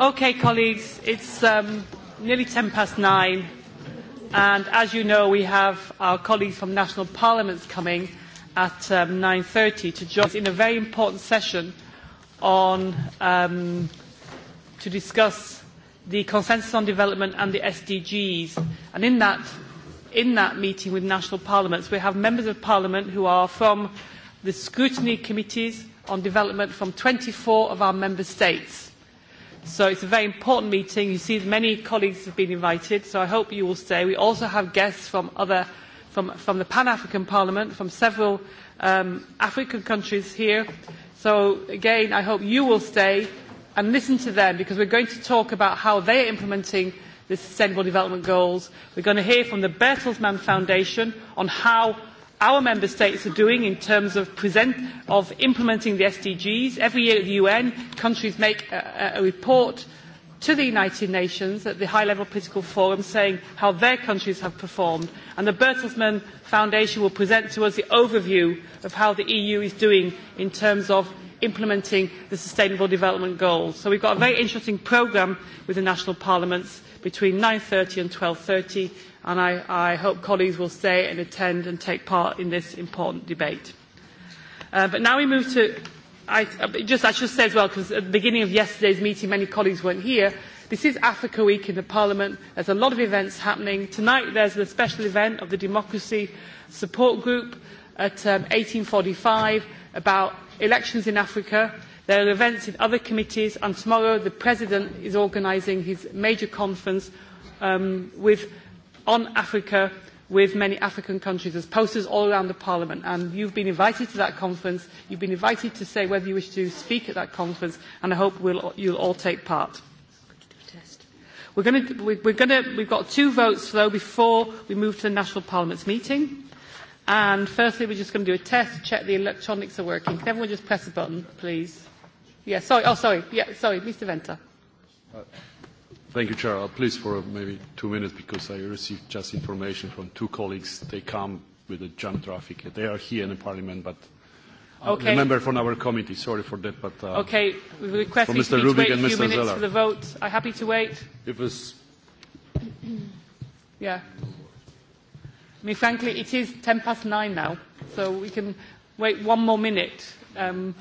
Okay, colleagues, it's um, nearly 10 past nine. And as you know, we have our colleagues from national parliaments coming at um, 9.30 to join us in a very important session on, um, to discuss the consensus on development and the SDGs. And in that, in that meeting with national parliaments, we have members of parliament who are from the scrutiny committees on development from 24 of our member states So it's a very important meeting. You see many colleagues have been invited, so I hope you will stay. We also have guests from, other, from, from the Pan-African Parliament, from several um, African countries here. So again, I hope you will stay and listen to them because we're going to talk about how they are implementing the Sustainable Development Goals. We're going to hear from the Bertelsmann Foundation on how our member states are doing in terms of, present, of implementing the SDGs. Every year at the UN, countries make a, a report to the United Nations at the high-level political forum saying how their countries have performed. And the Bertelsmann Foundation will present to us the overview of how the EU is doing in terms of implementing the Sustainable Development Goals. So we've got a very interesting programme with the national parliaments between 9.30 and 12.30, and I, I hope colleagues will stay and attend and take part in this important debate. Uh, but now we move to, I, uh, just, I should say as well, because at the beginning of yesterday's meeting, many colleagues weren't here, this is Africa Week in the Parliament. There's a lot of events happening. Tonight there's the special event of the Democracy Support Group at um, 1845 about elections in Africa. There are events in other committees, and tomorrow the President is organising his major conference um, with, on Africa with many African countries. There's posters all around the Parliament, and you've been invited to that conference. You've been invited to say whether you wish to speak at that conference, and I hope we'll, you'll all take part. We're gonna, we're gonna, we've got two votes, though, before we move to the national parliaments meeting. And firstly, we're just going to do a test, check the electronics are working. Can everyone just press a button, please? Yeah, sorry. Oh, sorry. Yeah, sorry. Mr. Venter. Uh, thank you, Chair. I'll please for maybe two minutes because I received just information from two colleagues. They come with a jump traffic. They are here in the Parliament, but uh, Okay. A member from our committee, sorry for that, but... Uh, okay, we request from Mr. Rubik wait and a few Mr. minutes Zeller. for the vote. Are happy to wait? If it's... yeah. I mean, frankly, it is 10 past nine now, so we can wait one more minute um,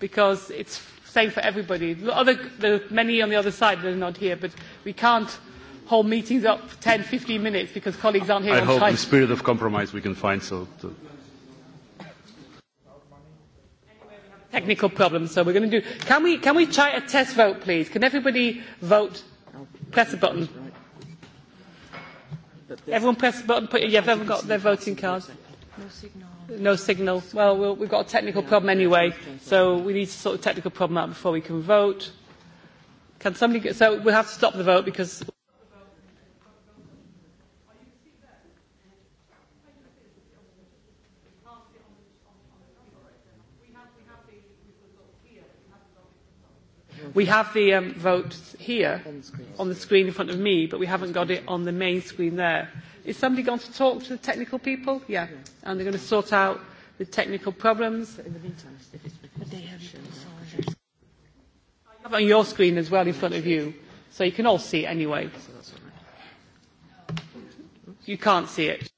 because it's same for everybody. The other, there are many on the other side that are not here, but we can't hold meetings up for 10, 15 minutes because colleagues aren't here I on hope time. in the spirit of compromise we can find so. To technical problem, so we're going to do... Can we, can we try a test vote, please? Can everybody vote? Press a button. Everyone press the button. Put, yeah, everyone got their voting cards. No signal. No signal. Well, we'll we've got a technical problem anyway, so we need to sort the technical problem out before we can vote. Can somebody? So we'll have to stop the vote because. We have the um, vote here on the, screen. on the screen in front of me, but we haven't got it on the main screen there. Is somebody going to talk to the technical people? Yeah. yeah. And they're going to sort out the technical problems. But in the meantime, if it's because they have it on your screen as well in front of you, so you can all see it anyway. You can't see it.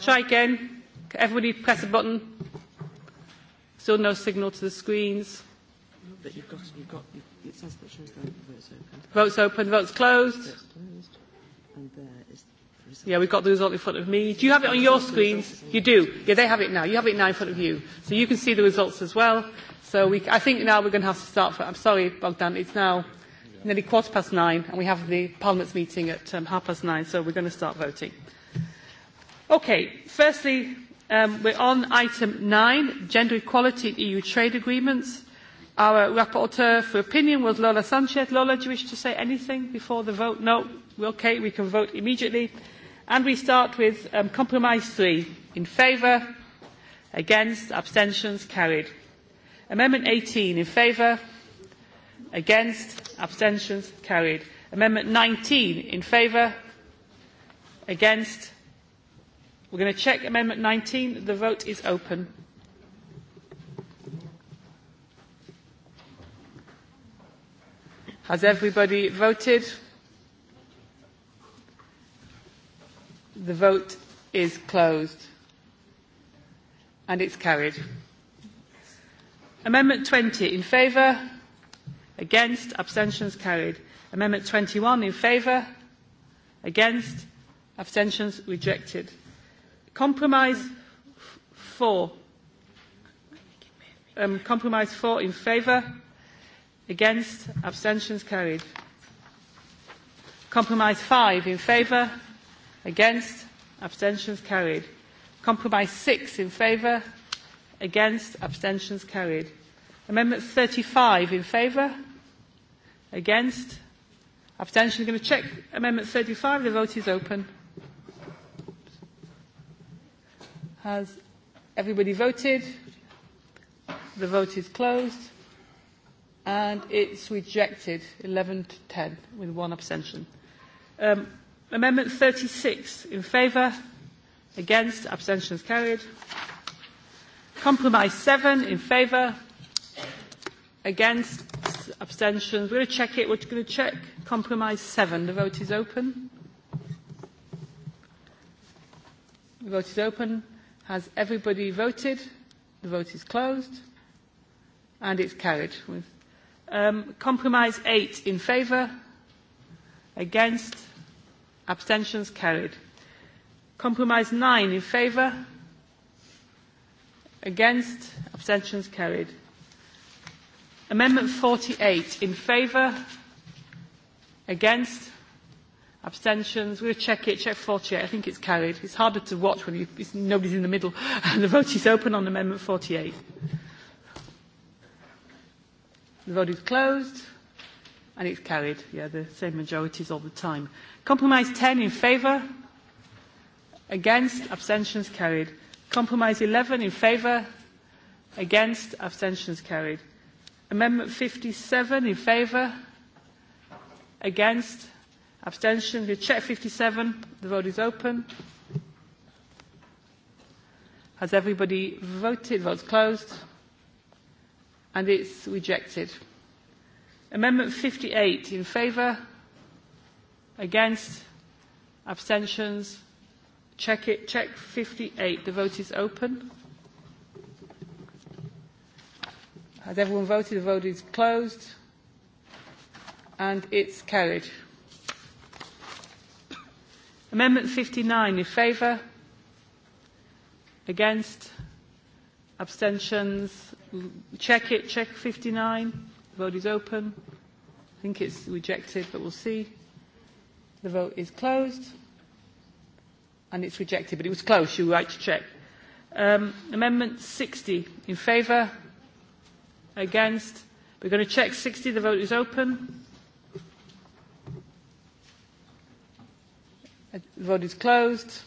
Try again. Everybody press a button. Still no signal to the screens that you've got, you've got, you've, it says that shows the vote's open. Vote's open, vote's closed. Vote's closed. And there is the result. Yeah, we've got the result in front of me. Do you have it on your screens? You do. Yeah, they have it now. You have it now in front of you. So you can see the results as well. So we, I think now we're going to have to start. For, I'm sorry, Bogdan, it's now nearly quarter past nine, and we have the Parliament's meeting at um, half past nine, so we're going to start voting. Okay, firstly, um, we're on item nine, gender equality in EU trade agreements. Our rapporteur for opinion was Lola Sanchez. Lola, do you wish to say anything before the vote? No? Okay, we can vote immediately. And we start with um, compromise three. In favour? Against? Abstentions? Carried. Amendment 18. In favour? Against? Abstentions? Carried. Amendment 19. In favour? Against? We're going to check Amendment 19. The vote is open. Has everybody voted? The vote is closed. And it's carried. Amendment 20 in favour. Against. Abstentions carried. Amendment 21 in favour. Against. Abstentions rejected. Compromise 4. Um, compromise 4 in favour. Against? Abstentions carried. Compromise 5 in favour. Against? Abstentions carried. Compromise 6 in favour. Against? Abstentions carried. Amendment 35 in favour. Against? Abstention. Going to check Amendment 35. The vote is open. Has everybody voted? The vote is closed and it's rejected 11 to 10 with one abstention. Um, amendment 36 in favour, against, abstentions carried. Compromise 7 in favour, against, abstentions. We're going to check it. We're going to check compromise 7. The vote is open. The vote is open. Has everybody voted? The vote is closed. And it's carried with Um, compromise 8 in favour, against, abstentions carried. Compromise 9 in favour, against, abstentions carried. Amendment 48 in favour, against, abstentions. We'll check it, check 48. I think it's carried. It's harder to watch when you, it's, nobody's in the middle. the vote is open on Amendment 48. The vote is closed. And it's carried. Yeah, the same majorities all the time. Compromise 10 in favour. Against. Abstentions carried. Compromise 11 in favour. Against. Abstentions carried. Amendment 57 in favour. Against. Abstention. We check 57. The vote is open. Has everybody voted? Votes closed and it's rejected. Amendment 58 in favour, against, abstentions. Check it, check 58. The vote is open. Has everyone voted? The vote is closed and it's carried. Amendment 59 in favour, against, abstentions Check it. Check 59. The vote is open. I think it's rejected, but we'll see. The vote is closed. And it's rejected, but it was close. You were right to check. Um, amendment 60. In favour? Against? We're going to check 60. The vote is open. Uh, the vote is closed.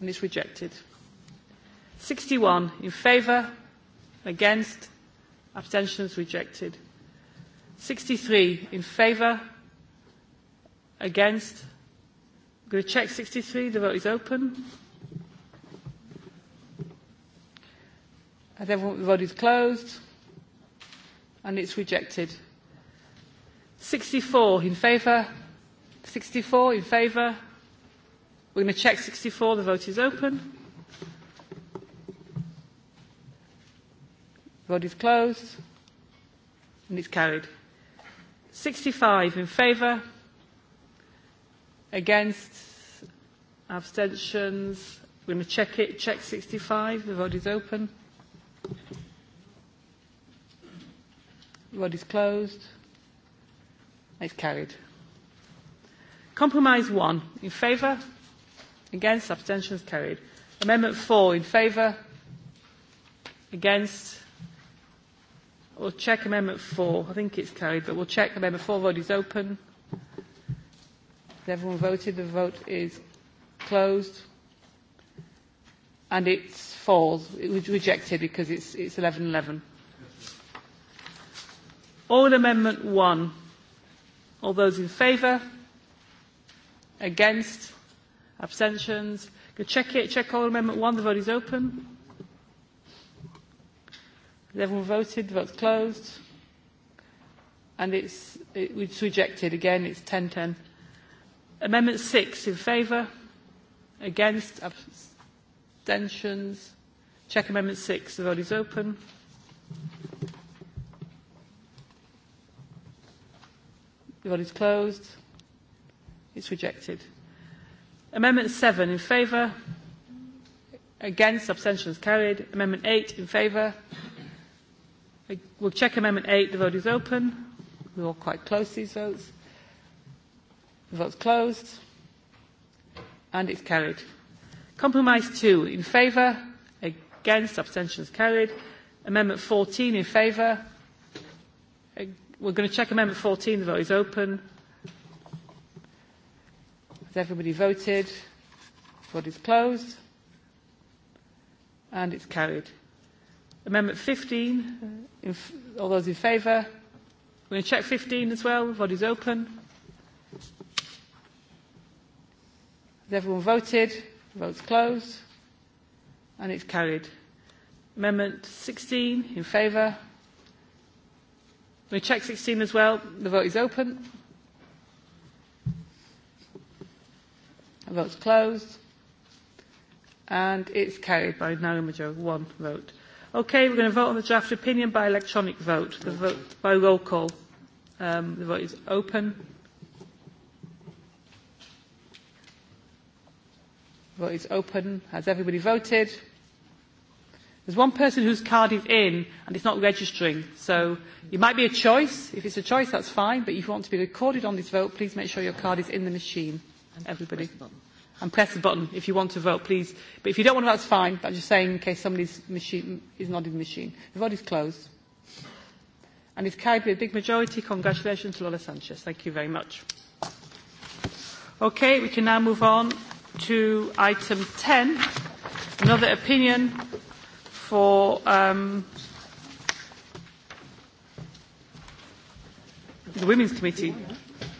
And it's rejected. 61. In favour? Against? Abstentions rejected. 63 in favour? Against? I'm going to check 63. The vote is open. And everyone, the vote is closed. And it's rejected. 64 in favour? 64 in favour? We're going to check 64. The vote is open. Vote is closed. And it's carried. 65 in favour. Against. Abstentions. We're going to check it. Check 65. The vote is open. The vote is closed. It's carried. Compromise 1. In favour. Against. Abstentions carried. Amendment 4. In favour. Against. We'll check Amendment 4. I think it's carried, but we'll check Amendment 4. Vote is open. Has everyone voted? The vote is closed. And it falls. It was rejected because it's, it's 11 11. Oral Amendment 1. All those in favour? Against? Abstentions? Go check it. Check Oral Amendment 1. The vote is open. Everyone voted, votes closed. And it's, it, it's rejected again, it's 10 10. Amendment 6 in favour, against, abstentions. Check Amendment 6, the vote is open. The vote is closed. It's rejected. Amendment 7 in favour, against, abstentions carried. Amendment 8 in favour, We, we'll check Amendment 8. The vote is open. We're all quite close, these votes. The vote's closed. And it's carried. Compromise 2 in favour. Against. Abstentions carried. Amendment 14 in favour. We're going to check Amendment 14. The vote is open. Has everybody voted? Vote is closed. And it's carried. Amendment 15 In, all those in favour? We're going to check 15 as well. Vote is open. Has everyone voted? Votes closed. And it's carried. Amendment 16 in favour. We check 16 as well. The vote is open. The vote's closed. And it's carried by now majority one vote. Okay, we're going to vote on the draft opinion by electronic vote, the vote by roll call. Um, the vote is open. The vote is open. Has everybody voted? There's one person whose card is in and it's not registering. So it might be a choice. If it's a choice, that's fine. But if you want to be recorded on this vote, please make sure your card is in the machine. Everybody. Press the button and press the button if you want to vote, please. But if you don't want to vote, that's fine. But I'm just saying in case somebody's machine is not in the machine. The vote is closed. And it's carried with a big majority. Congratulations to Lola Sanchez. Thank you very much. Okay, we can now move on to item 10, another opinion for um, the Women's Committee.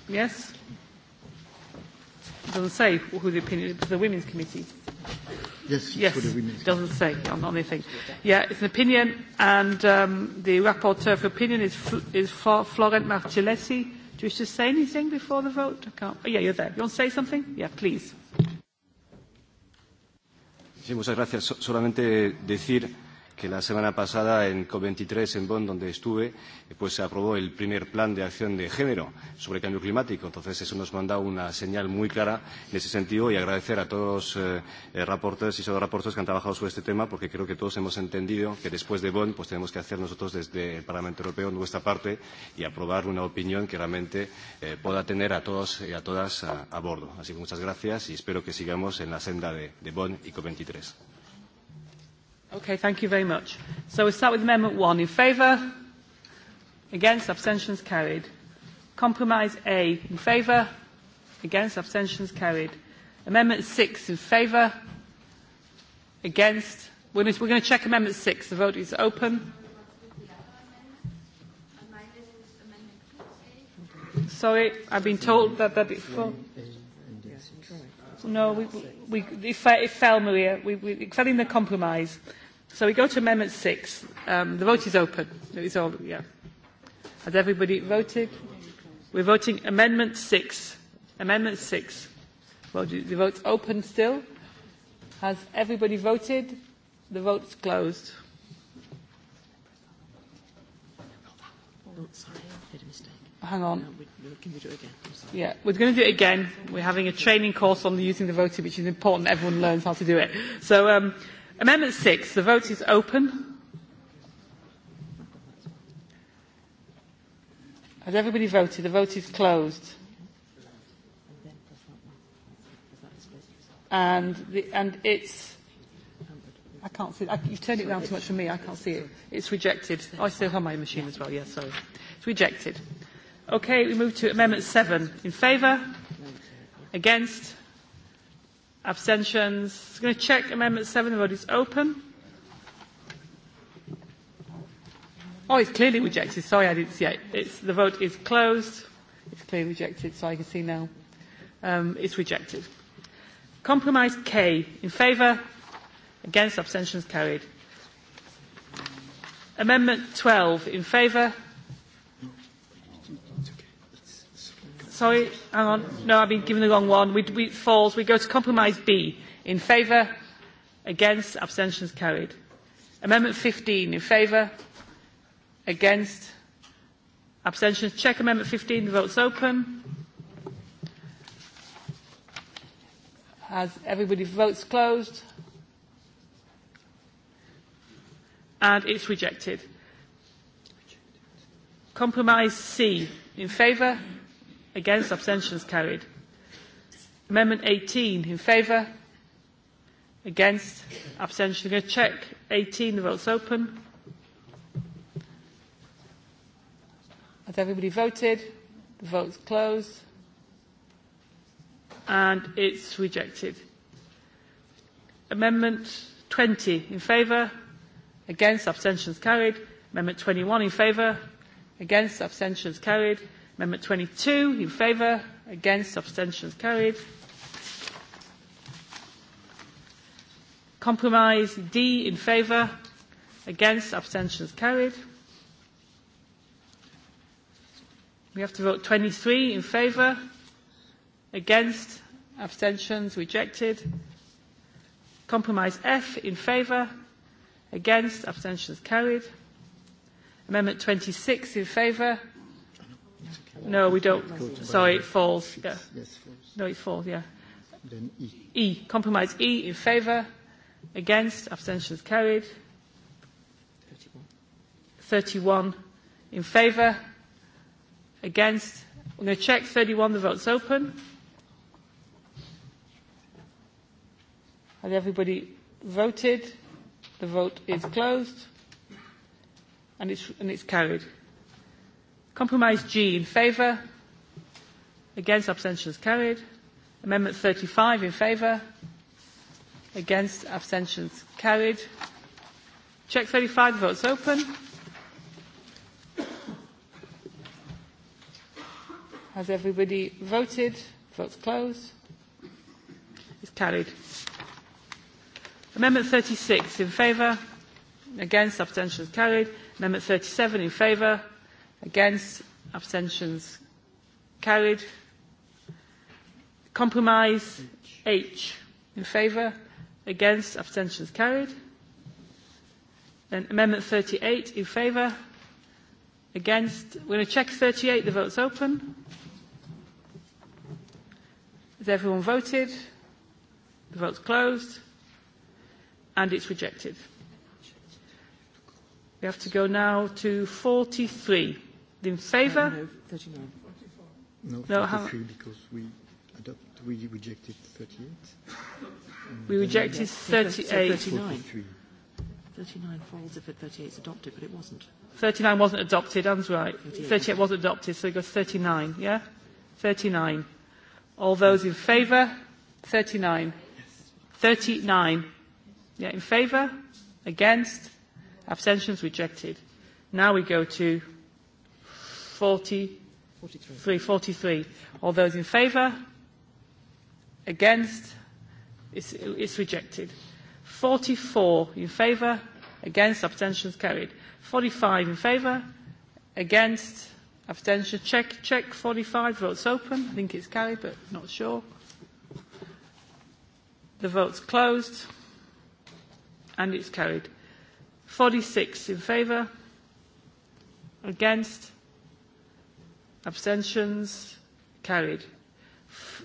Yes? It doesn't say who the opinion is, but the Women's Committee. Yes, yes for the Women's it doesn't say on, on anything. Yeah, it's an opinion, and um, the rapporteur for opinion is, is Florent Marcellesi. Do you wish to say anything before the vote? I can't. Oh, yeah, you're there. You want to say something? Yeah, please. Sí, muchas gracias. So solamente decir que la semana pasada en COP23 en Bonn, donde estuve, eh, pues se aprobó el primer plan de acción de género sobre cambio climático. Entonces eso nos manda una señal muy clara en ese sentido y agradecer a todos los eh, eh, reportes y sobreraportes que han trabajado sobre este tema porque creo que todos hemos entendido que después de Bonn pues tenemos que hacer nosotros desde el Parlamento Europeo nuestra parte y aprobar una opinión que realmente eh, pueda tener a todos y a todas a, a bordo. Así que muchas gracias y espero que sigamos en la senda de, de Bonn y COP23. Okay, thank you very much. So we start with Amendment 1. In favour? Against? Abstentions carried. Compromise A. In favour? Against? Abstentions carried. Amendment 6. In favour? Against? We're going, to, we're going to check Amendment 6. The vote is open. Sorry, I've been told that, that before. No, we, we, it, fell, it fell, Maria. We, we, it fell in the compromise. So we go to Amendment 6. Um, the vote is open. It is all, yeah. Has everybody voted? We're voting Amendment 6. Amendment 6. Vote, the vote's open still. Has everybody voted? The vote's closed. Oh, sorry, I made a mistake. Hang on. No, we, can we do it again? I'm sorry. Yeah, we're going to do it again. We're having a training course on using the voting, which is important. Everyone learns how to do it. So um, amendment six the vote is open has everybody voted the vote is closed and the, and it's I can't see. I, you've turned it round too much for me. I can't see it. It's rejected. Oh, I still have my machine as well. Yes, yeah, sorry. It's rejected. Okay, we move to Amendment 7. In favour? Against? Abstentions. I'm going to check Amendment 7. The vote is open. Oh, it's clearly rejected. Sorry, I didn't see it. It's, the vote is closed. It's clearly rejected, so I can see now. Um, it's rejected. Compromise K. In favour? Against? Abstentions carried. Amendment 12. In favour? Sorry, hang on. No, I've been given the wrong one. We, we, falls. We go to compromise B. In favour? Against? Abstentions carried. Amendment 15. In favour? Against? Abstentions. Check Amendment 15. The vote's open. Has everybody's votes closed? And it's rejected. Compromise C. In favour? against abstentions carried amendment 18 in favour against abstention going to check 18 the votes open has everybody voted the votes closed and it's rejected amendment 20 in favour against abstentions carried amendment 21 in favour against abstentions carried Amendment 22, in favour, against, abstentions carried. Compromise D, in favour, against, abstentions carried. We have to vote 23 in favour, against, abstentions rejected. Compromise F in favour, against, abstentions carried. Amendment 26 in favour, No, we don't. Sorry, it falls. Yeah. No, it falls, yeah. Then E. E. Compromise E in favour. Against. Abstentions carried. 31 in favour. Against. I'm going to check 31. The vote's open. Has everybody voted? The vote is closed. And it's, and it's carried. Compromise G in favour. Against abstentions carried. Amendment 35 in favour. Against abstentions carried. Check 35, votes open. Has everybody voted? Votes closed. It's carried. Amendment 36 in favour. Against abstentions carried. Amendment 37 in favour. Against? Abstentions? Carried. Compromise H. H. In favour? Against? Abstentions? Carried. Then Amendment 38 in favour? Against? We're going to check 38. The vote's open. Has everyone voted? The vote's closed. And it's rejected. We have to go now to 43 in favour? No, no, 39. No, no 43 how? because we, adopt, we rejected 38. And we rejected 38. So 39. 43. 39 falls if 38 is adopted, but it wasn't. 39 wasn't adopted, Anne's right. 38, 38 wasn't adopted, so it goes 39, yeah? 39. All those in favour? 39. Yes. 39. Yeah, in favour? Against? Abstentions rejected. Now we go to 40, 43. 43. All those in favour? Against? It's, it's rejected. 44 in favour? Against? Abstentions carried. 45 in favour? Against? Abstention check, check 45. Votes open. I think it's carried, but not sure. The vote's closed. And it's carried. 46 in favour? Against? Abstentions? Carried.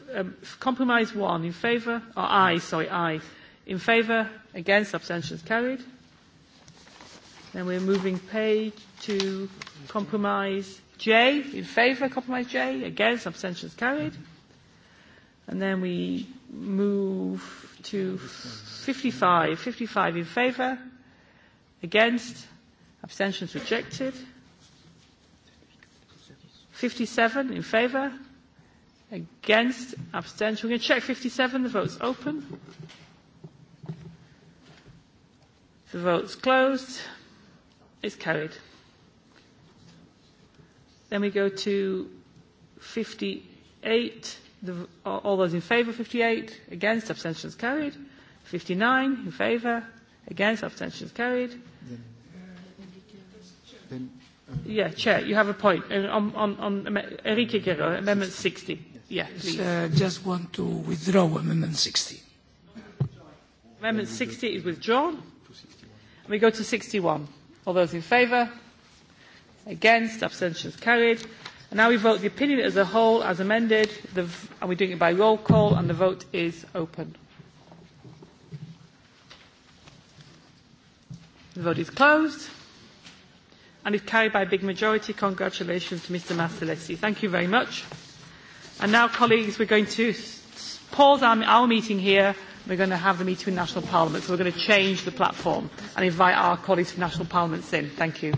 F um, compromise 1 in favour, or oh, I, sorry, I. In favour, against, abstentions carried. Then we're moving page to compromise J. In favour, compromise J. Against, abstentions carried. And then we move to 55. 55 in favour, against, abstentions rejected. 57 in favour. Against. Abstention. We're going to check 57. The vote's open. The vote's closed. It's carried. Then we go to 58. The, all those in favour, 58. Against. Abstentions carried. 59 in favour. Against. Abstentions carried. Then, then uh, Yeah, Chair, you have a point. Uh, on, on, on Enrique Guerrero, Amendment 60. Yeah, please. Uh, just want to withdraw Amendment 60. Amendment 60 is withdrawn. And we go to 61. All those in favour? Against? Abstentions carried. And now we vote the opinion as a whole, as amended, the, and we're doing it by roll call, and the vote is open. The vote is closed and if carried by a big majority, congratulations to Mr Marcellesi. Thank you very much. And now, colleagues, we're going to pause our, our meeting here. We're going to have the meeting with national parliaments. So we're going to change the platform and invite our colleagues from national parliaments in. Thank you.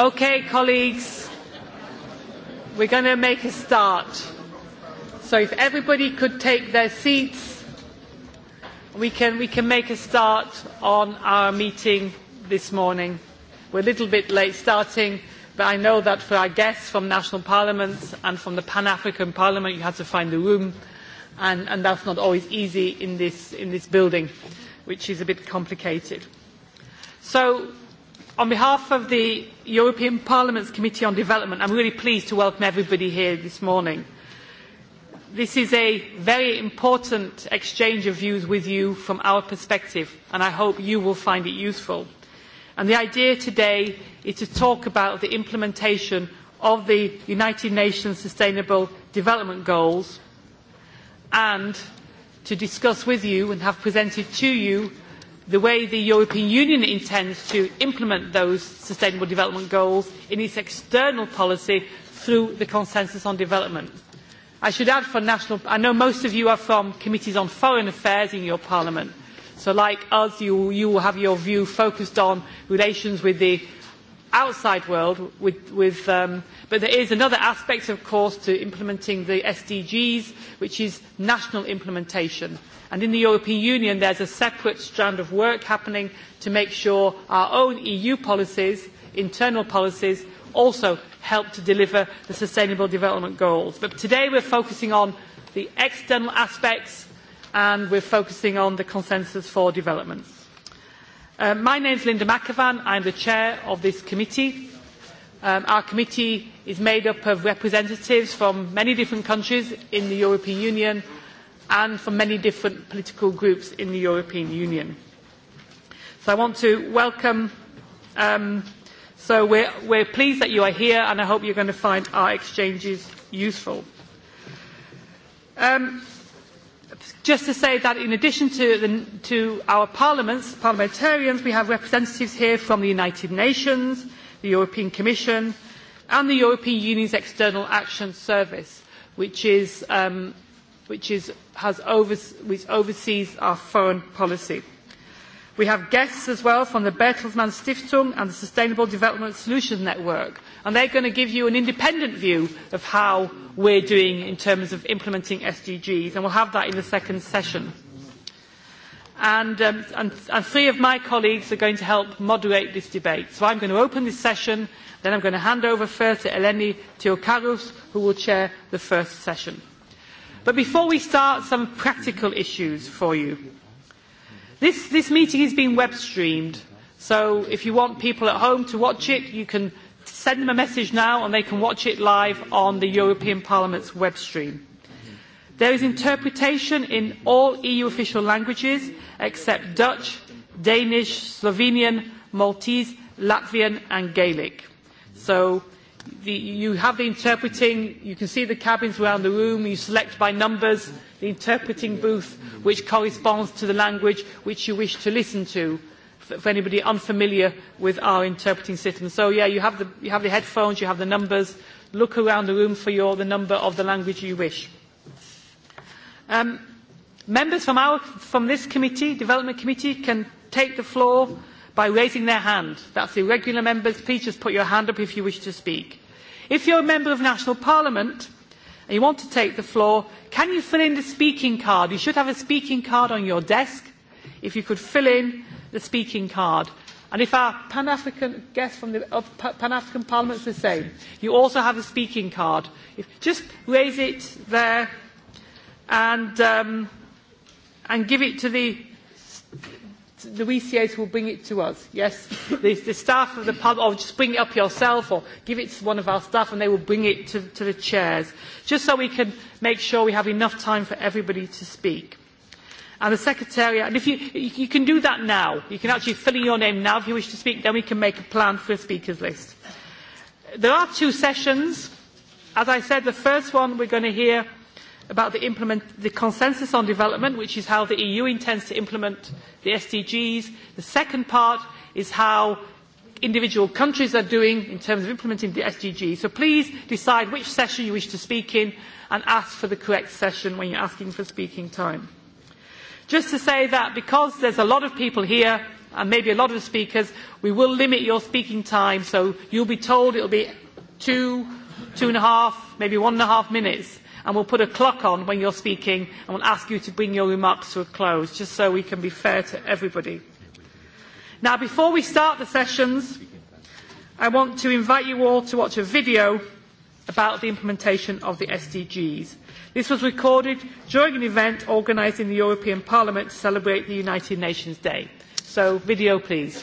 Okay, colleagues, we're going to make a start. So if everybody could take their seats, we can, we can make a start on our meeting this morning. We're a little bit late starting, but I know that for our guests from national parliaments and from the Pan-African Parliament, you had to find a room, and, and that's not always easy in this, in this building, which is a bit complicated. So on behalf of the European Parliament's Committee on Development, I'm really pleased to welcome everybody here this morning. This is a very important exchange of views with you from our perspective, and I hope you will find it useful. And the idea today is to talk about the implementation of the United Nations Sustainable Development Goals and to discuss with you and have presented to you the way the European Union intends to implement those Sustainable Development Goals in its external policy through the Consensus on Development. I should add for national, I know most of you are from committees on foreign affairs in your parliament, so like us, you, you will have your view focused on relations with the outside world with, with um, but there is another aspect of course to implementing the SDGs which is national implementation and in the European Union there's a separate strand of work happening to make sure our own EU policies internal policies also help to deliver the sustainable development goals but today we're focusing on the external aspects and we're focusing on the consensus for development Uh, my name is Linda McAvan. I'm the chair of this committee. Um, our committee is made up of representatives from many different countries in the European Union and from many different political groups in the European Union. So I want to welcome, um, so we're, we're pleased that you are here and I hope you're going to find our exchanges useful. Um, just to say that in addition to, the, to our parliaments, parliamentarians, we have representatives here from the United Nations, the European Commission, and the European Union's External Action Service, which, is, um, which, is, has overs- which oversees our foreign policy we have guests as well from the bertelsmann stiftung and the sustainable development solutions network and they are going to give you an independent view of how we are doing in terms of implementing sdgs and we will have that in the second session. And, um, and, and three of my colleagues are going to help moderate this debate. So I'm going to open this session, then I'm going to hand over first to Eleni Teokarous, who will chair the first session. But before we start, some practical issues for you This, this meeting is being web streamed, so if you want people at home to watch it, you can send them a message now and they can watch it live on the European Parliament's web stream. There is interpretation in all EU official languages except Dutch, Danish, Slovenian, Maltese, Latvian and Gaelic. So the, you have the interpreting, you can see the cabins around the room, you select by numbers the interpreting booth which corresponds to the language which you wish to listen to for anybody unfamiliar with our interpreting system. So yeah, you have the, you have the headphones, you have the numbers. Look around the room for your, the number of the language you wish. Um, members from, our, from this committee, development committee, can take the floor by raising their hand. That's the regular members. Please just put your hand up if you wish to speak. If you're a member of National Parliament and you want to take the floor, can you fill in the speaking card? You should have a speaking card on your desk. If you could fill in the speaking card. And if our Pan African guest from the uh, Pan African Parliament is the same, you also have a speaking card. If, just raise it there and, um, and give it to the the ECAs will bring it to us, yes? the, the staff of the pub, or oh, just bring it up yourself or give it to one of our staff and they will bring it to, to the chairs, just so we can make sure we have enough time for everybody to speak. And the Secretariat, and if you, you, you can do that now. You can actually fill in your name now if you wish to speak, then we can make a plan for a speakers list. There are two sessions. As I said, the first one we're going to hear about the, implement, the consensus on development, which is how the EU intends to implement the SDGs. The second part is how individual countries are doing in terms of implementing the SDGs. So please decide which session you wish to speak in and ask for the correct session when you're asking for speaking time. Just to say that because there's a lot of people here and maybe a lot of speakers, we will limit your speaking time. So you'll be told it'll be two, two and a half, maybe one and a half minutes and we'll put a clock on when you're speaking and we'll ask you to bring your remarks to a close just so we can be fair to everybody. Now before we start the sessions I want to invite you all to watch a video about the implementation of the SDGs. This was recorded during an event organised in the European Parliament to celebrate the United Nations Day. So video please.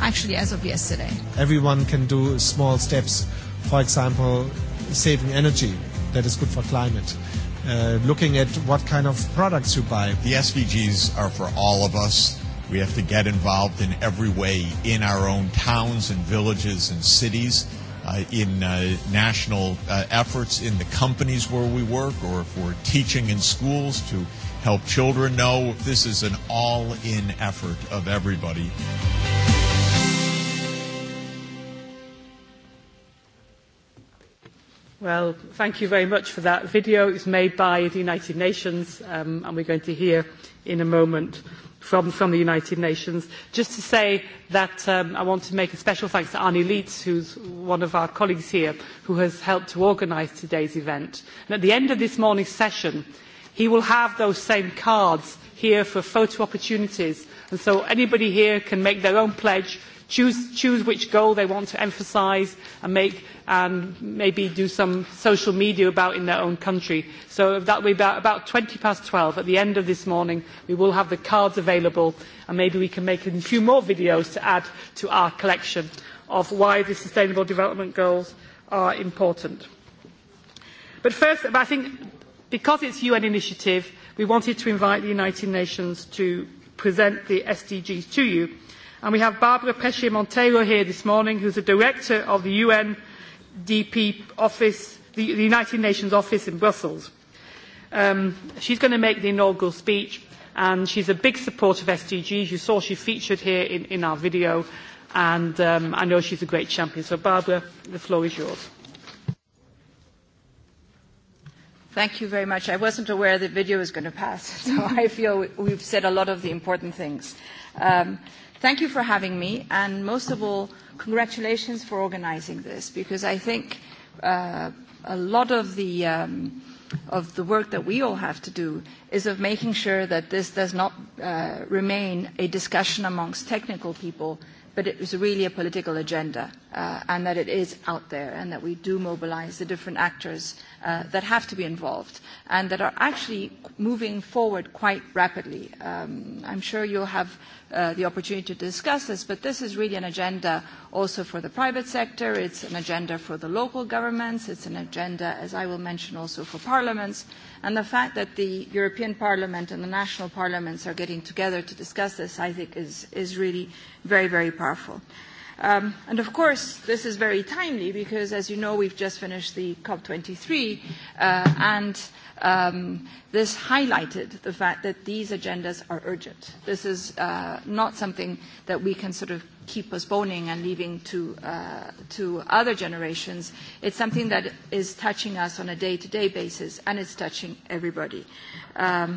actually as of yesterday. Everyone can do small steps, for example, saving energy that is good for climate. Uh, looking at what kind of products you buy. The SDGs are for all of us. We have to get involved in every way in our own towns and villages and cities, uh, in uh, national uh, efforts in the companies where we work, or if we're teaching in schools to help children know this is an all in effort of everybody. Well, thank you very much for that video. It's made by the United Nations, um, and we're going to hear in a moment from, from the United Nations. Just to say that um, I want to make a special thanks to Arnie Leitz, who's one of our colleagues here, who has helped to organise today's event. And at the end of this morning's session, he will have those same cards here for photo opportunities. And so anybody here can make their own pledge choose, choose which goal they want to emphasise and make and maybe do some social media about in their own country. So that will be about, about 20 past 12 at the end of this morning. We will have the cards available and maybe we can make a few more videos to add to our collection of why the Sustainable Development Goals are important. But first, I think because it's UN initiative, we wanted to invite the United Nations to present the SDGs to you And we have Barbara Pescia Monteiro here this morning, who's the director of the UNDP office, the, the United Nations office in Brussels. Um, she's going to make the inaugural speech, and she's a big supporter of SDGs. You saw she featured here in, in our video, and um, I know she's a great champion. So, Barbara, the floor is yours. Thank you very much. I wasn't aware the video was going to pass, so I feel we've said a lot of the important things. Um, Thank you for having me, and most of all, congratulations for organizing this, because I think uh, a lot of the um, of the work that we all have to do is of making sure that this does not uh, remain a discussion amongst technical people, but it is really a political agenda, uh, and that it is out there, and that we do mobilize the different actors uh, that have to be involved, and that are actually moving forward quite rapidly. Um, I'm sure you'll have uh, uh, the opportunity to discuss this, but this is really an agenda also for the private sector, it's an agenda for the local governments, it's an agenda, as I will mention, also for parliaments, and the fact that the European Parliament and the national parliaments are getting together to discuss this, I think, is, is really very, very powerful. Um, and of course, this is very timely because, as you know, we've just finished the COP23, uh, and um, this highlighted the fact that these agendas are urgent. This is uh, not something that we can sort of keep postponing and leaving to, uh, to other generations. It's something that is touching us on a day-to-day -day basis, and it's touching everybody. Um,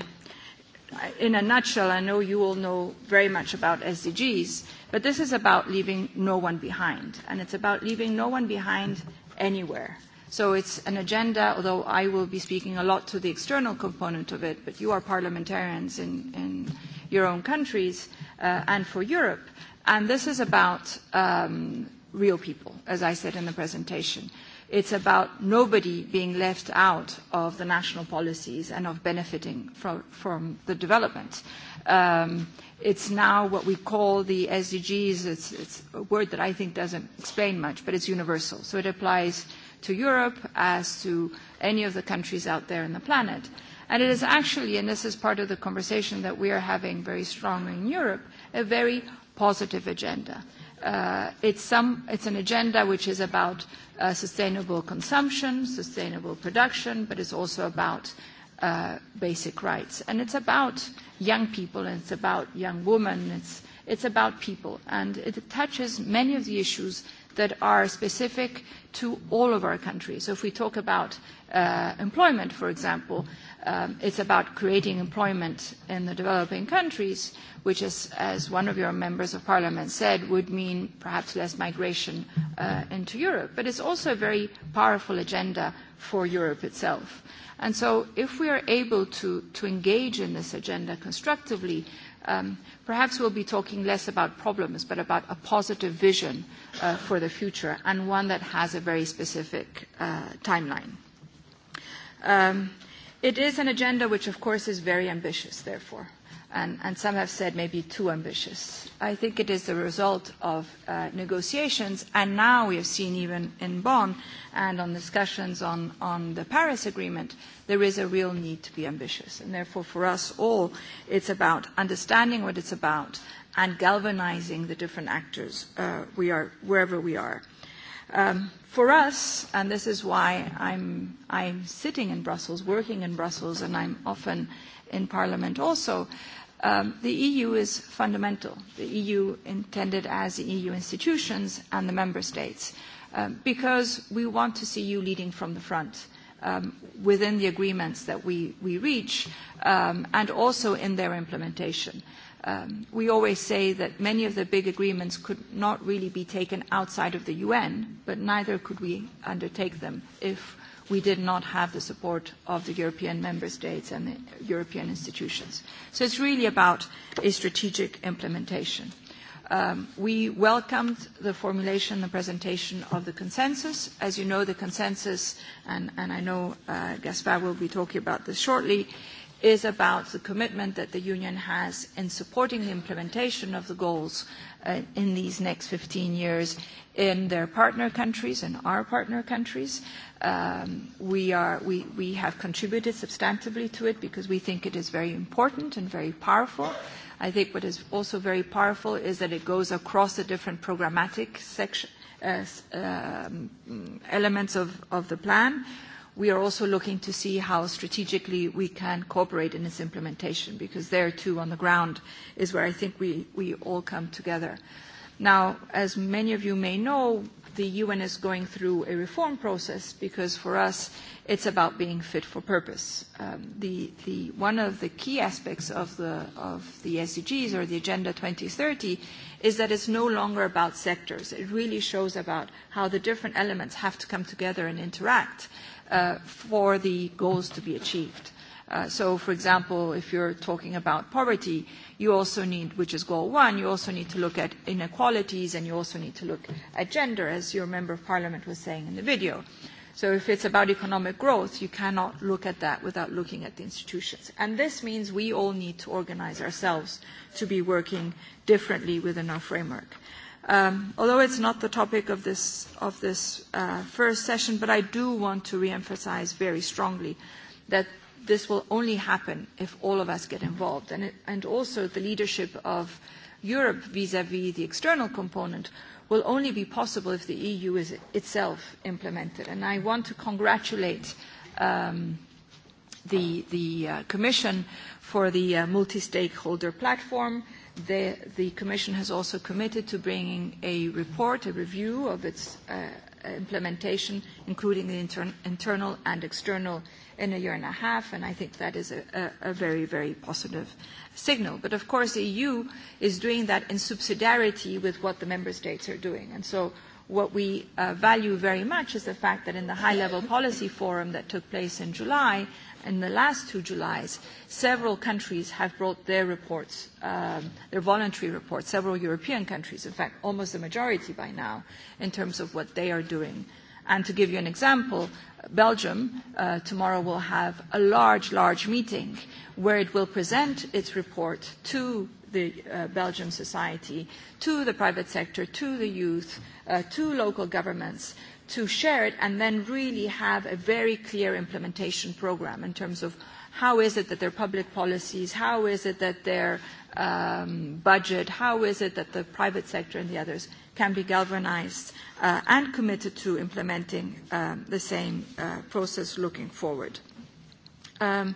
in a nutshell, I know you all know very much about SDGs. But this is about leaving no one behind, and it's about leaving no one behind anywhere. So it's an agenda, although I will be speaking a lot to the external component of it, but you are parliamentarians in, in your own countries uh, and for Europe. And this is about um, real people, as I said in the presentation. It's about nobody being left out of the national policies and of benefiting from, from the development. Uh, Um, it's now what we call the SDGs. It's, it's a word that I think doesn't explain much, but it's universal. So it applies to Europe as to any of the countries out there on the planet. And it is actually, and this is part of the conversation that we are having very strong in Europe, a very positive agenda. Uh, it's, some, it's an agenda which is about uh, sustainable consumption, sustainable production, but it's also about uh, uh, basic rights. And it's about young people, and it's about young women, it's, it's about people. And it touches many of the issues that are specific to all of our countries. So if we talk about uh, employment, for example, um, it's about creating employment in the developing countries, which, is, as one of your members of parliament said, would mean perhaps less migration uh, into Europe. But it's also a very powerful agenda for Europe itself. Uh, And so if we are able to, to engage in this agenda constructively, um, perhaps we'll be talking less about problems, but about a positive vision uh, for the future and one that has a very specific uh, timeline. Um, it is an agenda which, of course, is very ambitious, therefore and, and some have said maybe too ambitious. I think it is the result of uh, negotiations, and now we have seen even in Bonn and on discussions on, on the Paris Agreement, there is a real need to be ambitious. And therefore, for us all, it's about understanding what it's about and galvanizing the different actors uh, we are, wherever we are. Um, for us, and this is why I'm, I'm sitting in Brussels, working in Brussels, and I'm often in Parliament also, uh, Um, the EU is fundamental, the EU intended as the EU institutions and the member states, um, because we want to see you leading from the front um, within the agreements that we, we reach um, and also in their implementation. Um, we always say that many of the big agreements could not really be taken outside of the UN, but neither could we undertake them if we did not have the support of the European member states and the European institutions. So it's really about a strategic implementation. Um, we welcomed the formulation and presentation of the consensus. As you know, the consensus, and, and I know uh, Gaspar will be talking about this shortly, is about the commitment that the Union has in supporting the implementation of the goals uh, in these next 15 years in their partner countries and our partner countries. Um, we, are, we, we have contributed substantively to it because we think it is very important and very powerful. I think what is also very powerful is that it goes across the different programmatic section, uh, um, elements of, of the plan. Uh, we are also looking to see how strategically we can cooperate in its implementation, because there too, on the ground, is where I think we, we all come together. Now, as many of you may know, the UN is going through a reform process because for us it's about being fit for purpose. Um, the, the, one of the key aspects of the, of the SDGs or the Agenda 2030 is that it's no longer about sectors. It really shows about how the different elements have to come together and interact uh, for the goals to be achieved. Uh, so, for example, if you're talking about poverty, you also need, which is goal one, you also need to look at inequalities and you also need to look at gender, as your member of parliament was saying in the video. So if it's about economic growth, you cannot look at that without looking at the institutions. And this means we all need to organize ourselves to be working differently within our framework. Um, although it's not the topic of this, of this uh, first session, but I do want to reemphasize very strongly that this will only happen if all of us get involved. And, it, and also the leadership of Europe vis-à-vis -vis the external component will only be possible if the EU is itself implemented. And I want to congratulate um, the, the uh, Commission for the uh, multi-stakeholder platform uh, The, the Commission has also committed to bringing a report, a review of its uh, implementation, including the inter internal and external, in a year and a half, and I think that is a, a, a very, very positive signal. But of course, the EU is doing that in subsidiarity with what the member states are doing. And so what we uh, value very much is the fact that in the high-level policy forum that took place in July, in the last two Julys, several countries have brought their reports, um, their voluntary reports, several European countries, in fact, almost the majority by now, in terms of what they are doing. And to give you an example, Belgium uh, tomorrow will have a large, large meeting where it will present its report to the uh, Belgian society, to the private sector, to the youth, uh, to local governments, to share it and then really have a very clear implementation program in terms of how is it that their public policies, how is it that their um, budget, how is it that the private sector and the others can be galvanized uh, and committed to implementing um, the same uh, process looking forward. Um,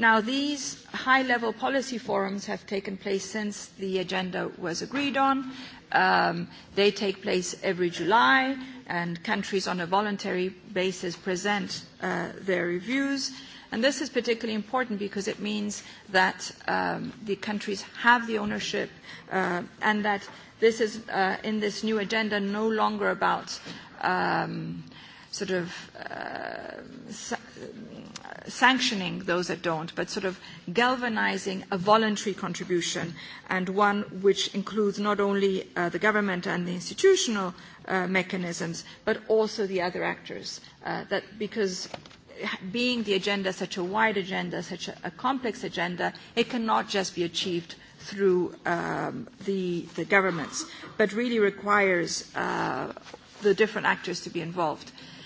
now, these high-level policy forums have taken place since the agenda was agreed on. Um, they take place every July and countries on a voluntary basis present uh, their reviews. And this is particularly important because it means that um, the countries have the ownership uh, and that this is, uh, in this new agenda, no longer about um, uh, sort of uh, sa- sanctioning those that don't, but sort of galvanizing a voluntary contribution and one which includes not only uh, the government and the institutional uh, mechanisms, but also the other actors. Uh, that because being the agenda such a wide agenda, such a, a complex agenda, it cannot just be achieved through um, the, the governments, but really requires uh, the different actors to be involved. Uh,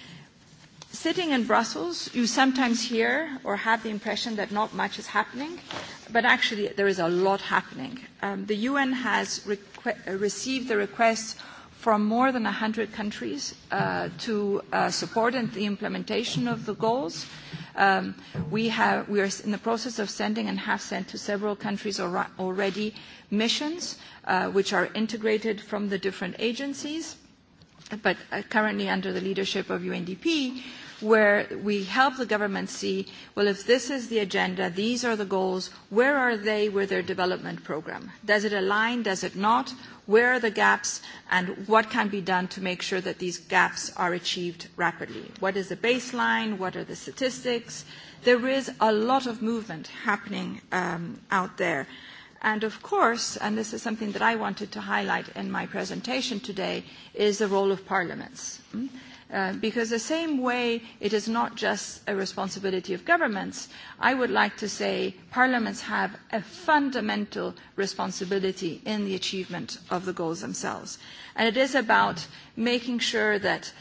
Sitting in Brussels, you sometimes hear or have the impression that not much is happening, but actually there is a lot happening. Um, the UN has requ- received the request from more than 100 countries uh, to uh, support in the implementation of the goals. Um, we, have, we are in the process of sending and have sent to several countries or, already missions uh, which are integrated from the different agencies, but uh, currently under the leadership of UNDP, where we help the government see, well, if this is the agenda, these are the goals, where are they with their development program? Does it align, does it not? Where are the gaps, and what can be done to make sure that these gaps are achieved rapidly? What is the baseline? What are the statistics? There is a lot of movement happening um, out there. And of course, and this is something that I wanted to highlight in my presentation today, is the role of parliaments. Mm-hmm Uh, because the same way it is not just a responsibility of governments, I would like to say parliaments have a fundamental responsibility in the achievement of the goals themselves. And it is about making sure that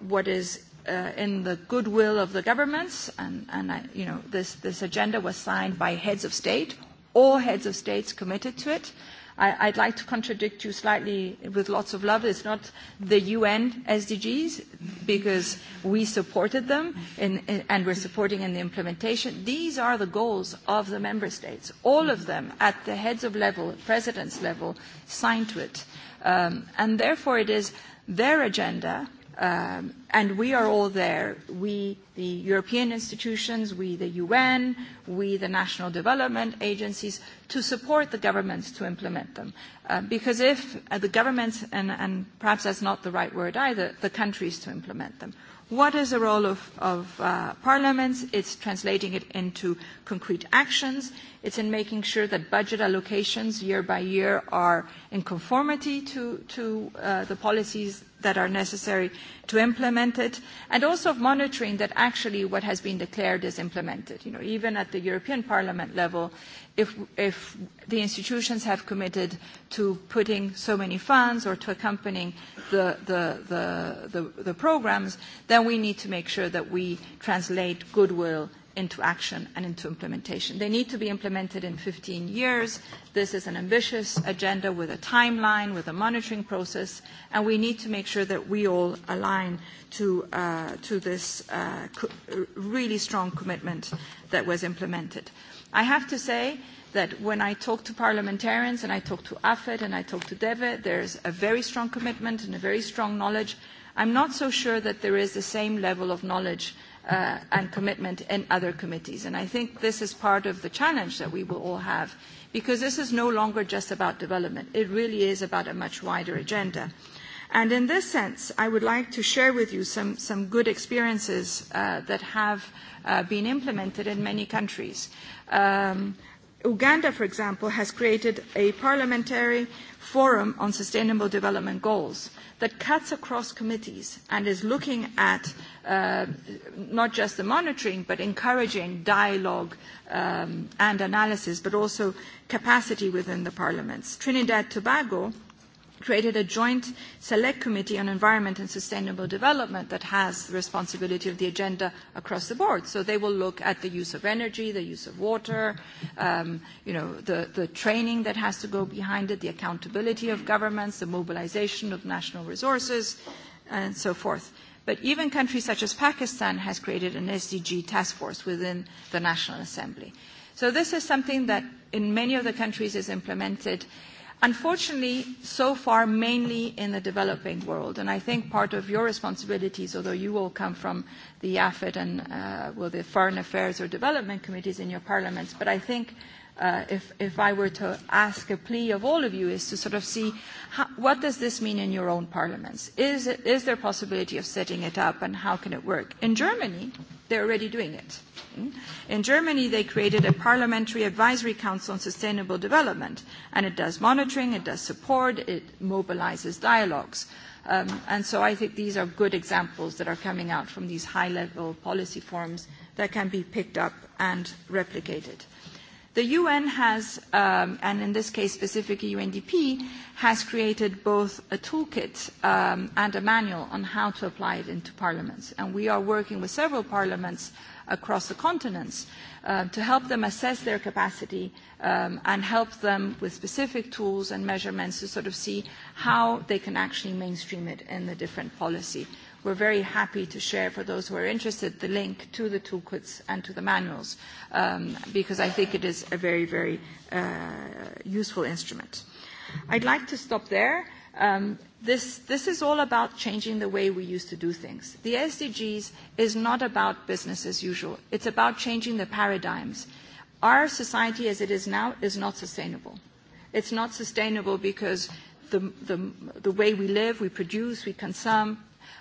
what is uh, in the goodwill of the governments, and, and I, you know, this, this agenda was signed by heads of state, all heads of states committed to it, uh, I, I'd like to contradict you slightly with lots of love. It's not the UN SDGs because we supported them in, in, and we're supporting in the implementation. These are the goals of the member states. All of them at the heads of level, president's level, signed to it. Um, and therefore it is their agenda Um, and we are all there. We, the European institutions, we, the UN, we, the national development agencies, to support the governments to implement them. Uh, because if uh, the governments, and, and perhaps that's not the right word either, the countries to implement them. What is the role of, of uh, parliaments? It's translating it into concrete actions. It's in making sure that budget allocations year by year are in conformity to, to uh, the policies that are necessary to implement it, and also of monitoring that actually what has been declared is implemented. You know, even at the European Parliament level, if, if the institutions have committed to putting so many funds or to accompanying the, the, the, the, the programs, then we need to make sure that we translate goodwill into action and into implementation. They need to be implemented in 15 years. This is an ambitious agenda with a timeline, with a monitoring process, and we need to make sure that we all align to, uh, to this uh, co- really strong commitment that was implemented. I have to say that when I talk to parliamentarians and I talk to AFED and I talk to DEVE, there's a very strong commitment and a very strong knowledge. I'm not so sure that there is the same level of knowledge uh, and commitment in other committees. And I think this is part of the challenge that we will all have, because this is no longer just about development. It really is about a much wider agenda. And in this sense, I would like to share with you some, some good experiences uh, that have uh, been implemented in many countries. Um, Uganda, for example, has created a parliamentary forum on sustainable development goals that cuts across committees and is looking at uh, not just the monitoring, but encouraging dialogue um, and analysis, but also capacity within the parliaments. Trinidad Tobago created a joint select committee on environment and sustainable development that has the responsibility of the agenda across the board. So they will look at the use of energy, the use of water, um, you know, the, the training that has to go behind it, the accountability of governments, the mobilization of national resources, and so forth. But even countries such as Pakistan has created an SDG task force within the National Assembly. So this is something that in many of the countries is implemented uh, Unfortunately, so far, mainly in the developing world, and I think part of your responsibilities, although you all come from the AFID and, uh, well, the Foreign Affairs or Development Committees in your parliaments, but I think uh, if, if I were to ask a plea of all of you is to sort of see how, what does this mean in your own parliaments? Is, it, is there possibility of setting it up and how can it work? In Germany, they're already doing it. Uh, In Germany, they created a parliamentary advisory council on sustainable development, and it does monitoring, it does support, it mobilizes dialogues. Um, and so I think these are good examples that are coming out from these high-level policy forums that can be picked up and replicated. The UN has, um, and in this case specifically UNDP, has created both a toolkit um, and a manual on how to apply it into parliaments. And we are working with several parliaments uh, across the continents uh, to help them assess their capacity um, and help them with specific tools and measurements to sort of see how they can actually mainstream it in the different policy. We're very happy to share, for those who are interested, the link to the toolkits and to the manuals, um, because I think it is a very, very uh, useful instrument. I'd like to stop there. Um, This, this is all about changing the way we used to do things. The SDGs is not about business as usual. It's about changing the paradigms. Our society as it is now is not sustainable. It's not sustainable because the, the, the way we live, we produce, we consume,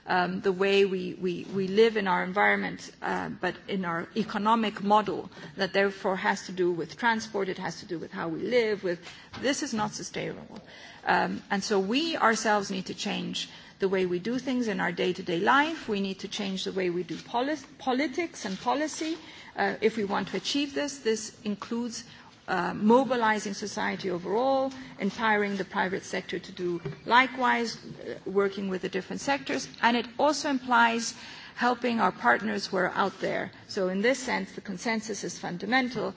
um, the way we, we, we live in our environment, uh, but in our economic model that therefore has to do with transport, it has to do with how we live, with this is not sustainable. Um, and so we ourselves need to change the way we do things in our day-to-day -day life. We need to change the way we do poli politics and policy uh, if we want to achieve this. This includes uh, mobilizing society overall, empowering the private sector to do likewise, uh, working with the different sectors, and it also implies helping our partners who are out there. So in this sense, the consensus is fundamental.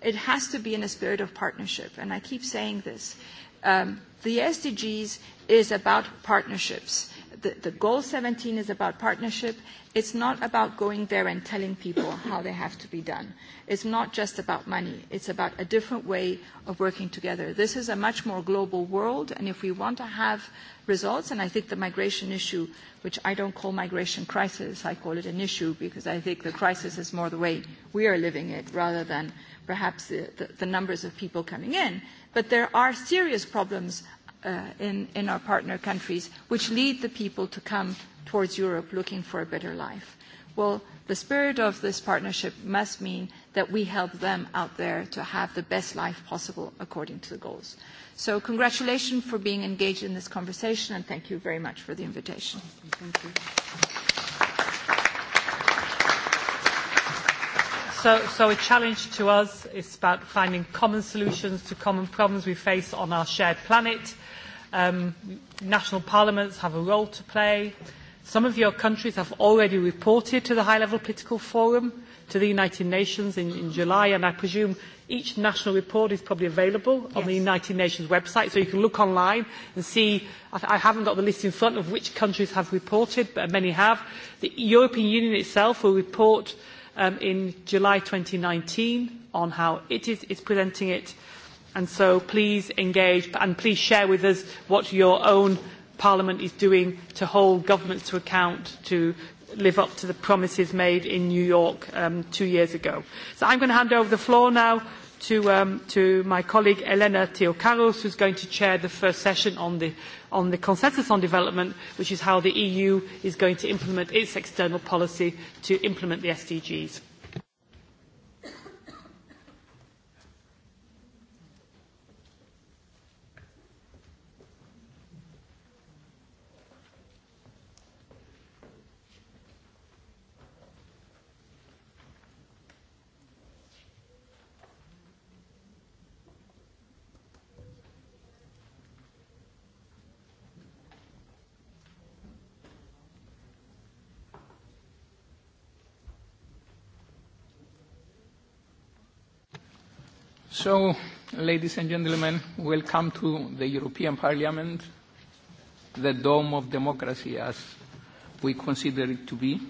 It has to be in a spirit of partnership, and I keep saying this. Um, the SDGs is about partnerships the, the goal 17 is about partnership. It's not about going there and telling people how they have to be done. It's not just about money. It's about a different way of working together. This is a much more global world, and if we want to have results, and I think the migration issue, which I don't call migration crisis, I call it an issue because I think the crisis is more the way we are living it rather than perhaps the, the, the numbers of people coming in. But there are serious problems uh, in, in our partner countries, which lead the people to come towards Europe looking for a better life. Well, the spirit of this partnership must mean that we help them out there to have the best life possible according to the goals. So congratulations for being engaged in this conversation, and thank you very much for the invitation. Thank you. So, so a challenge to us is about finding common solutions to common problems we face on our shared planet. Um, national parliaments have a role to play. Some of your countries have already reported to the High-Level Political Forum, to the United Nations in, in July, and I presume each national report is probably available yes. on the United Nations website, so you can look online and see. I, I haven't got the list in front of which countries have reported, but many have. The European Union itself will report um, in July 2019 on how it is, is presenting it. And so please engage and please share with us what your own Parliament is doing to hold governments to account to live up to the promises made in New York um, two years ago. So I'm going to hand over the floor now to, um, to my colleague Elena Theocaros, who's going to chair the first session on the, on the consensus on development, which is how the EU is going to implement its external policy to implement the SDGs. So, ladies and gentlemen, welcome to the European Parliament, the dome of democracy as we consider it to be.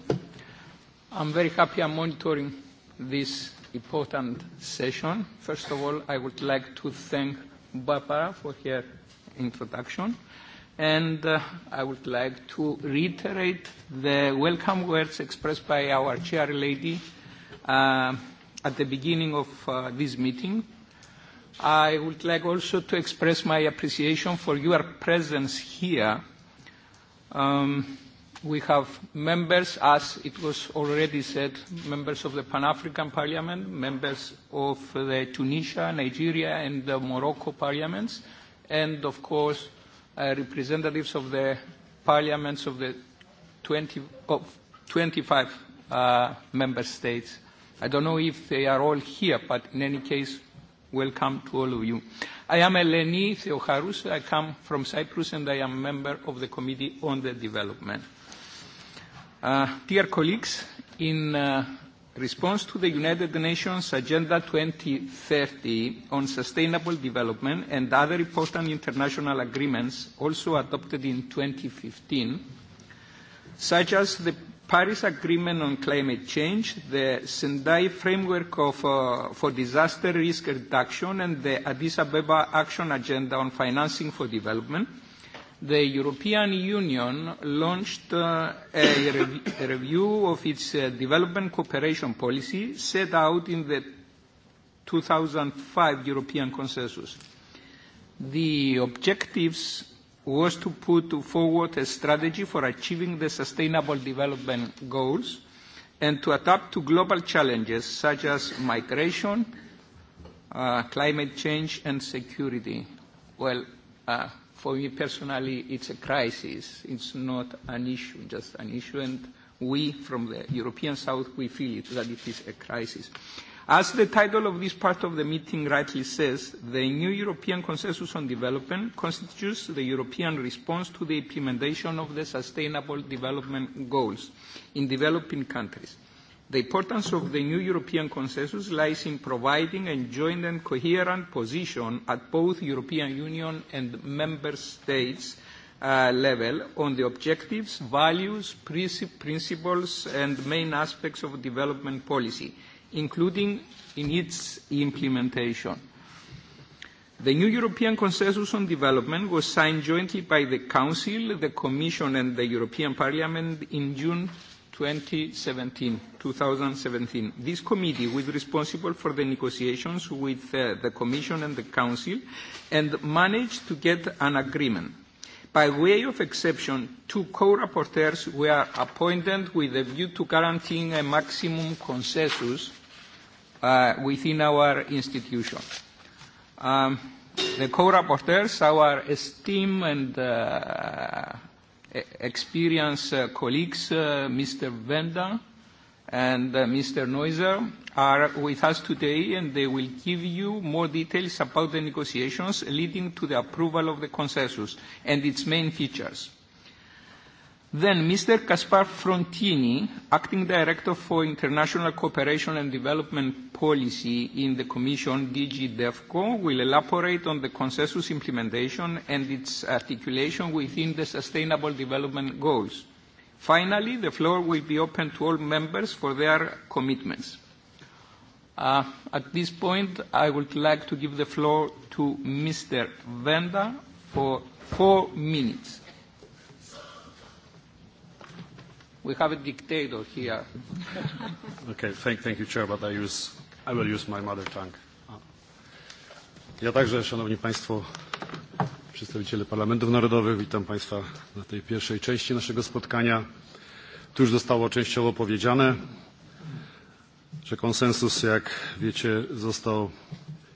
I'm very happy I'm monitoring this important session. First of all, I would like to thank Barbara for her introduction, and uh, I would like to reiterate the welcome words expressed by our chair lady uh, at the beginning of uh, this meeting I would like also to express my appreciation for your presence here. Um, we have members, as it was already said, members of the Pan-African Parliament, members of the Tunisia, Nigeria, and the Morocco parliaments, and of course, uh, representatives of the parliaments of the 20, of 25 uh, member states. I don't know if they are all here, but in any case, Welcome to all of you. I am Eleni Theocharous. I come from Cyprus and I am a member of the Committee on the Development. Uh, dear colleagues, in uh, response to the United Nations Agenda 2030 on sustainable development and other important international agreements also adopted in 2015, such as the Paris Agreement on Climate Change, the Sendai Framework of, uh, for Disaster Risk Reduction, and the Addis Ababa Action Agenda on Financing for Development, the European Union launched uh, a, rev a review of its uh, development cooperation policy set out in the 2005 European Consensus. The objectives was to put forward a strategy for achieving the Sustainable Development Goals and to adapt to global challenges such as migration, uh, climate change and security. Well, uh, for me personally, it's a crisis. It's not an issue, just an issue. And we from the European South, we feel it, that it is a crisis. Uh, As the title of this part of the meeting rightly says, the new European Consensus on Development constitutes the European response to the implementation of the Sustainable Development Goals in developing countries. The importance of the new European Consensus lies in providing a joint and coherent position at both European Union and Member States uh, level on the objectives, values, princip principles and main aspects of development policy – including in its implementation. The new European Consensus on Development was signed jointly by the Council, the Commission and the European Parliament in June 2017. 2017. This committee was responsible for the negotiations with uh, the Commission and the Council and managed to get an agreement. By way of exception, two co-rapporteurs were appointed with a view to guaranteeing a maximum consensus uh, within our institution. Um, the co-rapporteurs, our esteemed and uh, e-, experienced uh, colleagues, uh, Mr. Venda and uh, Mr. Neuser, are with us today, and they will give you more details about the negotiations leading to the approval of the consensus and its main features. Then Mr. Caspar Frontini, Acting Director for International Cooperation and Development Policy in the Commission, DG DEFCO, will elaborate on the consensus implementation and its articulation within the Sustainable Development Goals. Finally, the floor will be open to all members for their commitments. Uh, at this point, I would like to give the floor to Mr. Venda for four minutes. We have a dictator here. okay, thank, thank you, Chair, but I, use, I will use my mother tongue. Uh, ja także, Szanowni Państwo, przedstawiciele parlamentów narodowych, witam Państwa na tej pierwszej części naszego spotkania. Tu już zostało częściowo powiedziane że konsensus, jak wiecie, został,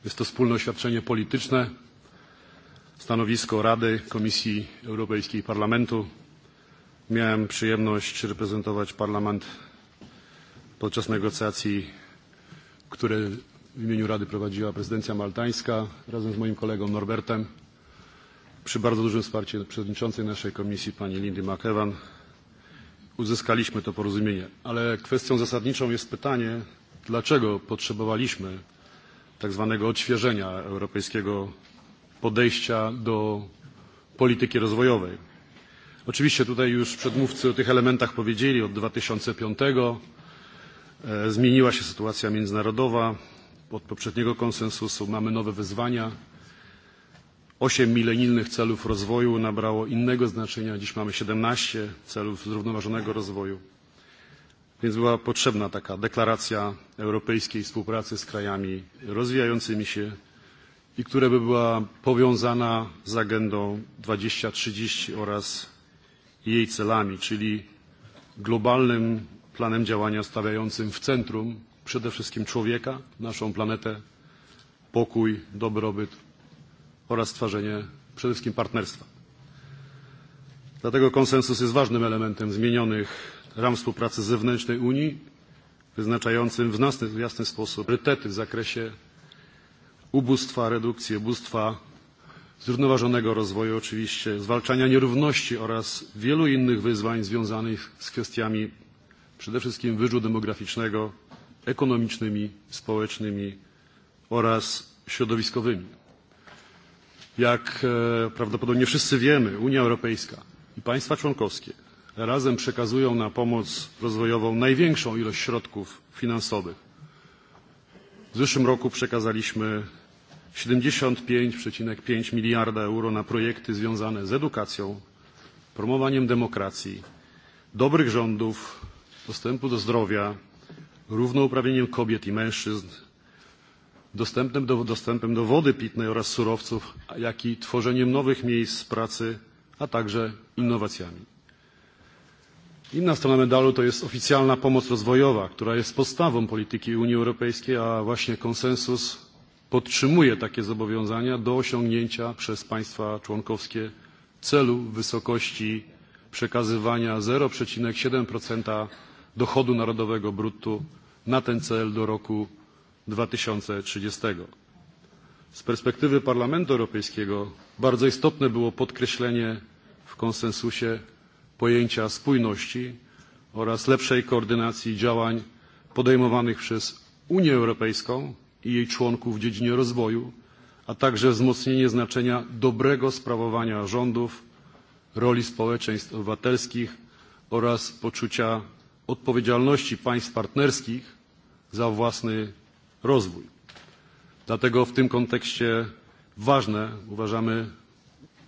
jest to wspólne oświadczenie polityczne, stanowisko Rady, Komisji Europejskiej i Parlamentu. Miałem przyjemność reprezentować Parlament podczas negocjacji, które w imieniu Rady prowadziła prezydencja maltańska razem z moim kolegą Norbertem przy bardzo dużym wsparciu przewodniczącej naszej komisji pani Lindy McEwan uzyskaliśmy to porozumienie. Ale kwestią zasadniczą jest pytanie, dlaczego potrzebowaliśmy tak zwanego odświeżenia europejskiego podejścia do polityki rozwojowej. Oczywiście tutaj już przedmówcy o tych elementach powiedzieli od 2005 e, zmieniła się sytuacja międzynarodowa, od poprzedniego konsensusu mamy nowe wyzwania. Osiem milenijnych celów rozwoju nabrało innego znaczenia, dziś mamy 17 celów zrównoważonego rozwoju więc była potrzebna taka deklaracja europejskiej współpracy z krajami rozwijającymi się i która by była powiązana z agendą 2030 oraz jej celami, czyli globalnym planem działania stawiającym w centrum przede wszystkim człowieka, naszą planetę, pokój, dobrobyt oraz tworzenie przede wszystkim partnerstwa. Dlatego konsensus jest ważnym elementem zmienionych ram współpracy zewnętrznej Unii, wyznaczającym w nas w jasny sposób priorytety w zakresie ubóstwa, redukcji ubóstwa, zrównoważonego rozwoju oczywiście, zwalczania nierówności oraz wielu innych wyzwań związanych z kwestiami przede wszystkim wyżu demograficznego, ekonomicznymi, społecznymi oraz środowiskowymi. Jak e, prawdopodobnie wszyscy wiemy, Unia Europejska i państwa członkowskie razem przekazują na pomoc rozwojową największą ilość środków finansowych. W zeszłym roku przekazaliśmy 75,5 miliarda euro na projekty związane z edukacją, promowaniem demokracji, dobrych rządów, dostępu do zdrowia, równouprawnieniem kobiet i mężczyzn, dostępem do, dostępem do wody pitnej oraz surowców, jak i tworzeniem nowych miejsc pracy, a także innowacjami. Inna strona medalu to jest oficjalna pomoc rozwojowa, która jest podstawą polityki Unii Europejskiej, a właśnie konsensus podtrzymuje takie zobowiązania do osiągnięcia przez państwa członkowskie celu w wysokości przekazywania 0,7% dochodu narodowego brutto na ten cel do roku 2030. Z perspektywy Parlamentu Europejskiego bardzo istotne było podkreślenie w konsensusie pojęcia spójności oraz lepszej koordynacji działań podejmowanych przez Unię Europejską i jej członków w dziedzinie rozwoju, a także wzmocnienie znaczenia dobrego sprawowania rządów, roli społeczeństw obywatelskich oraz poczucia odpowiedzialności państw partnerskich za własny rozwój. Dlatego w tym kontekście ważne uważamy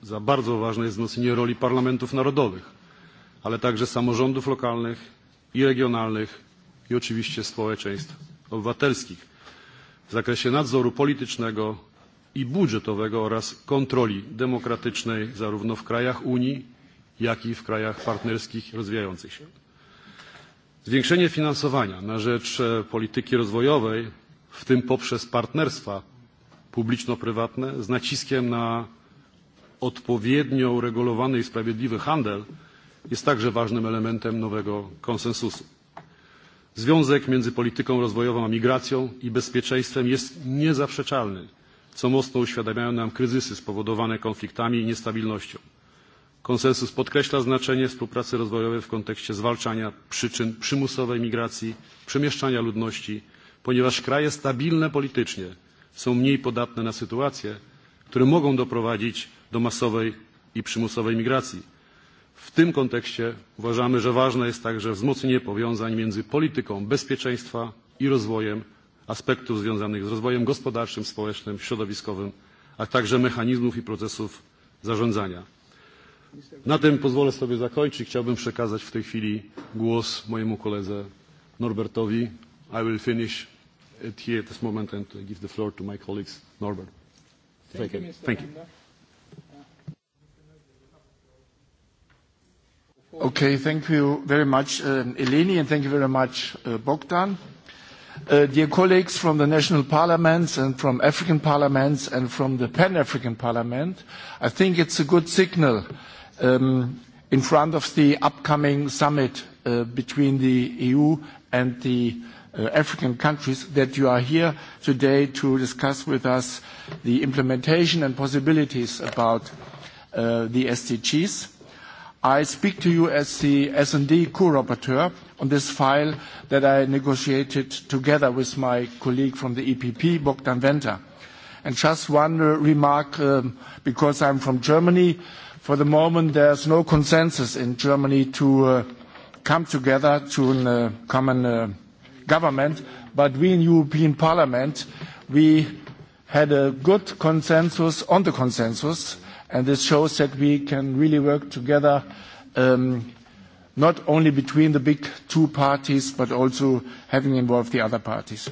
za bardzo ważne jest wzmocnienie roli parlamentów narodowych ale także samorządów lokalnych i regionalnych i oczywiście społeczeństw obywatelskich w zakresie nadzoru politycznego i budżetowego oraz kontroli demokratycznej zarówno w krajach Unii, jak i w krajach partnerskich rozwijających się. Zwiększenie finansowania na rzecz e, polityki rozwojowej, w tym poprzez partnerstwa publiczno-prywatne z naciskiem na odpowiednio uregulowany i sprawiedliwy handel jest także ważnym elementem nowego konsensusu. Związek między polityką rozwojową a migracją i bezpieczeństwem jest niezaprzeczalny, co mocno uświadamiają nam kryzysy spowodowane konfliktami i niestabilnością. Konsensus podkreśla znaczenie współpracy rozwojowej w kontekście zwalczania przyczyn przymusowej migracji, przemieszczania ludności, ponieważ kraje stabilne politycznie są mniej podatne na sytuacje, które mogą doprowadzić do masowej i przymusowej migracji. W tym kontekście uważamy, że ważne jest także wzmocnienie powiązań między polityką bezpieczeństwa i rozwojem aspektów związanych z rozwojem gospodarczym, społecznym, środowiskowym, a także mechanizmów i procesów zarządzania. Na tym pozwolę sobie zakończyć. Chciałbym przekazać w tej chwili głos mojemu koledze Norbertowi. I will finish it here at this moment and give the floor to my colleagues. Norbert. Thank you. Mr. Thank you. Okay, thank you very much, um, Eleni, and thank you very much, uh, Bogdan. Uh, dear colleagues from the national parliaments and from African parliaments and from the Pan-African Parliament, I think it's a good signal um, in front of the upcoming summit uh, between the EU and the uh, African countries that you are here today to discuss with us the implementation and possibilities about uh, the SDGs. I speak to you as the S&D co-rapporteur on this file that I negotiated together with my colleague from the EPP, Bogdan Wenta. And just one uh, remark, um, because I'm from Germany. For the moment, there's no consensus in Germany to uh, come together to a uh, common uh, government. But we in European Parliament, we had a good consensus on the consensus And this shows that we can really work together, um, not only between the big two parties, but also having involved the other parties.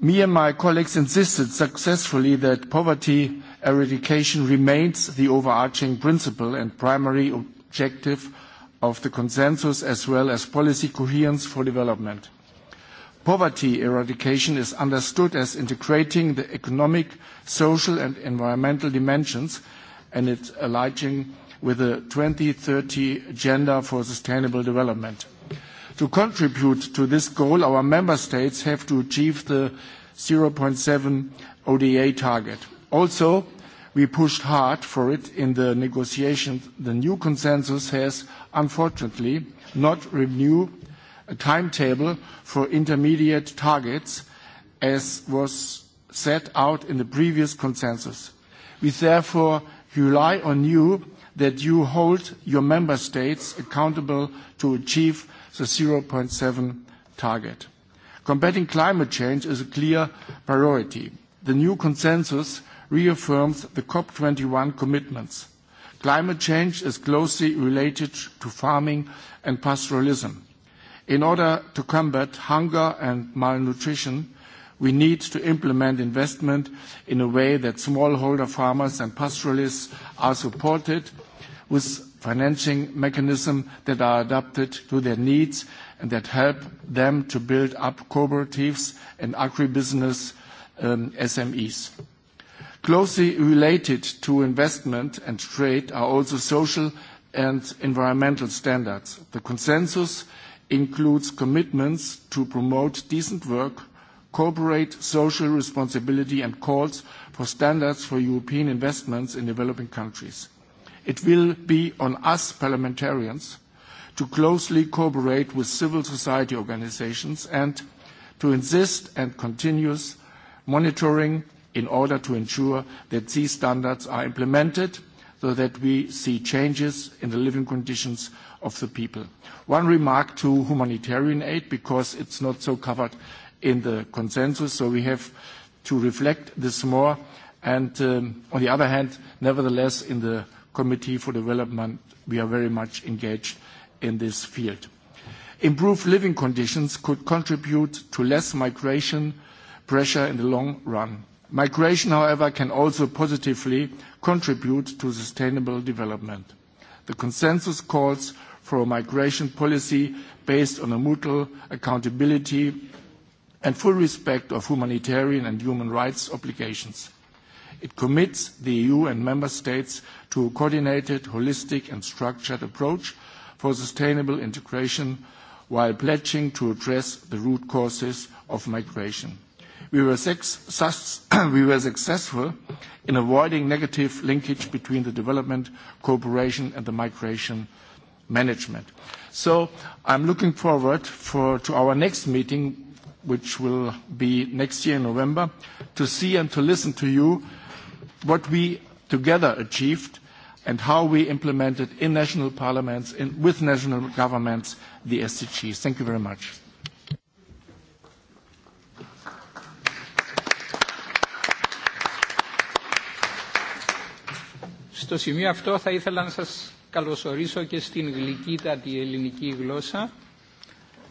Me and my colleagues insisted successfully that poverty eradication remains the overarching principle and primary objective of the consensus, as well as policy coherence for development. Poverty eradication is understood as integrating the economic, social, and environmental dimensions, and it's aligning with the 2030 Agenda for Sustainable Development. To contribute to this goal, our member states have to achieve the 0.7 ODA target. Also, we pushed hard for it in the negotiations. The new consensus has, unfortunately, not renew, timetable for intermediate targets as was set out in the previous consensus. We therefore rely on you that you hold your member states accountable to achieve the 0.7 target. Combating climate change is a clear priority. The new consensus reaffirms the COP21 commitments. Climate change is closely related to farming and pastoralism. In order to combat hunger and malnutrition, we need to implement investment in a way that smallholder farmers and pastoralists are supported with financing mechanisms that are adapted to their needs and that help them to build up cooperatives and agribusiness um, SMEs. Closely related to investment and trade are also social and environmental standards. The consensus includes commitments to promote decent work, corporate social responsibility, and calls for standards for European investments in developing countries. It will be on us parliamentarians to closely cooperate with civil society organizations and to insist and continuous monitoring in order to ensure that these standards are implemented so that we see changes in the living conditions of the people. One remark to humanitarian aid, because it's not so covered in the consensus, so we have to reflect this more. And um, on the other hand, nevertheless, in the Committee for Development, we are very much engaged in this field. Improved living conditions could contribute to less migration pressure in the long run. Migration, however, can also positively contribute to sustainable development. The consensus calls for a migration policy based on a mutual accountability and full respect of humanitarian and human rights obligations. It commits the EU and member states to a coordinated, holistic, and structured approach for sustainable integration while pledging to address the root causes of migration. We were, success, we were successful in avoiding negative linkage between the development cooperation and the migration management. So I'm looking forward for, to our next meeting, which will be next year in November, to see and to listen to you what we together achieved and how we implemented in national parliaments and with national governments the SDGs. Thank you very much. Στο σημείο αυτό θα ήθελα να σας καλωσορίσω και στην γλυκύτατη ελληνική γλώσσα.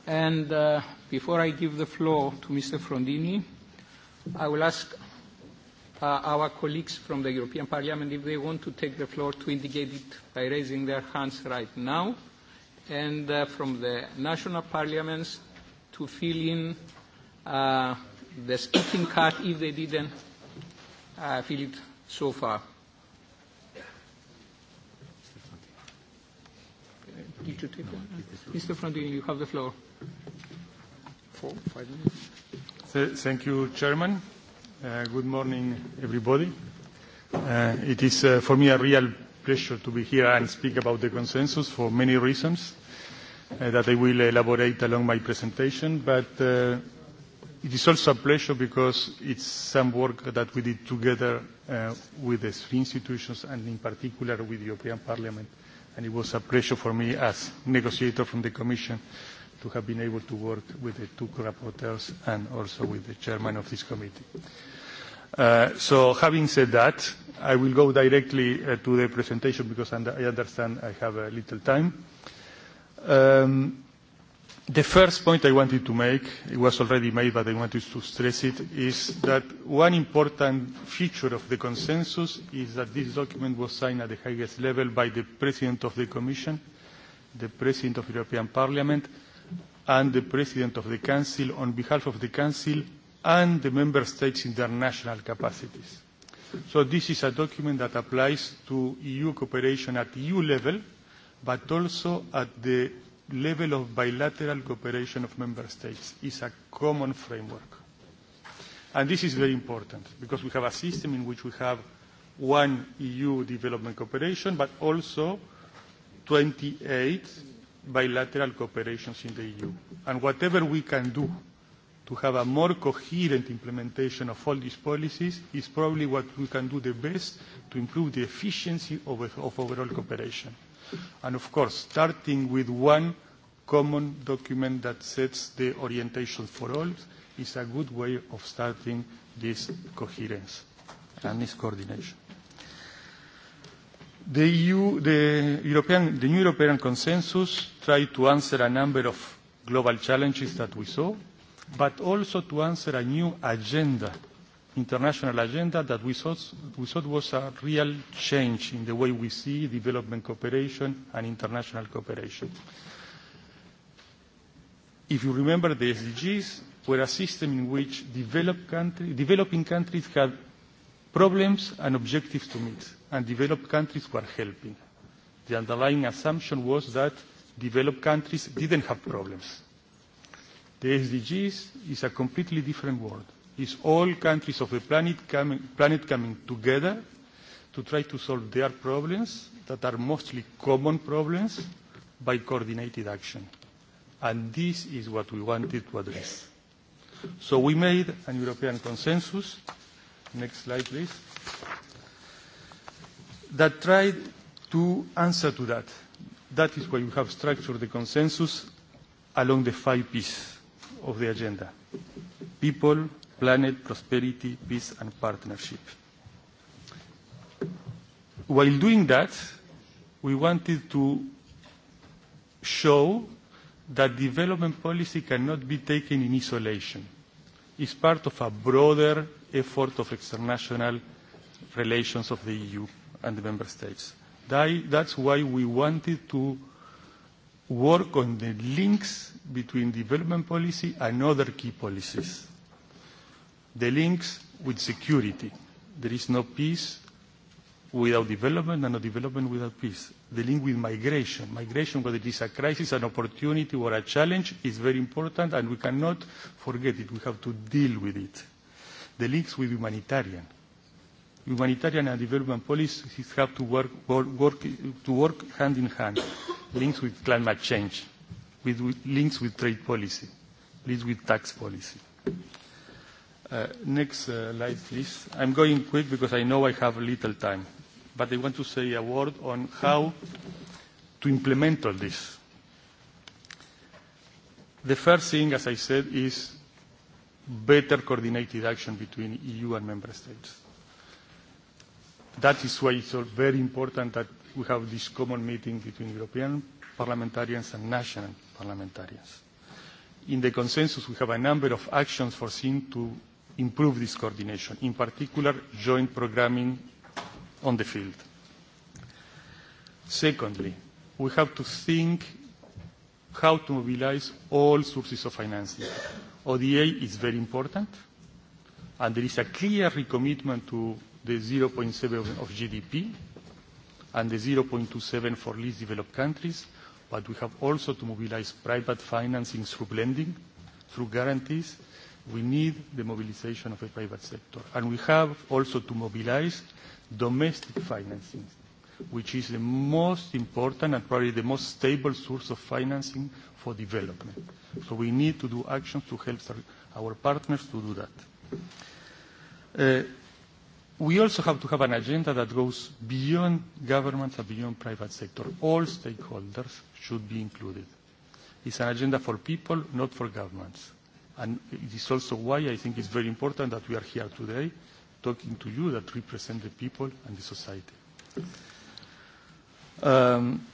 And uh, before I give the floor to Mr. Frondini, I will ask uh, our colleagues from the European Parliament if they want to take the floor to indicate it by raising their hands right now, and uh, from the national parliaments to fill in uh, the speaking card if they didn't uh, fill it so far. Did you take one? Mr. Frondini, you have the floor. Four, five minutes. Thank you, Chairman. Uh, good morning, everybody. Uh, it is uh, for me a real pleasure to be here and speak about the consensus for many reasons uh, that I will elaborate along my presentation. But uh, it is also a pleasure because it's some work that we did together uh, with the three institutions and in particular with the European Parliament. Uh, and it was a pleasure for me as negotiator from the Commission to have been able to work with the two co-rapporteurs and also with the chairman of this committee. Uh, so having said that, I will go directly uh, to the presentation because I understand I have a little time. Um, The first point I wanted to make, it was already made, but I wanted to stress it, is that one important feature of the consensus is that this document was signed at the highest level by the President of the Commission, the President of the European Parliament, and the President of the Council on behalf of the Council and the Member States in their national capacities. So this is a document that applies to EU cooperation at EU level, but also at the level of bilateral cooperation of member states is a common framework. And this is very important because we have a system in which we have one EU development cooperation, but also 28 bilateral cooperations in the EU. And whatever we can do to have a more coherent implementation of all these policies is probably what we can do the best to improve the efficiency of, of overall cooperation and of course starting with one common document that sets the orientation for all is a good way of starting this coherence and this coordination. The, EU, the, European, the new European consensus tried to answer a number of global challenges that we saw, but also to answer a new agenda international agenda that we thought, we thought was a real change in the way we see development cooperation and international cooperation. If you remember, the SDGs were a system in which developed country, developing countries had problems and objectives to meet, and developed countries were helping. The underlying assumption was that developed countries didn't have problems. The SDGs is a completely different world is all countries of the planet coming, planet coming together to try to solve their problems that are mostly common problems by coordinated action. And this is what we wanted to address. So we made an European consensus, next slide please, that tried to answer to that. That is why we have structured the consensus along the five P's of the agenda. People, planet, prosperity, peace and partnership. While doing that, we wanted to show that development policy cannot be taken in isolation. It's part of a broader effort of international relations of the EU and the member states. That, that's why we wanted to work on the links between development policy and other key policies the links with security. There is no peace without development and no development without peace. The link with migration. Migration, whether it is a crisis, an opportunity or a challenge, is very important and we cannot forget it. We have to deal with it. The links with humanitarian. Humanitarian and development policies have to work, work, work, to work hand in hand. links with climate change, with, with links with trade policy, links with tax policy. Uh, next uh, slide, please. I'm going quick because I know I have little time, but I want to say a word on how to implement all this. The first thing, as I said, is better coordinated action between EU and member states. That is why it's very important that we have this common meeting between European parliamentarians and national parliamentarians. In the consensus, we have a number of actions foreseen to improve this coordination, in particular joint programming on the field. Secondly, we have to think how to mobilize all sources of financing. ODA is very important, and there is a clear recommitment to the 0.7 of GDP and the 0.27 for least developed countries, but we have also to mobilize private financing through blending, through guarantees, we need the mobilization of the private sector. And we have also to mobilize domestic financing, which is the most important and probably the most stable source of financing for development. So we need to do actions to help our partners to do that. Uh, we also have to have an agenda that goes beyond governments and beyond private sector. All stakeholders should be included. It's an agenda for people, not for governments. And it is also why I think it's very important that we are here today talking to you that represent the people and the society. Um,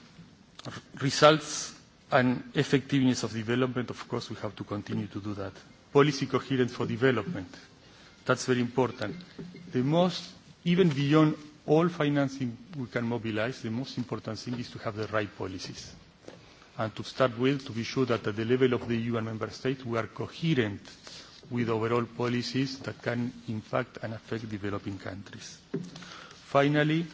results and effectiveness of development, of course, we have to continue to do that. Policy coherence for development, that's very important. The most, even beyond all financing we can mobilize, the most important thing is to have the right policies and to start with, to be sure that at the level of the EU and member states, we are coherent with overall policies that can impact and affect developing countries. Finally,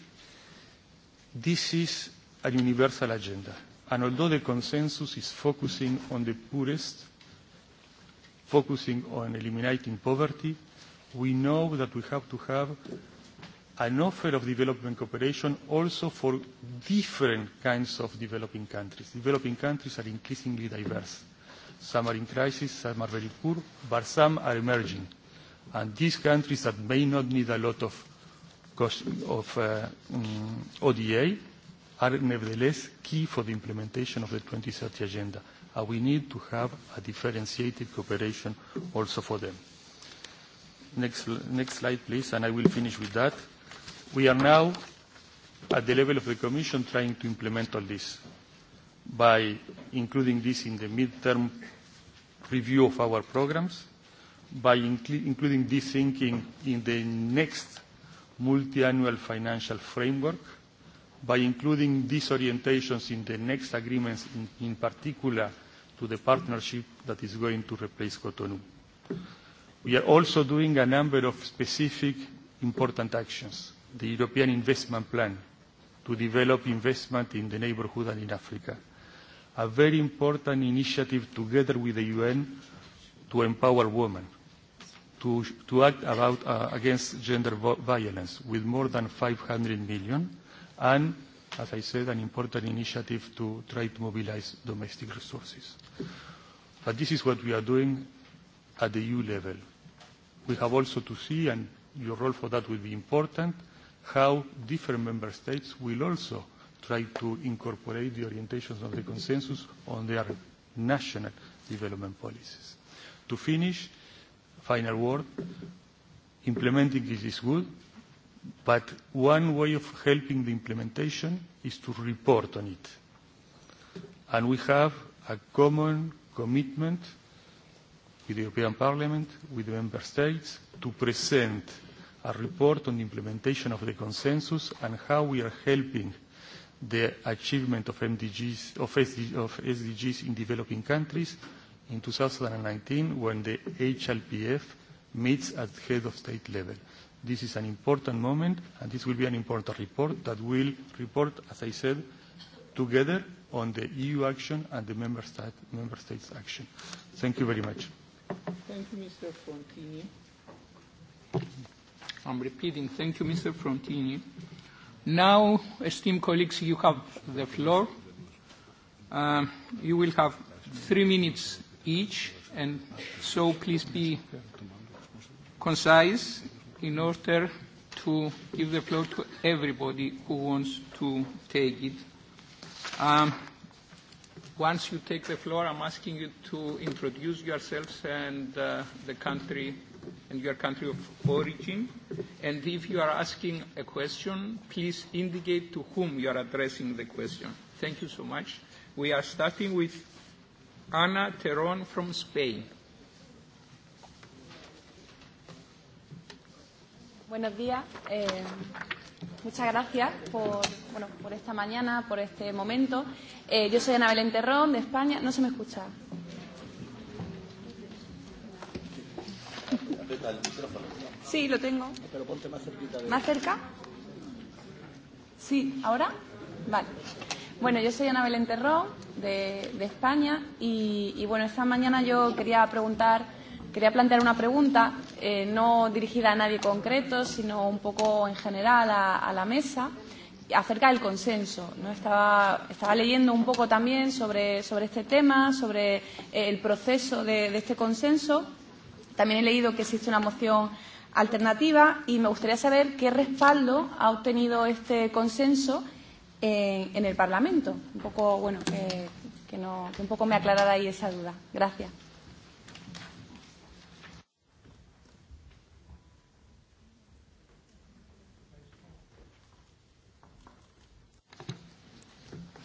this is a universal agenda, and although the consensus is focusing on the poorest, focusing on eliminating poverty, we know that we have to have an offer of development cooperation also for different kinds of developing countries. Developing countries are increasingly diverse. Some are in crisis, some are very poor, but some are emerging. And these countries that may not need a lot of, cost, of uh, um, mm, ODA are nevertheless key for the implementation of the 2030 Agenda. And we need to have a differentiated cooperation also for them. Next, next slide, please, and I will finish with that. We are now, at the level of the Commission, trying to implement all this by including this in the midterm review of our programs, by incl including this thinking in the next multi-annual financial framework, by including these orientations in the next agreements, in, in particular to the partnership that is going to replace Cotonou. We are also doing a number of specific important actions the European Investment Plan to develop investment in the neighborhood and in Africa, a very important initiative together with the UN to empower women, to, to act about, uh, against gender violence with more than 500 million, and, as I said, an important initiative to try to mobilize domestic resources. But this is what we are doing at the EU level. We have also to see, and your role for that will be important, how different member states will also try to incorporate the orientations of the consensus on their national development policies. To finish, final word, implementing this is good, but one way of helping the implementation is to report on it. And we have a common commitment with the European Parliament, with the Member States, to present a report on the implementation of the consensus and how we are helping the achievement of, MDGs, of, SDG, of SDGs in developing countries in 2019 when the HLPF meets at head of state level. This is an important moment, and this will be an important report that will report, as I said, together on the EU action and the member, state, member states' action. Thank you very much. Thank you, Mr. Fontini. I'm repeating. Thank you, Mr. Frontini. Now, esteemed colleagues, you have the floor. Um, you will have three minutes each, and so please be concise in order to give the floor to everybody who wants to take it. Um, once you take the floor, I'm asking you to introduce yourselves and uh, the country and your country of origin. And if you are asking a question, please indicate to whom you are addressing the question. Thank you so much. We are starting with Ana Terón from Spain. Buenos días. Eh, muchas gracias por, bueno, por esta mañana, por este momento. Eh, yo soy Ana Belén Terrón, de España. No se me escucha. cerca del micrófono. Sí, lo tengo. Pero ponte más cerquita. De... ¿Más cerca? Sí, ¿ahora? Vale. Bueno, yo soy Ana Belén Terró, de, de España, y, y bueno, esta mañana yo quería preguntar, quería plantear una pregunta, eh, no dirigida a nadie concreto, sino un poco en general a, a la mesa, acerca del consenso. ¿no? Estaba, estaba leyendo un poco también sobre, sobre este tema, sobre eh, el proceso de, de este consenso, También he leído que existe una moción alternativa y me gustaría saber qué respaldo ha obtenido este consenso en, eh, en el Parlamento. Un poco, bueno, que, que, no, que un poco me aclarara ahí esa duda. Gracias.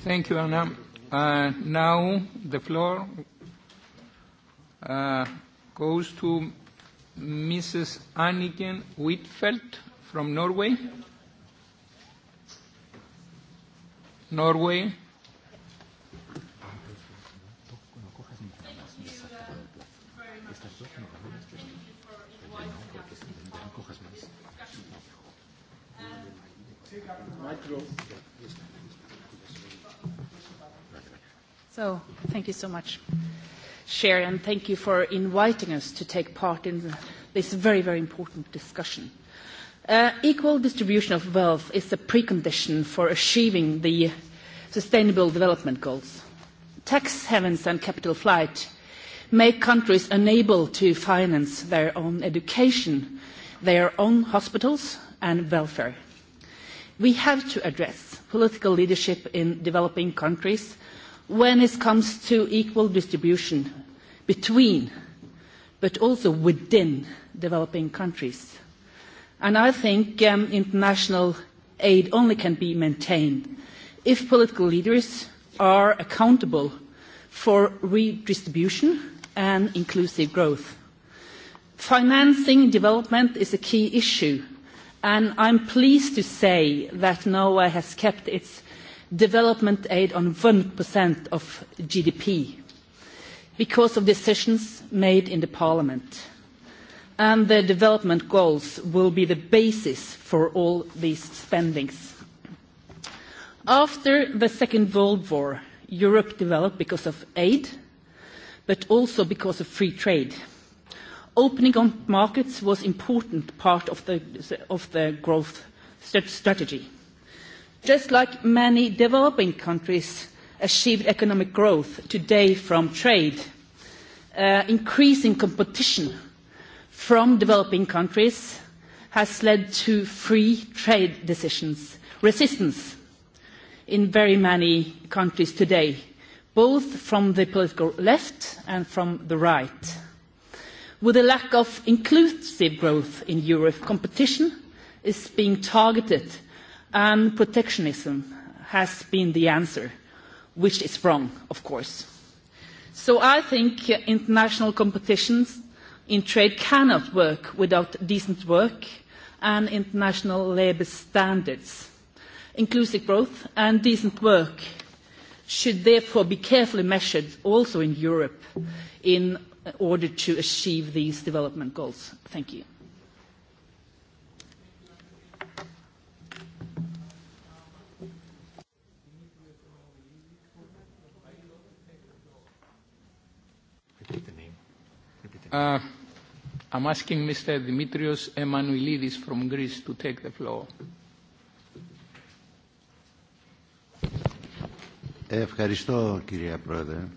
Thank you, Anna. Uh, now the floor. Uh, goes to Mrs. Anniken Huitfeldt from Norway. Norway. So, thank you so much share, and thank you for inviting us to take part in this very, very important discussion. Uh, equal distribution of wealth is a precondition for achieving the Sustainable Development Goals. Tax havens and capital flight make countries unable to finance their own education, their own hospitals, and welfare. We have to address political leadership in developing countries when it comes to equal distribution between, but also within developing countries. And I think um, international aid only can be maintained if political leaders are accountable for redistribution and inclusive growth. Financing development is a key issue, and I'm pleased to say that Norway has kept its development aid on 1% of GDP because of decisions made in the parliament. And the development goals will be the basis for all these spendings. After the Second World War, Europe developed because of aid, but also because of free trade. Opening up markets was important part of the, of the growth strategy. Just like many developing countries achieved economic growth today from trade, uh, increasing competition from developing countries has led to free trade decisions, resistance in very many countries today, both from the political left and from the right. With a lack of inclusive growth in Europe, competition is being targeted And protectionism has been the answer, which is wrong, of course. So I think international competitions in trade cannot work without decent work and international labour standards. Inclusive growth and decent work should therefore be carefully measured also in Europe in order to achieve these development goals. Thank you. Uh, I'm asking Mr. Dimitrios Emanuelidis from Greece to take the floor. Ευχαριστώ, κυρία Πρόεδρε.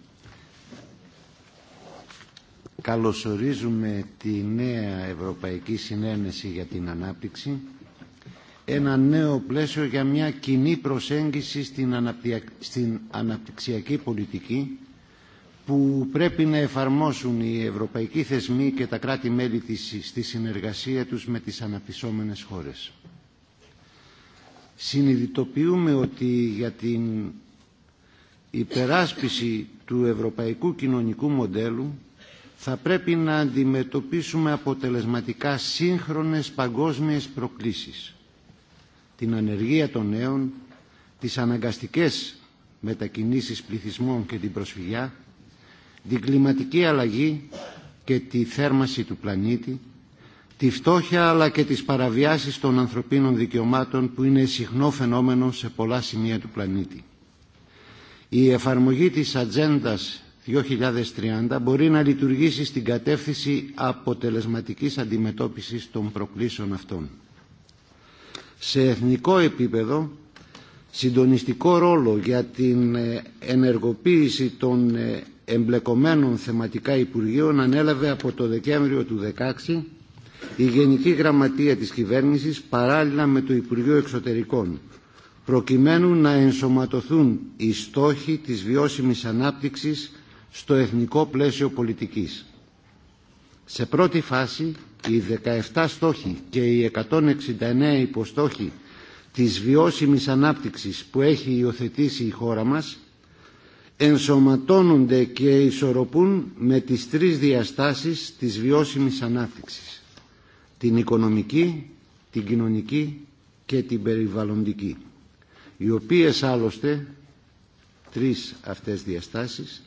Καλωσορίζουμε τη νέα Ευρωπαϊκή Συνένεση για την Ανάπτυξη, ένα νέο πλαίσιο για μια κοινή προσέγγιση στην, αναπτυα... στην αναπτυξιακή πολιτική, που πρέπει να εφαρμόσουν οι ευρωπαϊκοί θεσμοί και τα κράτη-μέλη της, στη συνεργασία τους με τις αναπτυσσόμενες χώρες. Συνειδητοποιούμε ότι για την υπεράσπιση του ευρωπαϊκού κοινωνικού μοντέλου θα πρέπει να αντιμετωπίσουμε αποτελεσματικά σύγχρονες παγκόσμιες προκλήσεις. Την ανεργία των νέων, τις αναγκαστικές μετακινήσεις πληθυσμών και την προσφυγιά, την κλιματική αλλαγή και τη θέρμαση του πλανήτη, τη φτώχεια αλλά και τις παραβιάσεις των ανθρωπίνων δικαιωμάτων που είναι συχνό φαινόμενο σε πολλά σημεία του πλανήτη. Η εφαρμογή της Ατζέντα 2030 μπορεί να λειτουργήσει στην κατεύθυνση αποτελεσματικής αντιμετώπισης των προκλήσεων αυτών. Σε εθνικό επίπεδο, συντονιστικό ρόλο για την ενεργοποίηση των εμπλεκομένων θεματικά Υπουργείων ανέλαβε από το Δεκέμβριο του 2016 η Γενική Γραμματεία της Κυβέρνησης παράλληλα με το Υπουργείο Εξωτερικών προκειμένου να ενσωματωθούν οι στόχοι της βιώσιμης ανάπτυξης στο εθνικό πλαίσιο πολιτικής. Σε πρώτη φάση, οι 17 στόχοι και οι 169 υποστόχοι της βιώσιμης ανάπτυξης που έχει υιοθετήσει η χώρα μας ενσωματώνονται και ισορροπούν με τις τρεις διαστάσεις της βιώσιμης ανάπτυξης, την οικονομική, την κοινωνική και την περιβαλλοντική, οι οποίες άλλωστε, τρεις αυτές διαστάσεις,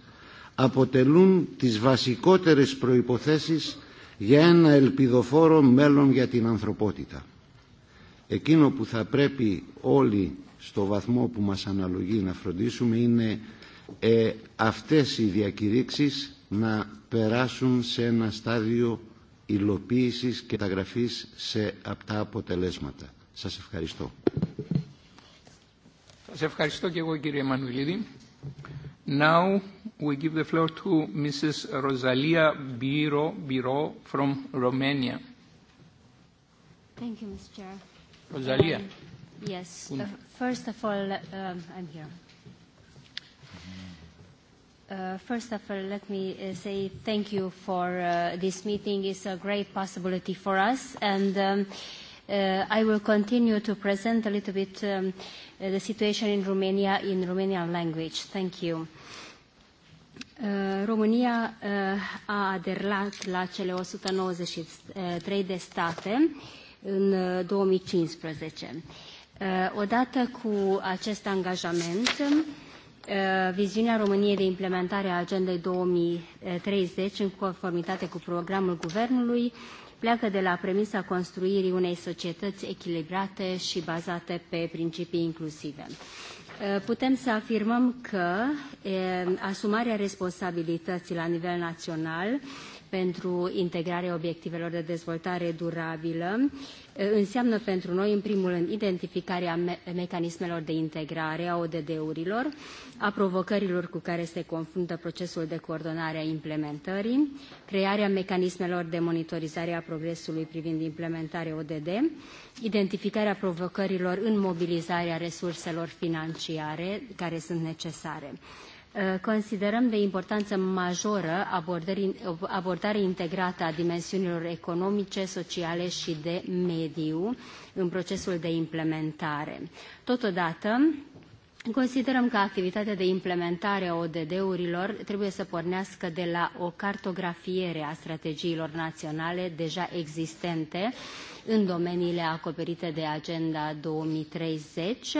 αποτελούν τις βασικότερες προϋποθέσεις για ένα ελπιδοφόρο μέλλον για την ανθρωπότητα. Εκείνο που θα πρέπει όλοι στο βαθμό που μας αναλογεί να φροντίσουμε είναι ε, αυτές οι διακηρύξεις να περάσουν σε ένα στάδιο υλοποίησης και ταγραφής σε αυτά αποτελέσματα. Σας ευχαριστώ. Σας ευχαριστώ και εγώ κύριε Μανουλίδη. Now we give the floor to Mrs. Rosalia Biro, Biro from Romania. Thank you, Mr. Chair. Rosalia. Um, yes. Uh, first of all, um, I'm here. Uh, first of all, let me uh, say thank you for uh, this meeting. It's a great possibility for us, and um, uh, I will continue to present a little bit um, uh, the situation in Romania in Romanian language. Thank you. Uh, România uh, a aderat la cele 193 de state în uh, 2015. Uh, odată cu acest angajament, Eh, viziunea României de implementare a Agendei 2030 în conformitate cu programul Guvernului pleacă de la premisa construirii unei societăți echilibrate și bazate pe principii inclusive. Eh, putem să afirmăm că e, asumarea responsabilității la nivel național pentru integrarea obiectivelor de dezvoltare durabilă E, înseamnă pentru noi, în primul rând, identificarea me mecanismelor de integrare a ODD-urilor, a provocărilor cu care se confruntă procesul de coordonare a implementării, crearea mecanismelor de monitorizare a progresului privind implementarea ODD, identificarea provocărilor în mobilizarea resurselor financiare care sunt necesare. Uh, considerăm de importanță majoră abordarea integrată a dimensiunilor economice, sociale și de mediu în procesul de implementare. Totodată, Considerăm că activitatea de implementare a ODD-urilor trebuie să pornească de la o cartografiere a strategiilor naționale deja existente în domeniile acoperite de Agenda 2030,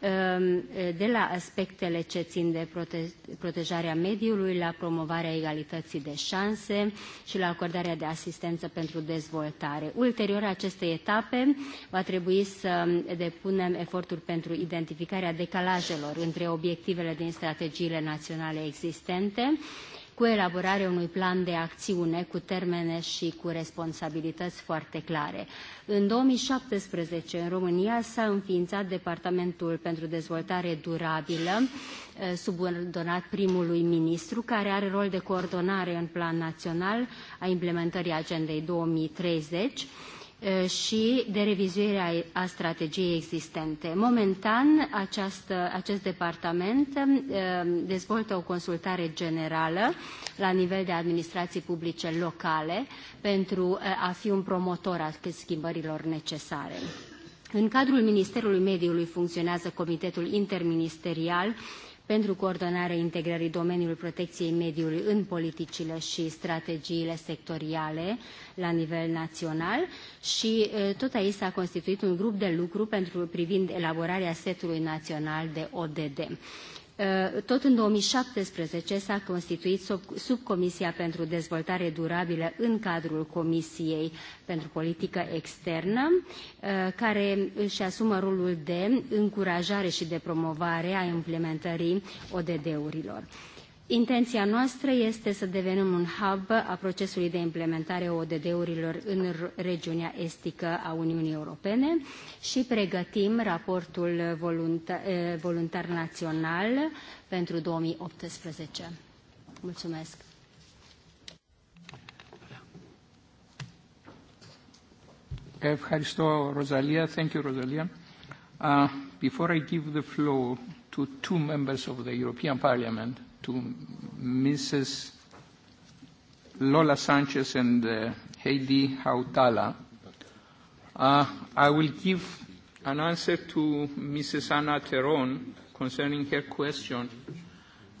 Um, de la aspectele ce țin de prote protejarea mediului la promovarea egalității de șanse și la acordarea de asistență pentru dezvoltare. Ulterior acestei etape va trebui să depunem eforturi pentru identificarea decalajelor între obiectivele din strategiile naționale existente cu elaborarea unui plan de acțiune cu termene și cu responsabilități foarte clare. În 2017, în România, s-a înființat Departamentul pentru Dezvoltare Durabilă, eh, subordonat primului ministru, care are rol de coordonare în plan național a implementării Agendei 2030 E, și de revizuirea a strategiei existente. Momentan, această, acest departament e, dezvoltă o consultare generală la nivel de administrații publice locale pentru e, a fi un promotor al schimbărilor necesare. În cadrul Ministerului Mediului funcționează Comitetul Interministerial pentru coordonarea integrării domeniului protecției mediului în politicile și strategiile sectoriale la nivel național și e, tot aici s-a constituit un grup de lucru pentru, privind elaborarea setului național de ODD. Uh, tot în 2017 s-a constituit sub, subcomisia pentru dezvoltare durabilă în cadrul Comisiei pentru Politică Externă, uh, care își asumă rolul de încurajare și de promovare a implementării ODD-urilor. Intenția noastră este să devenim un hub a procesului de implementare ODD-urilor în regiunea estică a Uniunii Europene și pregătim raportul voluntar, e, voluntar național pentru 2018. Mulțumesc! Ευχαριστώ, Ροζαλία. Thank you, Rosalia. Uh, before I give the floor to two members of the European Parliament, to Mrs. Lola Sanchez and uh, Heidi Hautala. Uh, I will give an answer to Mrs. Anna Teron concerning her question.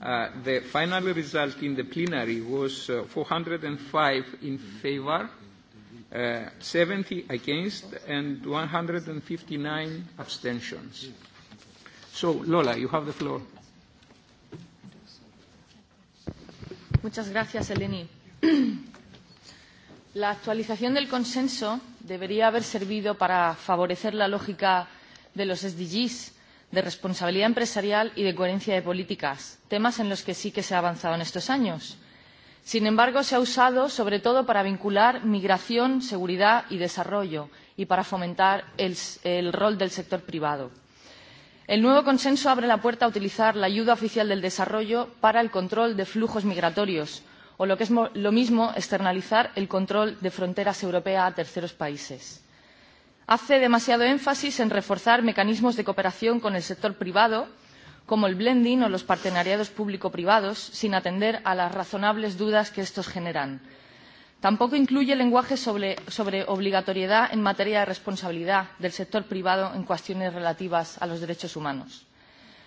Uh, the final result in the plenary was uh, 405 in favor, uh, 70 against, and 159 abstentions. So, Lola, you have the floor. Muchas gracias, Eleni. La actualización del consenso debería haber servido para favorecer la lógica de los SDGs, de responsabilidad empresarial y de coherencia de políticas, temas en los que sí que se ha avanzado en estos años. Sin embargo, se ha usado sobre todo para vincular migración, seguridad y desarrollo y para fomentar el, el rol del sector privado el nuevo consenso abre la puerta a utilizar la ayuda oficial del desarrollo para el control de flujos migratorios o lo que es lo mismo externalizar el control de fronteras europeas a terceros países. hace demasiado énfasis en reforzar mecanismos de cooperación con el sector privado como el blending o los partenariados público privados sin atender a las razonables dudas que estos generan. Tampoco incluye lenguaje sobre, sobre obligatoriedad en materia de responsabilidad del sector privado en cuestiones relativas a los derechos humanos.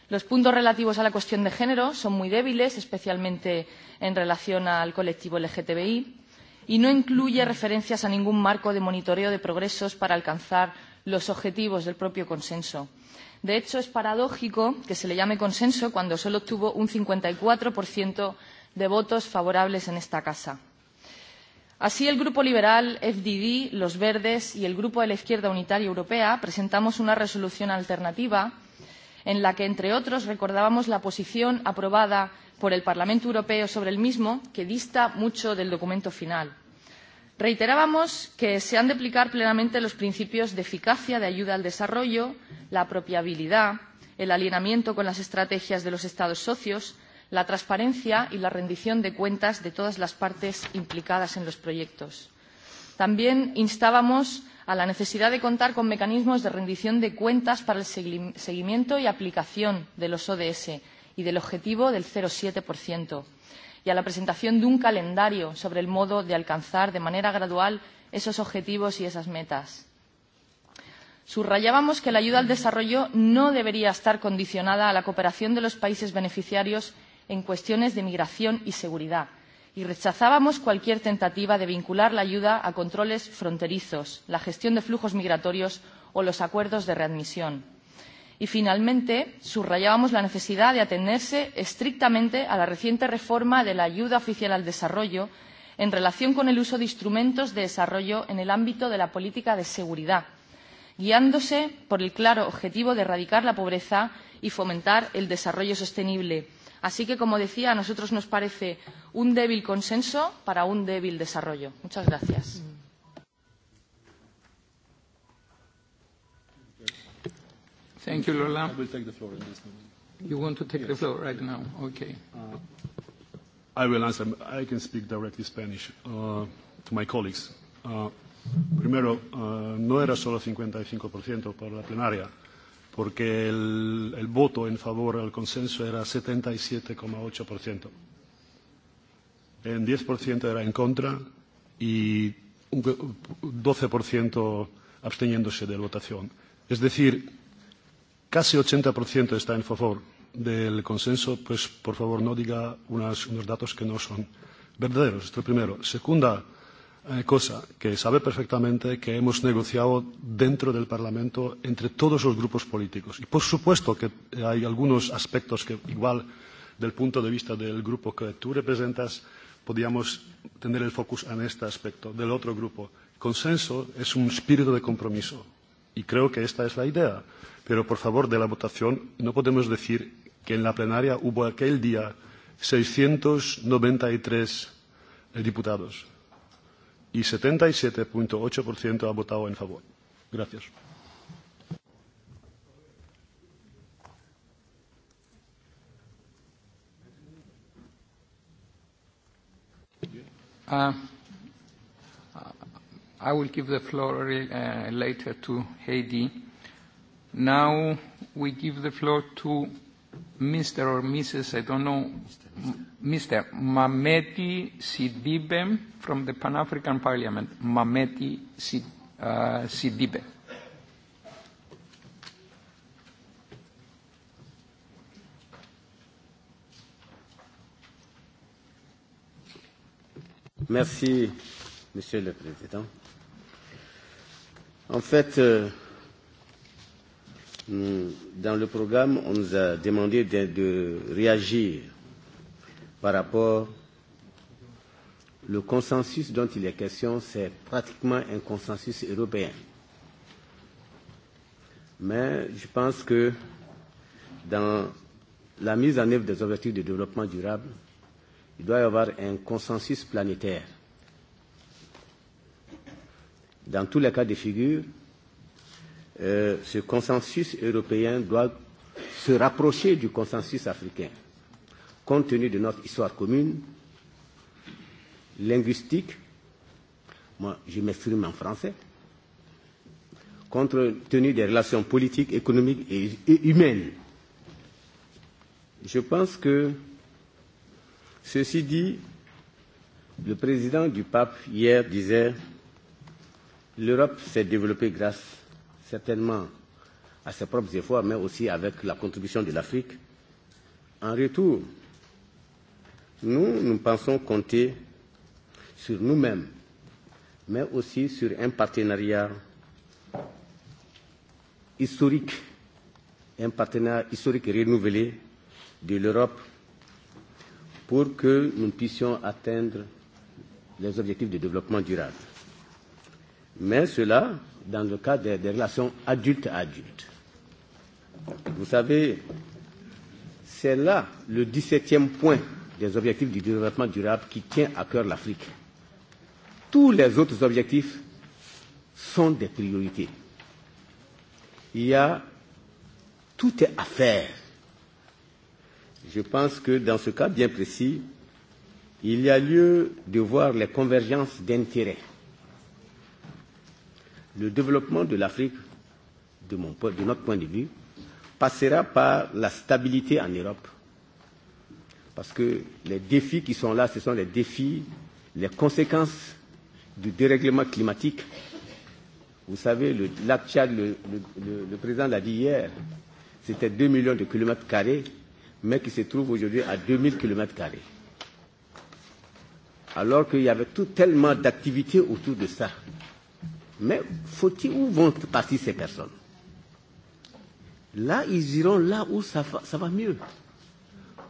Los puntos relativos a la cuestión de género son muy débiles, especialmente en relación al colectivo LGTBI, y no incluye referencias a ningún marco de monitoreo de progresos para alcanzar los objetivos del propio consenso. De hecho, es paradójico que se le llame consenso cuando solo obtuvo un 54% de votos favorables en esta casa así el grupo liberal fdd los verdes y el grupo de la izquierda unitaria europea presentamos una resolución alternativa en la que entre otros recordábamos la posición aprobada por el parlamento europeo sobre el mismo que dista mucho del documento final. reiterábamos que se han de aplicar plenamente los principios de eficacia de ayuda al desarrollo la apropiabilidad el alineamiento con las estrategias de los estados socios la transparencia y la rendición de cuentas de todas las partes implicadas en los proyectos. También instábamos a la necesidad de contar con mecanismos de rendición de cuentas para el seguimiento y aplicación de los ODS y del objetivo del 0,7% y a la presentación de un calendario sobre el modo de alcanzar de manera gradual esos objetivos y esas metas. Subrayábamos que la ayuda al desarrollo no debería estar condicionada a la cooperación de los países beneficiarios en cuestiones de migración y seguridad y rechazábamos cualquier tentativa de vincular la ayuda a controles fronterizos, la gestión de flujos migratorios o los acuerdos de readmisión. Y finalmente, subrayábamos la necesidad de atenerse estrictamente a la reciente reforma de la ayuda oficial al desarrollo en relación con el uso de instrumentos de desarrollo en el ámbito de la política de seguridad, guiándose por el claro objetivo de erradicar la pobreza y fomentar el desarrollo sostenible Así que, como decía, a nosotros nos parece un débil consenso para un débil desarrollo. Muchas gracias. Thank you, Lola. I will take the floor in this moment. You want to take yes. the floor right now? Okay. Uh, I will answer. I can speak directly Spanish uh, to my colleagues. Uh, primero, uh, no era solo 55% para la plenaria, porque el, el voto en favor al consenso era 77,8%. En 10% era en contra y un 12% absteniéndose de la votación. Es decir, casi 80% está en favor del consenso, pues por favor no diga unas, unos datos que no son verdaderos. Esto primero. Segunda, eh, eh, cosa que sabe perfectamente que hemos negociado dentro del Parlamento entre todos los grupos políticos. Y por supuesto que hay algunos aspectos que igual del punto de vista del grupo que tú representas podíamos tener el focus en este aspecto del otro grupo. Consenso es un espíritu de compromiso y creo que esta es la idea. Pero por favor, de la votación no podemos decir que en la plenaria hubo aquel día 693 eh, diputados y 77.8% ha votado en favor. Gracias. Uh, I will give the floor uh, later to Heidi. Now we give the floor to Mr. or Mrs. I don't know, Mr. Mr. Mameti Sidibe from the Pan African Parliament. Mameti Sid, uh, Sidibe. Merci, Monsieur le Président. En fait, euh, Dans le programme, on nous a demandé de, de réagir par rapport le consensus dont il est question, c'est pratiquement un consensus européen. Mais je pense que dans la mise en œuvre des objectifs de développement durable, il doit y avoir un consensus planétaire. Dans tous les cas de figure, euh, ce consensus européen doit se rapprocher du consensus africain, compte tenu de notre histoire commune, linguistique, moi je m'exprime en français, compte tenu des relations politiques, économiques et, et humaines. Je pense que, ceci dit, le président du pape hier disait L'Europe s'est développée grâce certainement à ses propres efforts, mais aussi avec la contribution de l'Afrique. En retour, nous, nous pensons compter sur nous-mêmes, mais aussi sur un partenariat historique, un partenariat historique renouvelé de l'Europe pour que nous puissions atteindre les objectifs de développement durable. Mais cela dans le cadre des, des relations adulte à adulte. Vous savez, c'est là le 17e point des objectifs du développement durable qui tient à cœur l'Afrique. Tous les autres objectifs sont des priorités. Il y a tout est à faire. Je pense que dans ce cas bien précis, il y a lieu de voir les convergences d'intérêts le développement de l'Afrique, de, mon, de notre point de vue, passera par la stabilité en Europe. Parce que les défis qui sont là, ce sont les défis, les conséquences du dérèglement climatique. Vous savez, le lac Tchad, le, le, le, le président l'a dit hier, c'était 2 millions de kilomètres carrés, mais qui se trouve aujourd'hui à 2000 kilomètres carrés. Alors qu'il y avait tout tellement d'activités autour de ça. Mais faut-il où vont partir ces personnes Là, ils iront là où ça va, ça va mieux.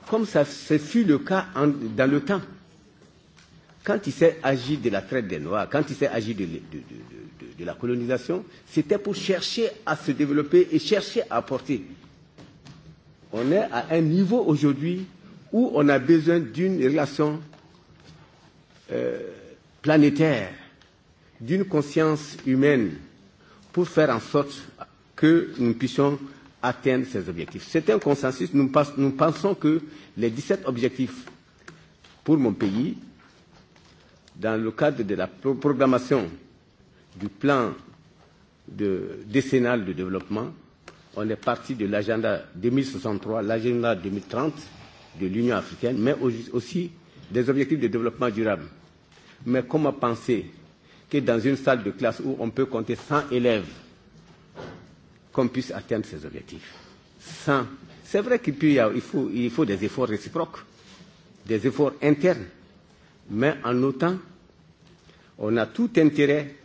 Comme ça, ce fut le cas en, dans le temps. Quand il s'est agi de la traite des Noirs, quand il s'est agi de, de, de, de, de, de la colonisation, c'était pour chercher à se développer et chercher à apporter. On est à un niveau aujourd'hui où on a besoin d'une relation euh, planétaire d'une conscience humaine pour faire en sorte que nous puissions atteindre ces objectifs. C'est un consensus. Nous, pense, nous pensons que les 17 objectifs pour mon pays, dans le cadre de la pro programmation du plan de, décennal de développement, on est parti de l'agenda 2063, l'agenda 2030 de l'Union africaine, mais aussi des objectifs de développement durable. Mais comment penser que dans une salle de classe où on peut compter 100 élèves, qu'on puisse atteindre ces objectifs. 100. C'est vrai qu'il faut, il faut des efforts réciproques, des efforts internes, mais en autant, on a tout intérêt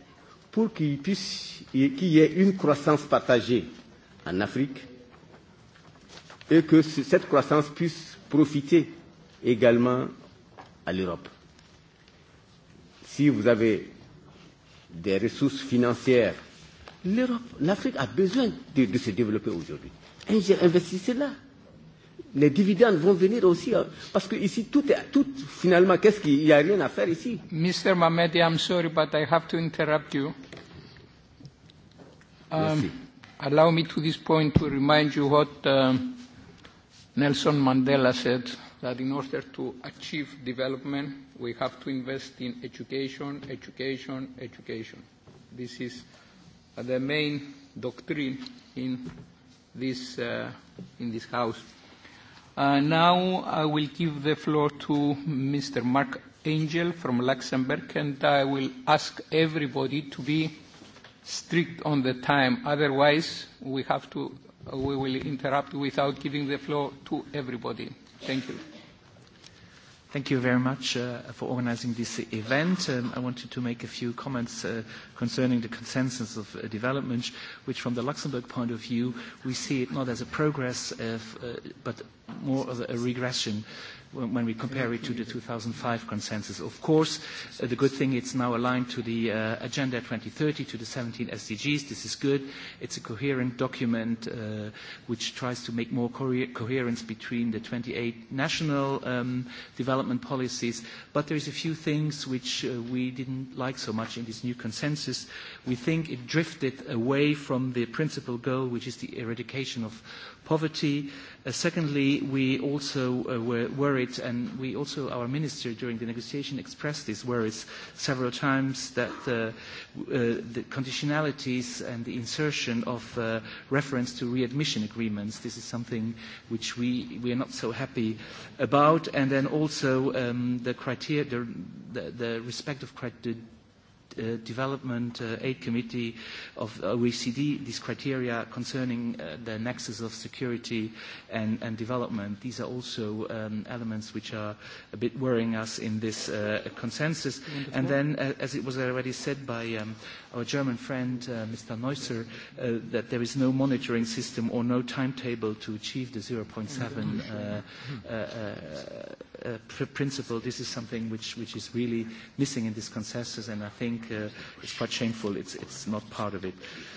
pour qu'il puisse, qu'il y ait une croissance partagée en Afrique et que cette croissance puisse profiter également à l'Europe. Si vous avez des ressources financières. L'Europe, l'Afrique a besoin de, de se développer aujourd'hui. Investissez là. Les dividendes vont venir aussi, parce que ici tout est tout finalement. Qu'est-ce qu'il n'y a rien à faire ici? Mr. Mamedi, I'm sorry, but I have to interrupt you. Um, Merci. Allow me to this point to remind you what um, Nelson Mandela said that in order to achieve development, We have to invest in education, education, education. This is uh, the main doctrine in this, uh, in this House. Uh, now I will give the floor to Mr. Mark Angel from Luxembourg, and I will ask everybody to be strict on the time. Otherwise, we have to, uh, we will interrupt without giving the floor to everybody. Thank you. Thank you very much uh, for organizing this event. Um, I wanted to make a few comments uh, concerning the consensus of uh, development, which from the Luxembourg point of view, we see it not as a progress, uh, f uh, but more of a regression. Uh, when we compare it to the 2005 consensus. Of course, uh, the good thing, it's now aligned to the uh, Agenda 2030, to the 17 SDGs. This is good. It's a coherent document uh, which tries to make more co coherence between the 28 national um, development policies. But there's a few things which uh, we didn't like so much in this new consensus. We think it drifted away from the principal goal, which is the eradication of poverty. Uh, secondly, we also uh, were worried, and we also, our minister during the negotiation expressed these worries several times, that uh, uh, the conditionalities and the insertion of uh, reference to readmission agreements, this is something which we, we are not so happy about, and then also um, the criteria, the, the, the respect of criteria uh, Development uh, Aid Committee of OECD, these criteria concerning uh, the nexus of security and, and development. These are also um, elements which are a bit worrying us in this uh, consensus. Wonderful. And then, uh, as it was already said by um, our German friend, uh, Mr. Neusser, uh, that there is no monitoring system or no timetable to achieve the 0.7 uh, uh, uh, uh, pr principle. This is something which, which is really missing in this consensus, and I think think uh, it's quite shameful. It's, it's not part of it.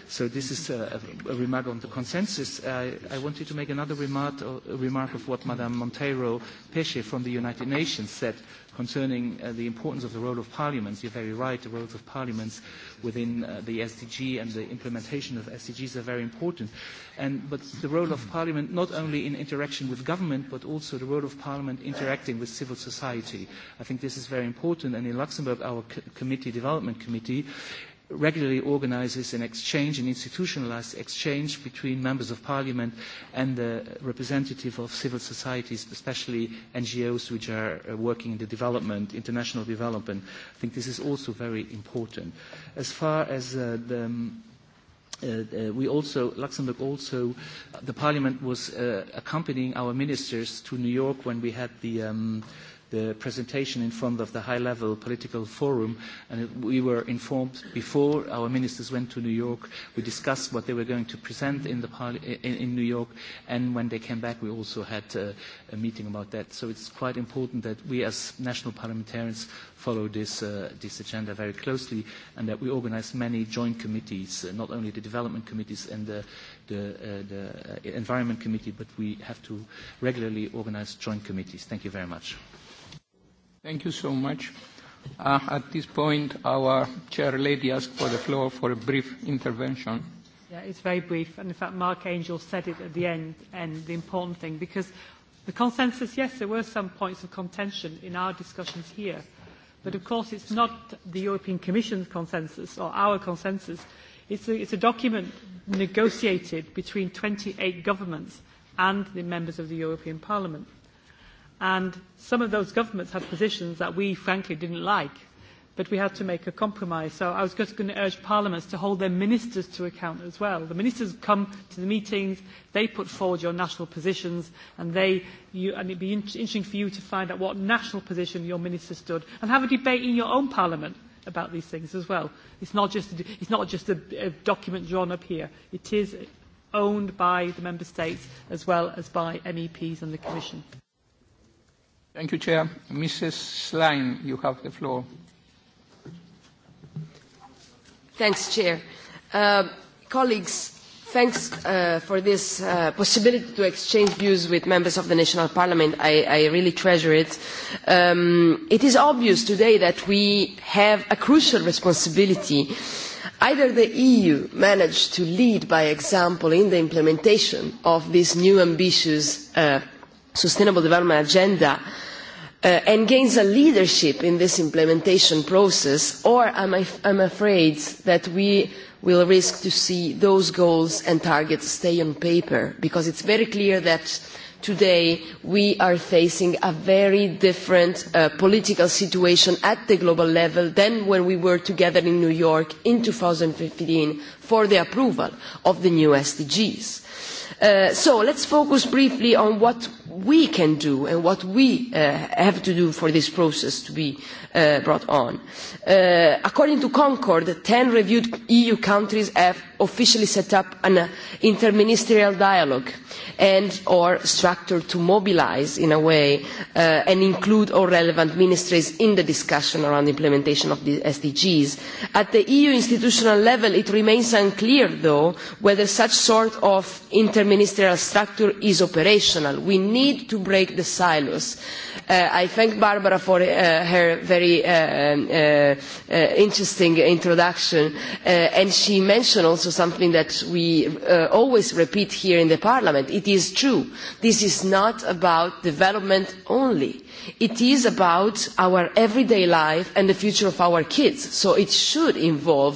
So this is uh, a, a remark on the consensus. I, I wanted to make another remark, uh, remark of what Madame Monteiro Peche from the United Nations said concerning uh, the importance of the role of parliaments. You're very right, the roles of parliaments within uh, the SDG and the implementation of SDGs are very important. And, but the role of parliament not only in interaction with government, but also the role of parliament interacting with civil society. I think this is very important, and in Luxembourg, our co- committee, development committee, regularly organizes an exchange, an institutionalized exchange between members of parliament and the representative of civil societies, especially NGOs which are uh, working in the development, international development. I think this is also very important. As far as uh, the... Um, uh, uh we also, Luxembourg also, the parliament was uh, accompanying our ministers to New York when we had the um, uh, the presentation in front of the high-level political forum, and we were informed before our ministers went to New York. We discussed what they were going to present in, the parli- in, in New York, and when they came back, we also had uh, a meeting about that. So it's quite important that we as national parliamentarians follow this, uh, this agenda very closely and that we organize many joint committees, uh, not only the development committees and the, the, uh, the uh, environment committee, but we have to regularly organize joint committees. Thank you very much. Thank you so much. Uh, at this point, our chair lady asked for the floor for a brief intervention. Yeah, it's very brief. And in fact, Mark Angel said it at the end, and the important thing, because the consensus, yes, there were some points of contention in our discussions here. But of course, it's not the European Commission's consensus or our consensus. It's a, it's a document negotiated between 28 governments and the members of the European Parliament. And some of those governments had positions that we frankly didn't like, but we had to make a compromise. So I was just going to urge parliaments to hold their ministers to account as well. The ministers come to the meetings, they put forward your national positions, and, they, you, and it'd be in- interesting for you to find out what national position your minister stood, and have a debate in your own parliament about these things as well. It's not just, a, it's not just a, a document drawn up here. It is owned by the member states as well as by MEPs and the Commission. Thank you, Chair. Mrs. Schlein, you have the floor. Thanks, Chair. Uh, colleagues, thanks uh, for this uh, possibility to exchange views with members of the national parliament. I, I really treasure it. Um, it is obvious today that we have a crucial responsibility. Either the EU managed to lead by example in the implementation of this new ambitious uh, sustainable development agenda uh, uh, and gains a leadership in this implementation process, or I'm, af I'm afraid that we will risk to see those goals and targets stay on paper, because it's very clear that today we are facing a very different uh, political situation at the global level than when we were together in New York in 2015 for the approval of the new SDGs. Uh, so let's focus briefly on what we can do and what we uh, have to do for this process to be uh, brought on. Uh, according to Concord, 10 reviewed EU countries have officially set up an uh, interministerial dialogue and or structure to mobilize in a way uh, and include all relevant ministries in the discussion around implementation of the SDGs. At the EU institutional level, it remains unclear, though, whether such sort of interministerial structure is operational. We need need to break the silos. Uh, I thank Barbara for uh, her very uh, um, uh, uh, interesting introduction, uh, and she mentioned also something that we uh, always repeat here in the Parliament. It is true. This is not about development only. It is about our everyday life and the future of our kids. So it should involve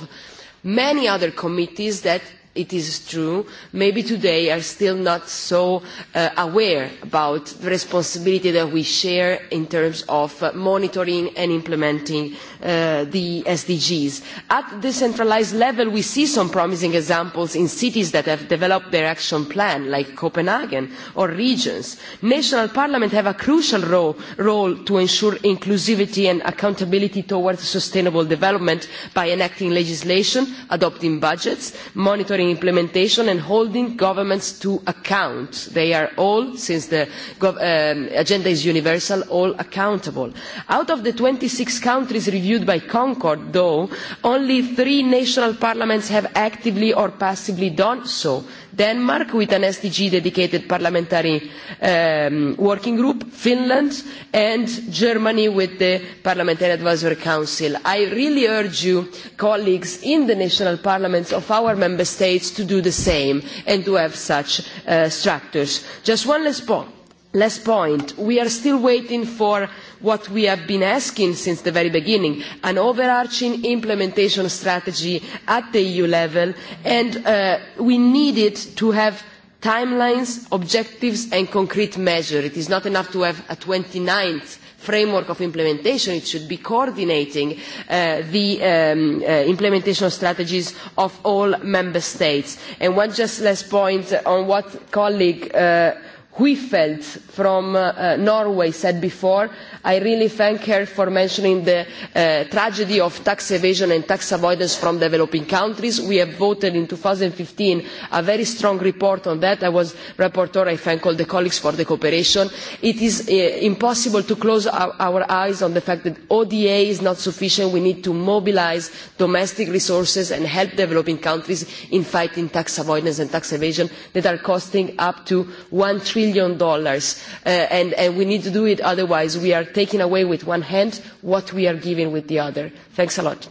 many other committees that it is true, maybe today are still not so uh, aware about the responsibility that we share in terms of uh, monitoring and implementing uh, the SDGs. At decentralized level, we see some promising examples in cities that have developed their action plan, like Copenhagen or regions. National parliaments have a crucial role, role to ensure inclusivity and accountability towards sustainable development by enacting legislation, adopting budgets, monitoring monitoring implementation and holding governments to account. They are all, since the um, agenda is universal, all accountable. Out of the 26 countries reviewed by Concord, though, only three national parliaments have actively or passively done so denmark with an sdg dedicated parliamentary um, working group finland and germany with the parliamentary advisory council. i really urge you colleagues in the national parliaments of our member states to do the same and to have such uh, structures. just one last, po last point we are still waiting for what we have been asking since the very beginning an overarching implementation strategy at the eu level and uh, we needed to have timelines objectives and concrete measures. it is not enough to have a twenty ninth framework of implementation it should be coordinating uh, the um, uh, implementation strategies of all member states. and one just last point on what colleague uh, Huifeldt from uh, Norway said before. I really thank her for mentioning the uh, tragedy of tax evasion and tax avoidance from developing countries. We have voted in 2015 a very strong report on that. I was rapporteur. I thank all the colleagues for the cooperation. It is uh, impossible to close our, our eyes on the fact that ODA is not sufficient. We need to mobilize domestic resources and help developing countries in fighting tax avoidance and tax evasion that are costing up to 1 trillion trillion dollars uh, and, and we need to do it otherwise we are taking away with one hand what we are giving with the other. Thanks a lot.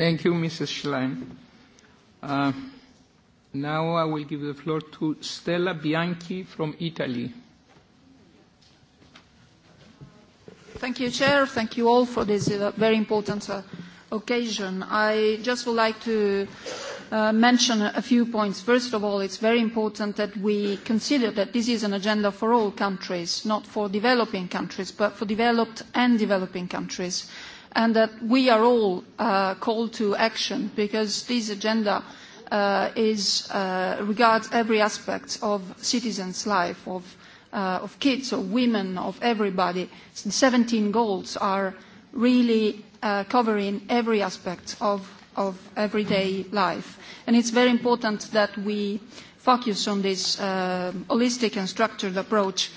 Thank you, Mrs. Schlein. Uh, now I will give the floor to Stella Bianchi from Italy. Thank you, Chair. Thank you all for this uh, very important uh, occasion. I just would like to uh, mention a few points. First of all, it's very important that we consider that this is an agenda for all countries, not for developing countries, but for developed and developing countries, and that we are all uh, called to action because this agenda uh, is, uh, regards every aspect of citizens' life, of, uh, of kids, of women, of everybody. The 17 goals are really uh, covering every aspect of of everyday life. And it's very important that we focus on this uh, holistic and structured approach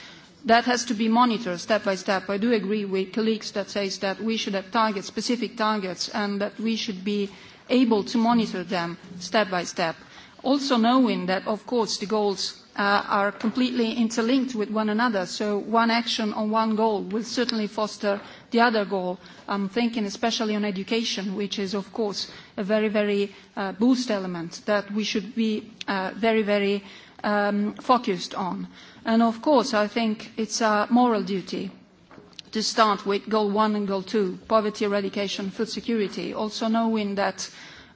that has to be monitored step by step. I do agree with colleagues that says that we should have targets, specific targets, and that we should be able to monitor them step by step. Also knowing that, of course, the goals uh, are completely interlinked with one another, so one action on one goal will certainly foster the other goal, I'm thinking especially on education, which is, of course, a very, very uh, boost element that we should be uh, very, very um, focused on. And of course, I think it's a moral duty to start with goal one and goal two, poverty eradication, food security, also knowing that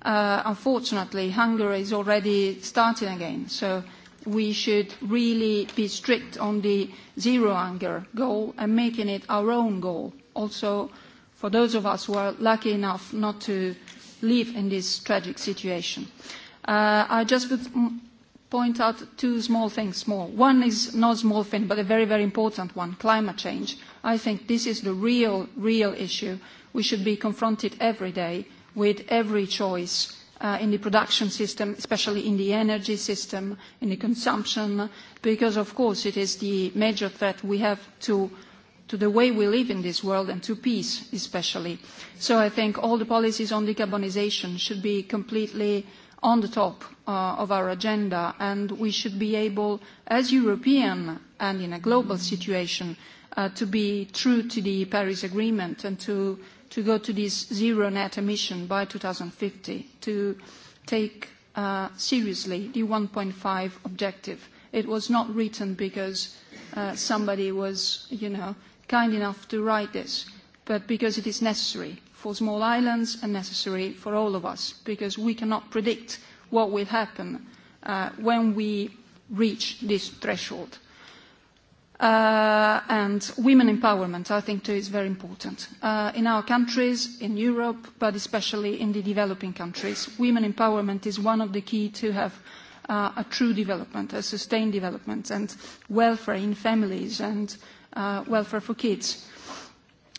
uh, unfortunately hunger is already starting again. So we should really be strict on the zero hunger goal and making it our own goal also for those of us who are lucky enough not to live in this tragic situation. Uh, I just would point out two small things small. One is not small thing, but a very, very important one, climate change. I think this is the real, real issue. We should be confronted every day with every choice uh, in the production system, especially in the energy system, in the consumption, because of course it is the major threat we have to uh, to the way we live in this world and to peace especially. So I think all the policies on decarbonization should be completely on the top uh, of our agenda and we should be able, as European and in a global situation, uh, to be true to the Paris Agreement and to, to go to this zero net emission by 2050, to take uh, seriously the 1.5 objective. It was not written because uh, somebody was, you know, kind enough to write this, but because it is necessary for small islands and necessary for all of us, because we cannot predict what will happen uh, when we reach this threshold. Uh, and women empowerment, I think, too, is very important. Uh, in our countries, in Europe, but especially in the developing countries, women empowerment is one of the key to have uh, a true development, a sustained development, and welfare in families and uh, uh, welfare for kids.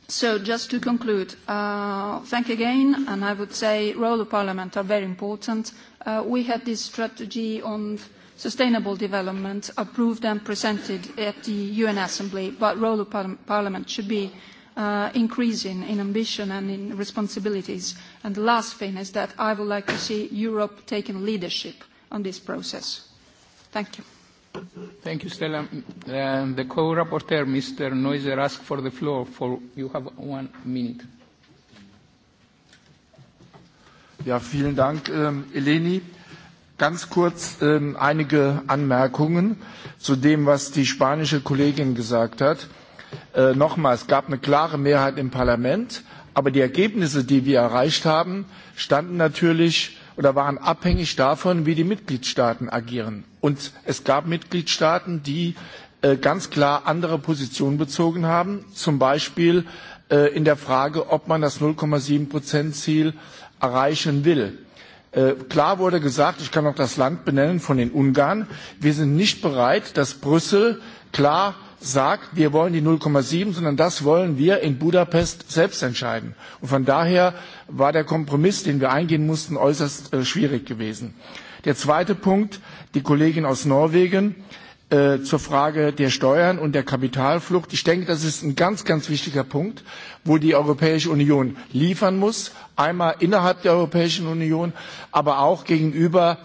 So just to conclude, uh, thank again, and I would say role of parliament are very important. Uh, we had this strategy on sustainable development approved and presented at the UN Assembly, but role of par parliament should be uh, increasing in ambition and in responsibilities. And the last thing is that I would like to see Europe taking leadership on this process. Thank you. Thank you, Stella. And uh, the co-rapporteur, Mr. Neuser, asked for the floor. For you have one minute. Ja, vielen Dank, ähm, Eleni. Ganz kurz ähm, einige Anmerkungen zu dem, was die spanische Kollegin gesagt hat. Äh, Nochmal, es gab eine klare Mehrheit im Parlament, aber die Ergebnisse, die wir erreicht haben, standen natürlich oder waren abhängig davon, wie die Mitgliedstaaten agieren. Und es gab Mitgliedstaaten, die äh, ganz klar andere Positionen bezogen haben, zum Beispiel äh, in der Frage, ob man das 0,7-Prozent-Ziel erreichen will. Äh, klar wurde gesagt, ich kann auch das Land benennen von den Ungarn, wir sind nicht bereit, dass Brüssel klar sagt, wir wollen die 0,7, sondern das wollen wir in Budapest selbst entscheiden. Und von daher war der Kompromiss, den wir eingehen mussten, äußerst äh, schwierig gewesen. Äh, Der zweite Punkt, die Kollegin aus Norwegen äh, zur Frage der Steuern und der Kapitalflucht. Ich denke, das ist ein ganz, ganz wichtiger Punkt, wo die Europäische Union liefern muss, einmal innerhalb der Europäischen Union, aber auch gegenüber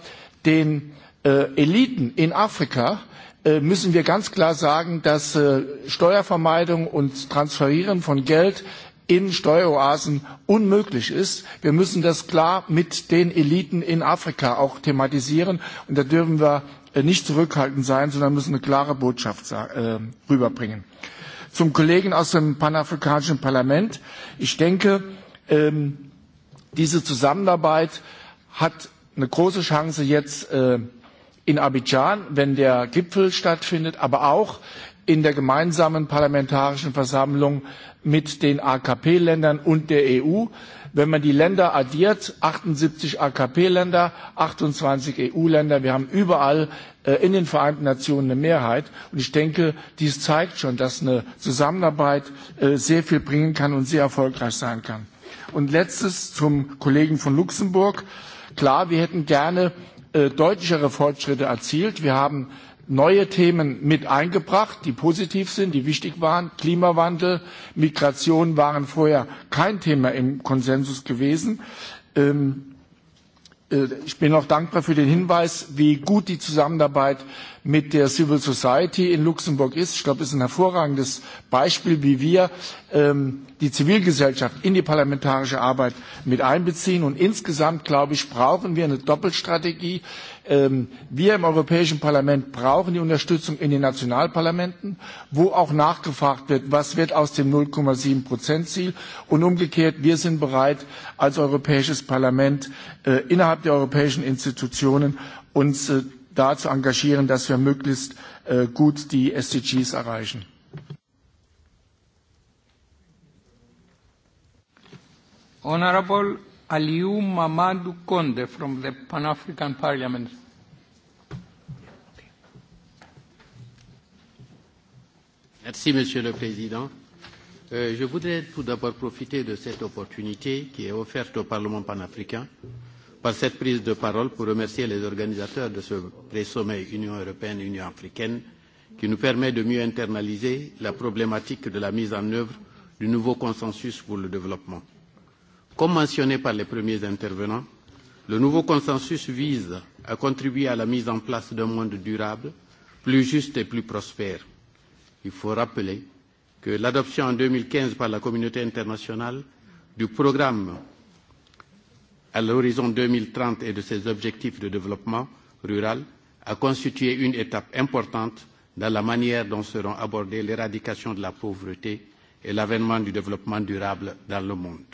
den äh, Eliten in Afrika, äh, müssen wir ganz klar sagen, dass äh, Steuervermeidung und Transferieren von Geld in Steueroasen unmöglich ist. Wir müssen das klar mit den Eliten in Afrika auch thematisieren. Und da dürfen wir äh, nicht zurückhaltend sein, sondern müssen eine klare Botschaft äh, rüberbringen. Zum Kollegen aus dem panafrikanischen Parlament. Ich denke, ähm, diese Zusammenarbeit hat eine große Chance jetzt äh, in Abidjan, wenn der Gipfel stattfindet, aber auch in der gemeinsamen parlamentarischen Versammlung mit den AKP-Ländern und der EU. Wenn man die Länder addiert, 78 AKP-Länder, 28 EU-Länder, wir haben überall äh, in den Vereinten Nationen eine Mehrheit. Und ich denke, dies zeigt schon, dass eine Zusammenarbeit äh, sehr viel bringen kann und sehr erfolgreich sein kann. Und letztes zum Kollegen von Luxemburg. Klar, wir hätten gerne äh, deutlichere Fortschritte erzielt. Wir haben äh, neue Themen mit eingebracht, die positiv sind, die wichtig waren. Klimawandel, Migration waren vorher kein Thema im Konsensus gewesen. Ähm, äh, ich bin auch dankbar für den Hinweis, wie gut die Zusammenarbeit mit der Civil Society in Luxemburg ist. Ich glaube, es ist ein hervorragendes Beispiel, wie wir ähm, die Zivilgesellschaft in die parlamentarische Arbeit mit einbeziehen. Und insgesamt, glaube ich, brauchen wir eine Doppelstrategie. Ähm, wir im Europäischen Parlament brauchen die Unterstützung in den Nationalparlamenten, wo auch nachgefragt wird, was wird aus dem 0,7 Prozent Ziel. Und umgekehrt, wir sind bereit, als Europäisches Parlament äh, innerhalb der europäischen Institutionen uns äh, dazu engagieren, dass wir möglichst äh, gut die SDGs erreichen. Honorable Aliou Mamadou Konde from the Pan African Parliament. Merci, Monsieur le Président. Euh, je voudrais tout d'abord profiter de cette opportunité qui est offerte au Parlement panafricain euh, par cette prise de parole pour remercier les organisateurs de ce pré-sommet Union européenne-Union africaine qui nous permet de mieux internaliser la problématique de la mise en œuvre du nouveau consensus pour le développement. Comme mentionné par les premiers intervenants, le nouveau consensus vise à contribuer à la mise en place d'un monde durable, plus juste et plus prospère. Il faut rappeler que l'adoption en 2015 par la communauté internationale du programme à l'horizon 2030 et de ses objectifs de développement rural a constitué une étape importante dans la manière dont seront abordées l'éradication de la pauvreté et l'avènement du développement durable dans le monde.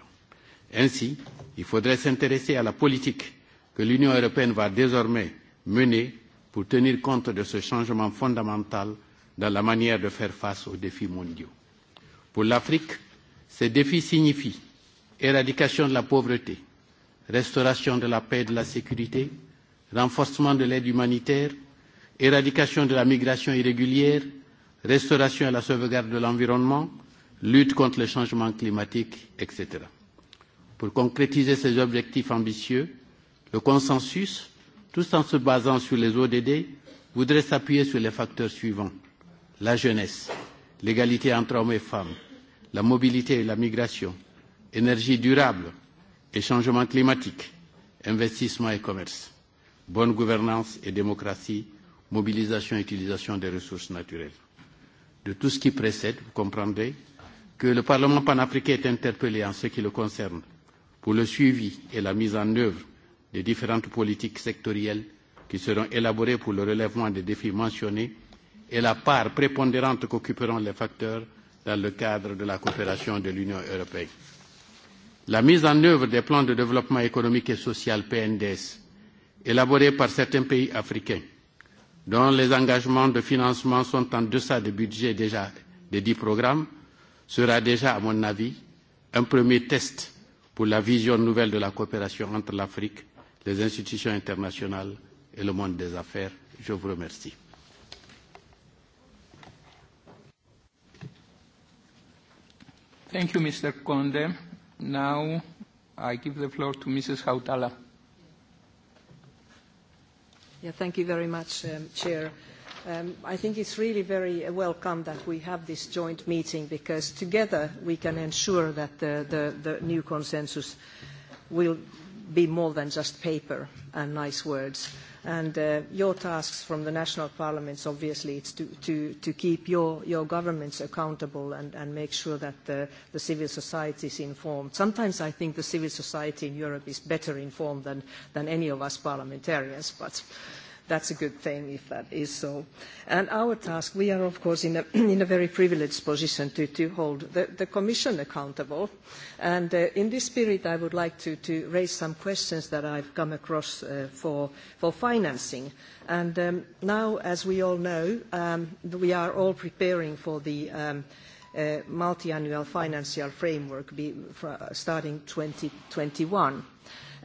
Ainsi, il faudrait s'intéresser à la politique que l'Union européenne va désormais mener pour tenir compte de ce changement fondamental dans la manière de faire face aux défis mondiaux. Pour l'Afrique, ces défis signifient éradication de la pauvreté, restauration de la paix et de la sécurité, renforcement de l'aide humanitaire, éradication de la migration irrégulière, restauration et la sauvegarde de l'environnement, lutte contre le changement climatique, etc. Pour concrétiser ces objectifs ambitieux, le consensus, tout en se basant sur les ODD, voudrait s'appuyer sur les facteurs suivants la jeunesse, l'égalité entre hommes et femmes, la mobilité et la migration, énergie durable, et changement climatique, investissement et commerce, bonne gouvernance et démocratie, mobilisation et utilisation des ressources naturelles. De tout ce qui précède, vous comprendrez que le Parlement panafricain est interpellé en ce qui le concerne pour le suivi et la mise en œuvre des différentes politiques sectorielles qui seront élaborées pour le relèvement des défis mentionnés et la part prépondérante qu'occuperont les facteurs dans le cadre de la coopération de l'Union européenne. La mise en œuvre des plans de développement économique et social PNDS élaborés par certains pays africains, dont les engagements de financement sont en deçà du budget déjà des dix programmes, sera déjà, à mon avis, un premier test pour la vision nouvelle de la coopération entre l'Afrique, les institutions internationales et le monde des affaires. Je vous remercie. Thank you, Mr. Conde. Now I give the floor to Mrs. Hautala. Yeah, thank you very much, um, Chair. Um, I think it's really very uh, welcome that we have this joint meeting because together we can ensure that the, the, the new consensus will be more than just paper and nice words. Uh, And uh, your tasks from the national parliaments, obviously, it's to, to, to keep your, your governments accountable and, and make sure that the, the civil society is informed. Sometimes I think the civil society in Europe is better informed than, than any of us parliamentarians, but... Uh, that's a good thing if that is so. And our task, we are of course in a, in a very privileged position to, to hold the, the Commission accountable. And uh, in this spirit, I would like to, to raise some questions that I've come across uh, for, for financing. And um, now, as we all know, um, we are all preparing for the um, uh, multi-annual financial framework be, fr uh, starting 2021.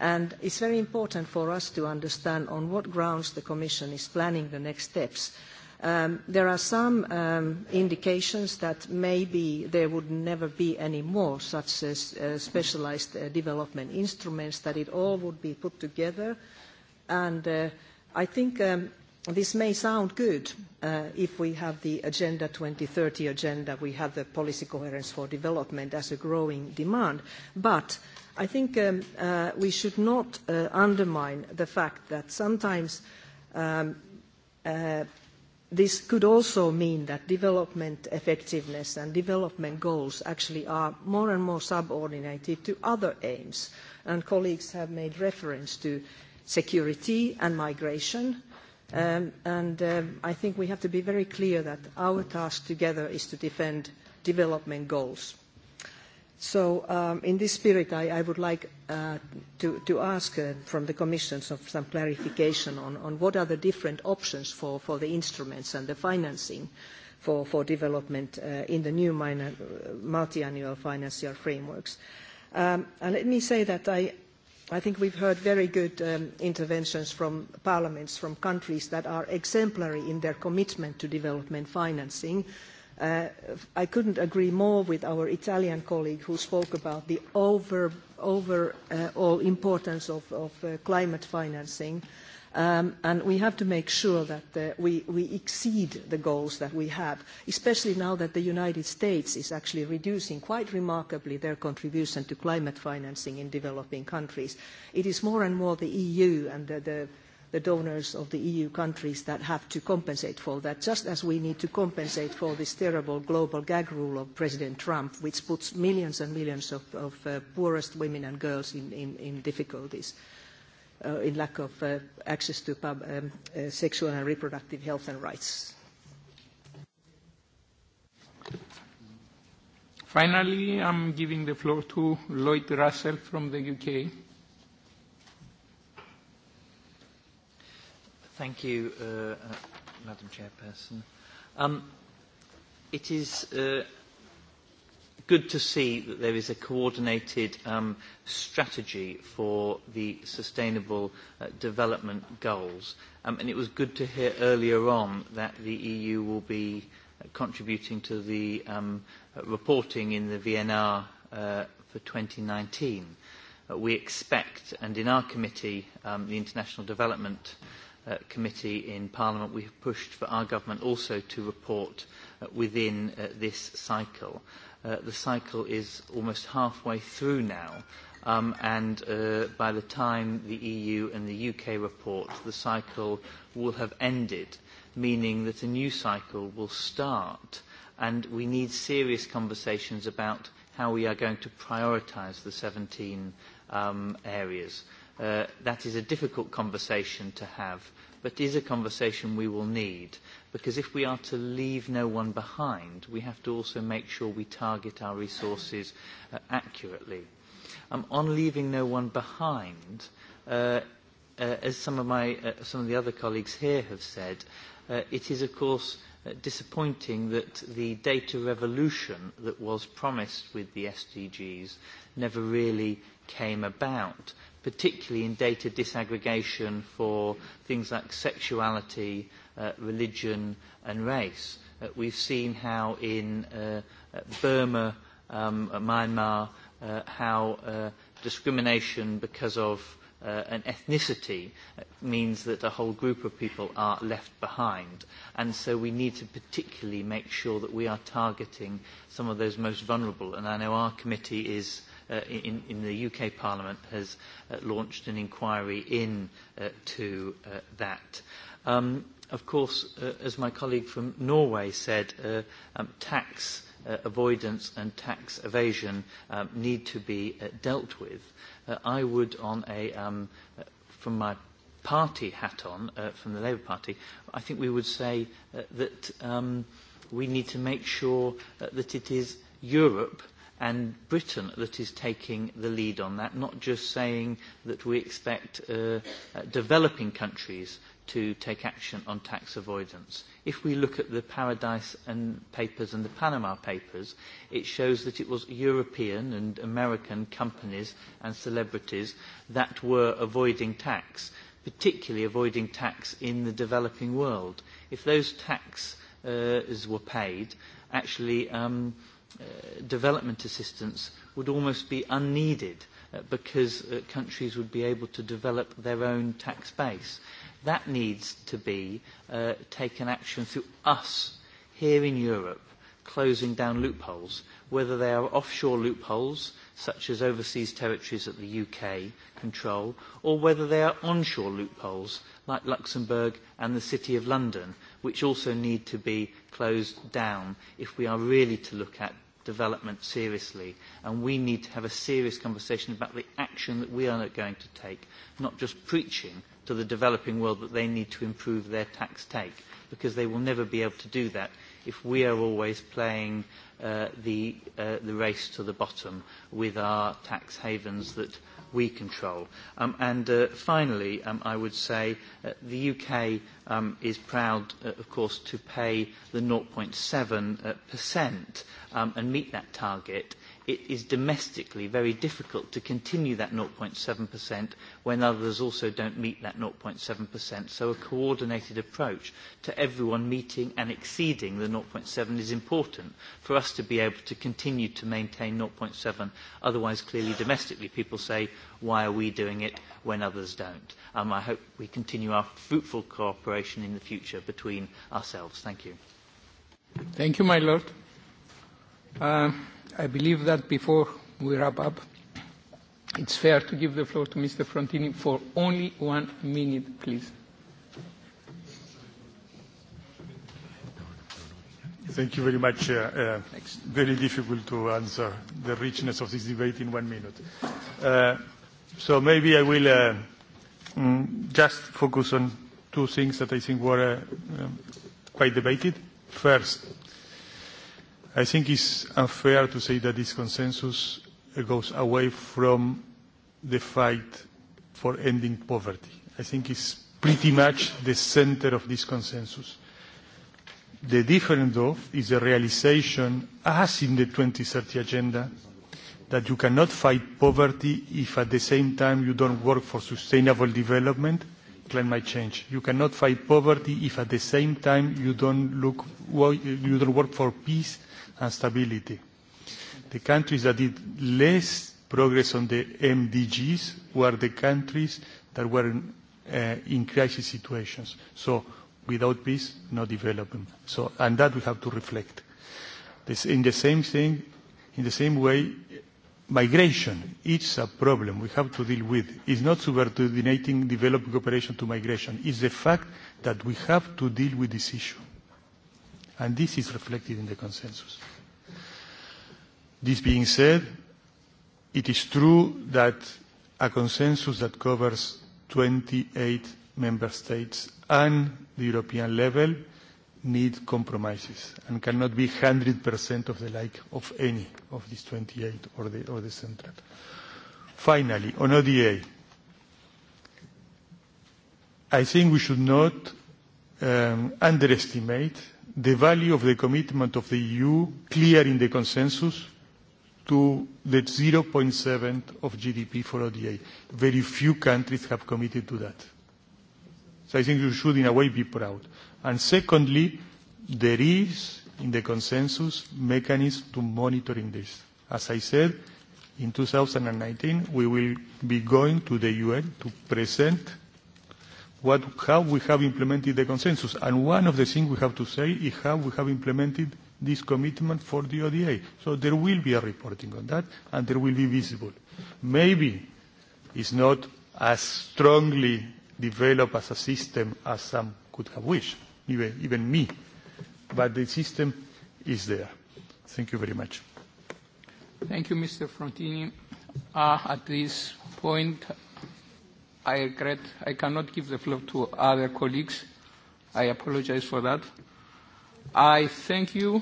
And it's very important for us to understand on what grounds the Commission is planning the next steps. Um, there are some um, indications that maybe there would never be any more such as uh, specialized uh, development instruments, that it all would be put together. And uh, I think um, this may sound good uh, if we have the Agenda 2030 agenda, we have the policy coherence for development as a growing demand, but uh, I think um, uh, we should not uh, undermine the fact that sometimes um, uh, this could also mean that development effectiveness and development goals actually are more and more subordinated to other aims. And colleagues have made reference to security and migration. Um, and um, I think we have to be very clear that our task together is to defend development goals. So um, in this spirit, I, I would like uh, to, to ask uh, from the Commission some clarification on, on what are the different options for, for the instruments and the financing for, for development uh, in the new uh, multi-annual financial frameworks. Um, and let me say that I, I think we've heard very good um, interventions from parliaments, from countries that are exemplary in their commitment to development financing, uh, Uh, I couldn't agree more with our Italian colleague who spoke about the over, overall uh, importance of, of uh, climate financing. Um, and we have to make sure that uh, we, we exceed the goals that we have, especially now that the United States is actually reducing quite remarkably their contribution to climate financing in developing countries. It is more and more the EU and the, the the donors of the EU countries that have to compensate for that, just as we need to compensate for this terrible global gag rule of President Trump, which puts millions and millions of, of uh, poorest women and girls in, in, in difficulties, uh, in lack of uh, access to pub, um, uh, sexual and reproductive health and rights. Finally, I'm giving the floor to Lloyd Russell from the UK. Thank you, uh, uh, Madam Chairperson. Um, it is uh, good to see that there is a coordinated um, strategy for the sustainable uh, development goals. Um, and it was good to hear earlier on that the EU will be uh, contributing to the um, uh, reporting in the VNR uh, for 2019. Uh, we expect, and in our committee, um, the International Development uh, uh, committee in Parliament, we have pushed for our government also to report uh, within uh, this cycle. Uh, the cycle is almost halfway through now, um, and uh, by the time the EU and the UK report, the cycle will have ended, meaning that a new cycle will start, and we need serious conversations about how we are going to prioritise the 17 um, areas. Uh, uh, that is a difficult conversation to have, but is a conversation we will need. Because if we are to leave no one behind, we have to also make sure we target our resources uh, accurately. Um, on leaving no one behind, uh, uh, as some of, my, uh, some of the other colleagues here have said, uh, it is, of course, uh, disappointing that the data revolution that was promised with the SDGs never really came about particularly in data disaggregation for things like sexuality, uh, religion and race. Uh, we've seen how in uh, Burma, um, Myanmar, uh, how uh, discrimination because of uh, an ethnicity uh, means that a whole group of people are left behind. And so we need to particularly make sure that we are targeting some of those most vulnerable. And I know our committee is uh, in, in the UK Parliament has uh, launched an inquiry into uh, to, uh, that. Um, of course, uh, as my colleague from Norway said, uh, um, tax uh, avoidance and tax evasion um, need to be uh, dealt with. Uh, I would, on a, um, uh, from my party hat on, uh, from the Labour Party, I think we would say uh, that um, we need to make sure uh, that it is Europe and Britain that is taking the lead on that, not just saying that we expect uh, uh, developing countries to take action on tax avoidance. If we look at the Paradise and Papers and the Panama Papers, it shows that it was European and American companies and celebrities that were avoiding tax, particularly avoiding tax in the developing world. If those taxes uh, were paid, actually um, uh, uh, development assistance would almost be unneeded uh, because uh, countries would be able to develop their own tax base. That needs to be uh, taken action through us here in Europe closing down loopholes, whether they are offshore loopholes, such as overseas territories that the UK control, or whether they are onshore loopholes, like Luxembourg and the City of London, which also need to be closed down if we are really to look at development seriously. And we need to have a serious conversation about the action that we are going to take, not just preaching to the developing world that they need to improve their tax take, because they will never be able to do that if we are always playing uh, the, uh, the race to the bottom with our tax havens that we control. Um, and uh, finally, um, I would say uh, the UK um, is proud, uh, of course, to pay the 0.7% uh, percent, um, and meet that target it is domestically very difficult to continue that 0.7% when others also don't meet that 0.7%. So a coordinated approach to everyone meeting and exceeding the 0.7 is important for us to be able to continue to maintain 0.7. Otherwise, clearly domestically, people say, why are we doing it when others don't? Um, I hope we continue our fruitful cooperation in the future between ourselves. Thank you. Thank you, my lord. Um, uh, I believe that before we wrap up, it's fair to give the floor to Mr. Frontini for only one minute, please. Thank you very much. Uh, uh, very difficult to answer the richness of this debate in one minute. Uh, so maybe I will uh, mm, just focus on two things that I think were uh, um, quite debated. First, I think it's unfair to say that this consensus goes away from the fight for ending poverty. I think it's pretty much the center of this consensus. The difference, though, is the realization, as in the 2030 Agenda, that you cannot fight poverty if at the same time you don't work for sustainable development, climate change. You cannot fight poverty if at the same time you don't, look, you don't work for peace and stability. The countries that did less progress on the MDGs were the countries that were in, uh, in crisis situations. So without peace, no development. So, and that we have to reflect. This, in the same thing, in the same way, migration is a problem we have to deal with. It's not subordinating development cooperation to migration. It's the fact that we have to deal with this issue. And this is reflected in the consensus. This being said, it is true that a consensus that covers 28 member states and the European level need compromises and cannot be 100% of the like of any of these 28 or the, or the central. Finally, on ODA, I think we should not um, underestimate the value of the commitment of the EU clear in the consensus to the 0.7 of GDP for ODA. Very few countries have committed to that. So I think you should, in a way, be proud. And secondly, there is, in the consensus, mechanism to monitoring this. As I said, in 2019, we will be going to the UN to present what, how we have implemented the consensus. And one of the things we have to say is how we have implemented this commitment for the ODA. So there will be a reporting on that, and there will be visible. Maybe it's not as strongly developed as a system as some could have wished, even, even me, but the system is there. Thank you very much. Thank you, Mr. Frontini. Uh, at this point, I regret I cannot give the floor to other colleagues. I apologize for that. I thank you.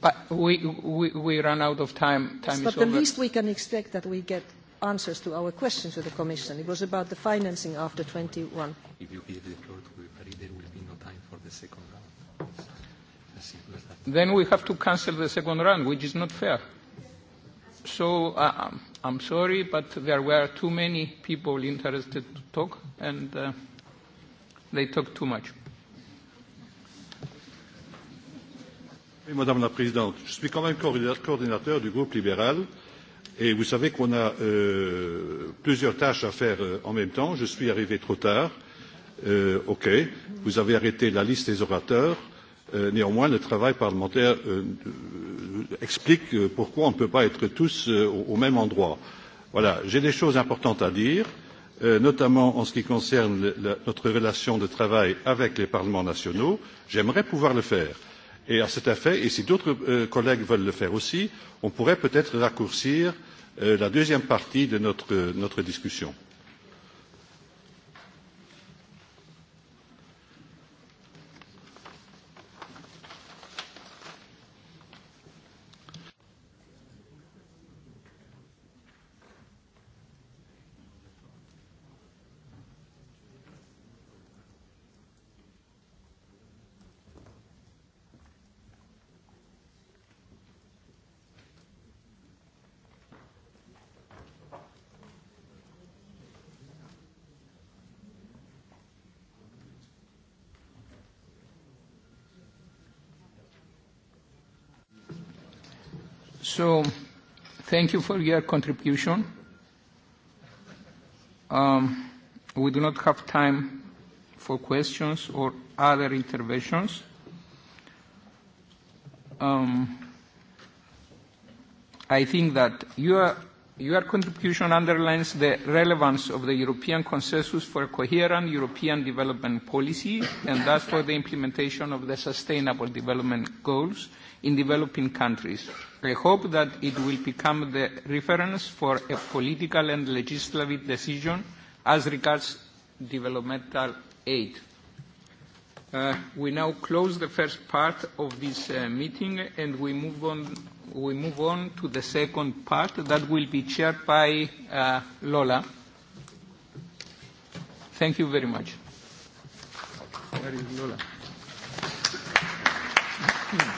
But we, we, we run out of time. time yes, but the over. least we can expect that we get answers to our questions to the Commission. It was about the financing after 21. If you give the floor to everybody, there will be no time for the second round. As simple as that. Then we have to cancel the second round, which is not fair. So uh, I'm sorry, but there were too many people interested to talk, and uh, they talked too much. Oui, Madame la Présidente, je suis quand même coordinateur du groupe libéral et vous savez qu'on a euh, plusieurs tâches à faire euh, en même temps. Je suis arrivé trop tard. Euh, ok, vous avez arrêté la liste des orateurs. Euh, néanmoins, le travail parlementaire euh, euh explique euh, pourquoi on ne peut pas être tous euh, au, au même endroit. Voilà, j'ai des choses importantes à dire, euh, notamment en ce qui concerne la, notre relation de travail avec les parlements nationaux. J'aimerais pouvoir le faire et à cet effet et si d'autres euh, collègues veulent le faire aussi on pourrait peut être raccourcir euh, la deuxième partie de notre, euh, notre discussion. So, thank you for your contribution. Um, we do not have time for questions or other interventions. Um, I think that your Your contribution underlines the relevance of the European consensus for a coherent European development policy and thus for the implementation of the sustainable development goals in developing countries. I hope that it will become the reference for a political and legislative decision as regards developmental aid. Uh, we now close the first part of this uh, meeting, and we move on, we move on to the second part that will be chaired by uh, Lola. Thank you very much. Where is Lola? Hmm.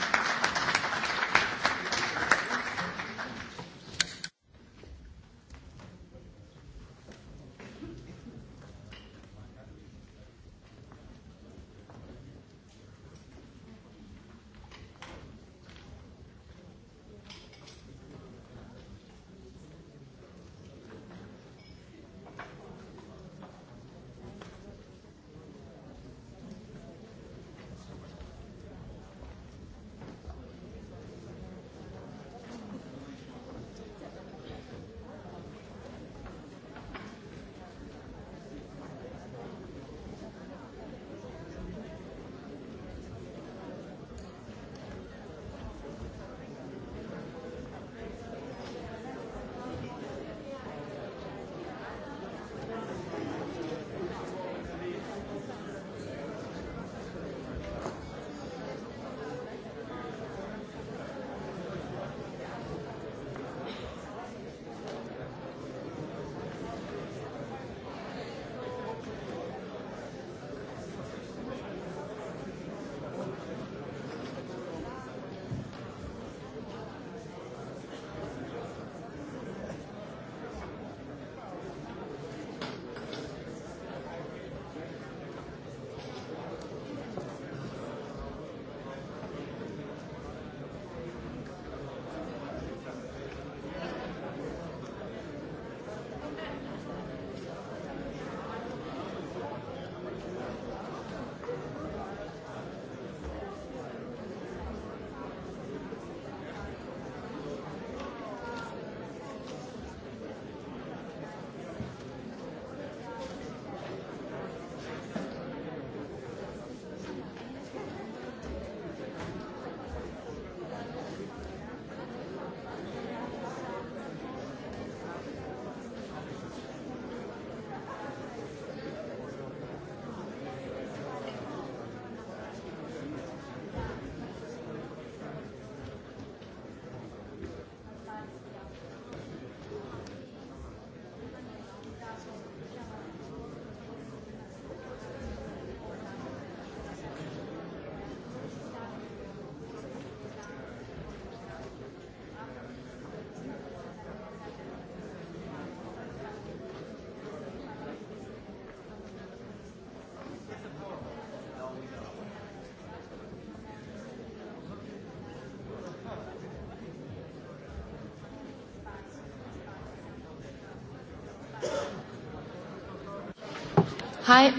Hi.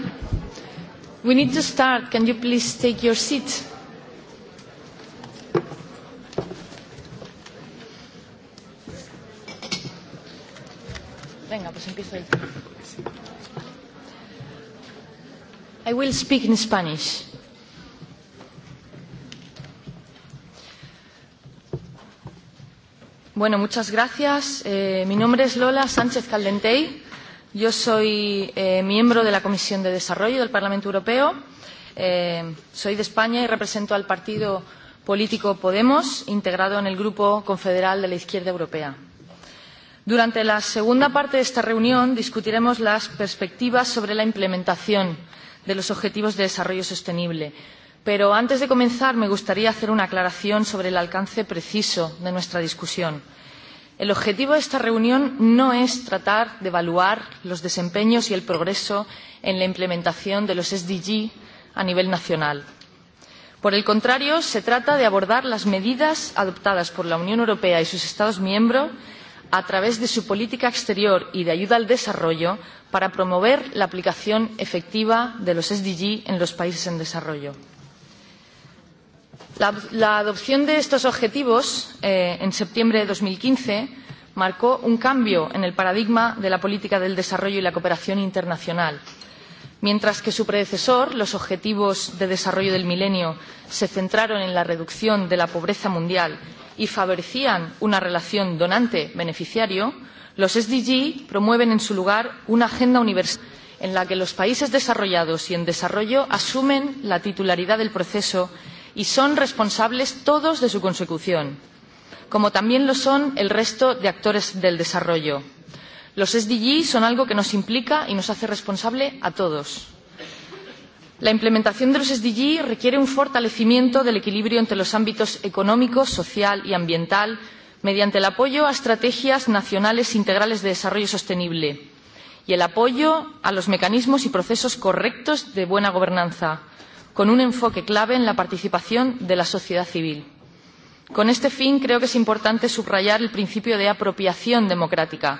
We need to start. Can you please take your seat? Venga, pues empiezo yo. I will speak in Spanish. Bueno, muchas gracias. Eh, mi nombre es Lola Sánchez Caldentey Yo soy eh, miembro de la Comisión de Desarrollo del Parlamento Europeo. Eh, soy de España y represento al partido político Podemos, integrado en el Grupo Confederal de la Izquierda Europea. Durante la segunda parte de esta reunión discutiremos las perspectivas sobre la implementación de los Objetivos de Desarrollo Sostenible. Pero antes de comenzar, me gustaría hacer una aclaración sobre el alcance preciso de nuestra discusión. El objetivo de esta reunión no es tratar de evaluar los desempeños y el progreso en la implementación de los SDG a nivel nacional. Por el contrario, se trata de abordar las medidas adoptadas por la Unión Europea y sus Estados miembros a través de su política exterior y de ayuda al desarrollo para promover la aplicación efectiva de los SDG en los países en desarrollo. La, la adopción de estos objetivos eh, en septiembre de 2015 marcó un cambio en el paradigma de la política del desarrollo y la cooperación internacional. Mientras que su predecesor, los objetivos de desarrollo del milenio, se centraron en la reducción de la pobreza mundial y favorecían una relación donante-beneficiario, los SDG promueven en su lugar una agenda universal en la que los países desarrollados y en desarrollo asumen la titularidad del proceso y son responsables todos de su consecución, como también lo son el resto de actores del desarrollo. Los SDG son algo que nos implica y nos hace responsable a todos. La implementación de los SDG requiere un fortalecimiento del equilibrio entre los ámbitos económico, social y ambiental mediante el apoyo a estrategias nacionales integrales de desarrollo sostenible y el apoyo a los mecanismos y procesos correctos de buena gobernanza, con un enfoque clave en la participación de la sociedad civil. Con este fin, creo que es importante subrayar el principio de apropiación democrática,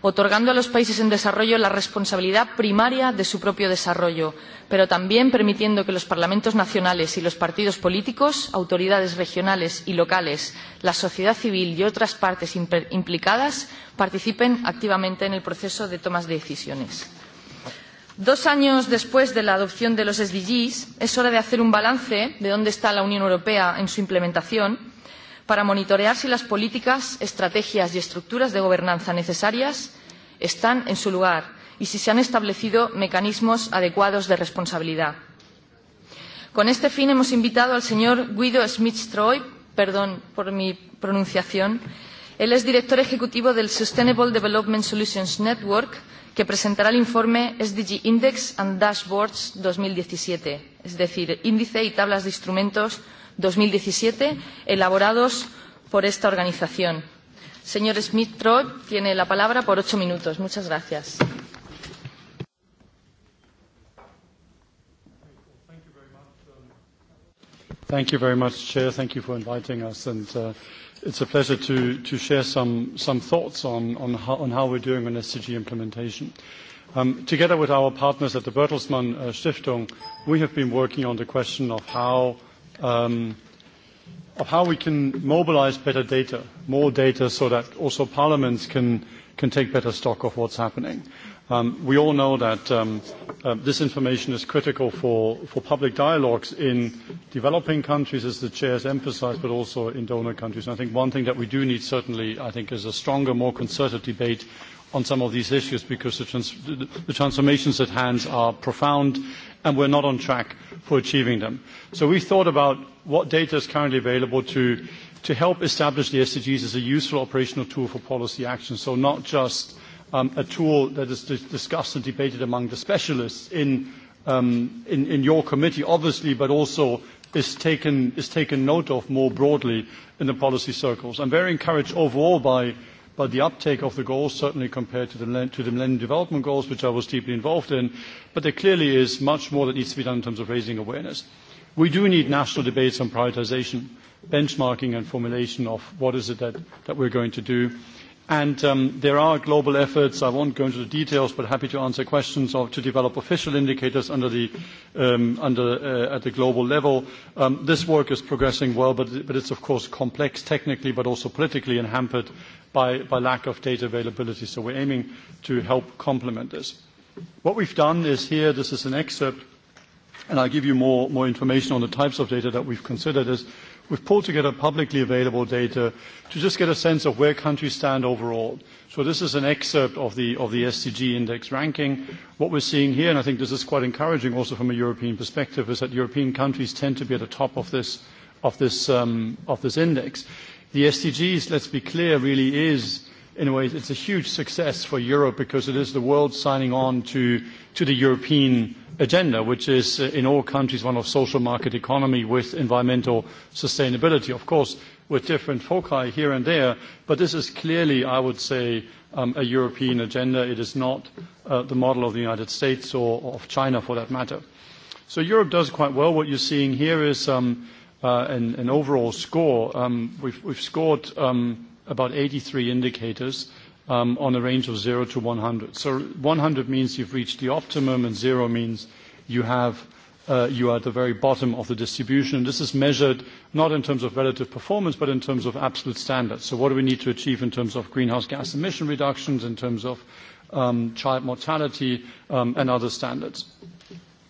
otorgando a los países en desarrollo la responsabilidad primaria de su propio desarrollo, pero también permitiendo que los parlamentos nacionales y los partidos políticos, autoridades regionales y locales, la sociedad civil y otras partes implicadas participen activamente en el proceso de tomas de decisiones. Dos años después de la adopción de los SDGs, es hora de hacer un balance de dónde está la Unión Europea en su implementación para monitorear si las políticas, estrategias y estructuras de gobernanza necesarias están en su lugar y si se han establecido mecanismos adecuados de responsabilidad. Con este fin hemos invitado al señor Guido Smith-Troy, perdón por mi pronunciación, él es director ejecutivo del Sustainable Development Solutions Network, que presentará el informe SDG Index and Dashboards 2017, es decir, Índice y Tablas de Instrumentos 2017, elaborados por esta organización. Señor Smith-Trott tiene la palabra por ocho minutos. Muchas gracias. Thank you very much, um, Chair. Thank you for inviting us. And uh, it's a pleasure to, to share some, some thoughts on, on, how, on how we're doing on SDG implementation. Um, together with our partners at the Bertelsmann uh, Stiftung, we have been working on the question of how, um, of how we can mobilize better data, more data, so that also parliaments can, can take better stock of what's happening. Um, we all know that um, uh, this information is critical for, for public dialogues in developing countries, as the chair has emphasized, but also in donor countries. And I think one thing that we do need certainly, I think, is a stronger, more concerted debate on some of these issues because the, trans the transformations at hand are profound and we're not on track for achieving them. So we thought about what data is currently available to, to help establish the SDGs as a useful operational tool for policy action. So not just um, a tool that is dis- discussed and debated among the specialists in, um, in, in your committee, obviously, but also is taken, is taken note of more broadly in the policy circles. I'm very encouraged overall by, by the uptake of the goals, certainly compared to the, to the Millennium Development Goals, which I was deeply involved in, but there clearly is much more that needs to be done in terms of raising awareness. We do need national debates on prioritization, benchmarking and formulation of what is it that, that we're going to do. And um, there are global efforts, I won't go into the details, but happy to answer questions or to develop official indicators under the, um, under, uh, at the global level. Um, this work is progressing well, but, but it's of course complex technically, but also politically and hampered by, by lack of data availability. So we're aiming to help complement this. What we've done is here, this is an excerpt, and I'll give you more, more information on the types of data that we've considered is We've pulled together publicly available data to just get a sense of where countries stand overall. So this is an excerpt of the, of the SDG index ranking. What we're seeing here, and I think this is quite encouraging also from a European perspective, is that European countries tend to be at the top of this, of this, um, of this index. The SDGs, let's be clear, really is in a way, it's a huge success for Europe because it is the world signing on to, to the European agenda, which is uh, in all countries one of social market economy with environmental sustainability, of course, with different foci here and there. But this is clearly, I would say, um, a European agenda. It is not uh, the model of the United States or, or of China, for that matter. So Europe does quite well. What you're seeing here is um, uh, an, an overall score. Um, we've, we've scored um, about 83 indicators. Uh, um, on a range of 0 to 100. So 100 means you've reached the optimum, and 0 means you have uh, you are at the very bottom of the distribution. This is measured not in terms of relative performance, but in terms of absolute standards. So what do we need to achieve in terms of greenhouse gas emission reductions, in terms of um, child mortality, um, and other standards?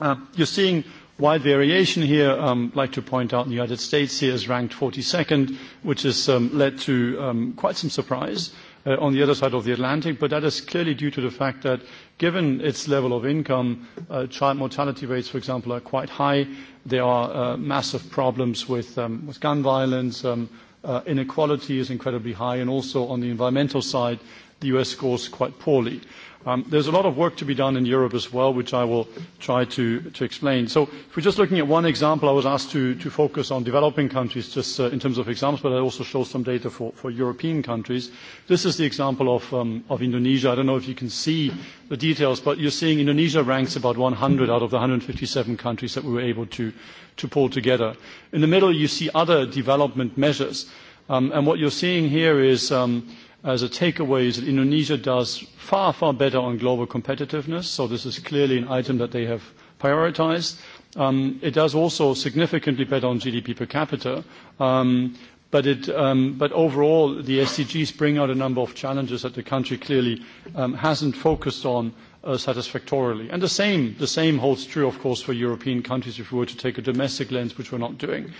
Uh, you're seeing wide variation here. Um, I'd like to point out the United States here is ranked 42nd, which has um, led to um, quite some surprise. Uh, uh, on the other side of the Atlantic, but that is clearly due to the fact that given its level of income, uh, child mortality rates, for example, are quite high. There are uh, massive problems with, um, with gun violence. Um, uh, inequality is incredibly high, and also on the environmental side, the US scores quite poorly. Um, there's a lot of work to be done in Europe as well, which I will try to, to explain. So if we're just looking at one example, I was asked to, to focus on developing countries just uh, in terms of examples, but I also show some data for, for European countries. This is the example of, um, of Indonesia. I don't know if you can see the details, but you're seeing Indonesia ranks about 100 out of the 157 countries that we were able to, to pull together. In the middle, you see other development measures. Um, and what you're seeing here is um, Uh, the takeaway is that Indonesia does far, far better on global competitiveness, so this is clearly an item that they have prioritized. Um, it does also significantly better on GDP per capita. Um, but, it, um, but overall, the SDGs bring out a number of challenges that the country clearly um, hasn't focused on uh, satisfactorily. And the same, the same holds true, of course, for European countries if we were to take a domestic lens, which we're not doing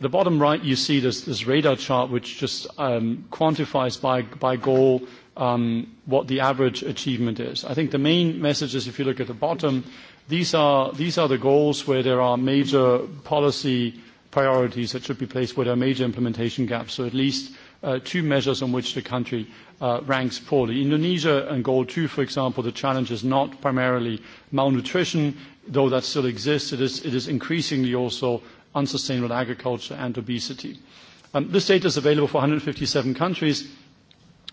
the bottom right, you see this, this radar chart, which just um, quantifies by, by goal um, what the average achievement is. I think the main message is if you look at the bottom, these are, these are the goals where there are major policy priorities that should be placed, where there are major implementation gaps. So at least uh, two measures on which the country uh, ranks poorly. Indonesia and goal two, for example, the challenge is not primarily malnutrition, though that still exists. It is, it is increasingly also unsustainable agriculture, and obesity. Um, this data is available for 157 countries.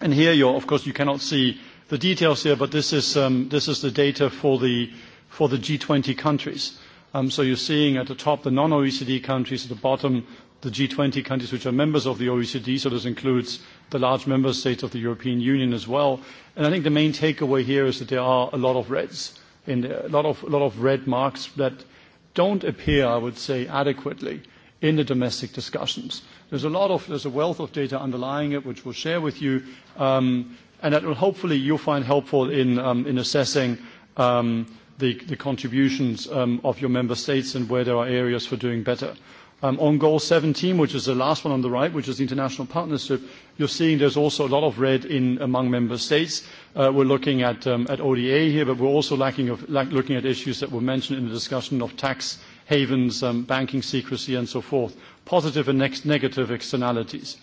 And here, you're, of course, you cannot see the details here, but this is, um, this is the data for the, for the G20 countries. Um, so you're seeing at the top the non-OECD countries, at the bottom the G20 countries which are members of the OECD, so this includes the large member states of the European Union as well. And I think the main takeaway here is that there are a lot of reds, in there, a lot of, a lot of red marks that don't appear, I would say, adequately in the domestic discussions. There's a lot of, there's a wealth of data underlying it, which we'll share with you, um, and that will hopefully you'll find helpful in, um, in assessing um, the, the contributions um, of your member states and where there are areas for doing better. Um, on goal 17, which is the last one on the right, which is international partnership, you're seeing there's also a lot of red in among member states. Uh, we're looking at, um, at ODA here, but we're also lacking of, lack, looking at issues that were mentioned in the discussion of tax havens, um, banking secrecy, and so forth, positive and next negative externalities.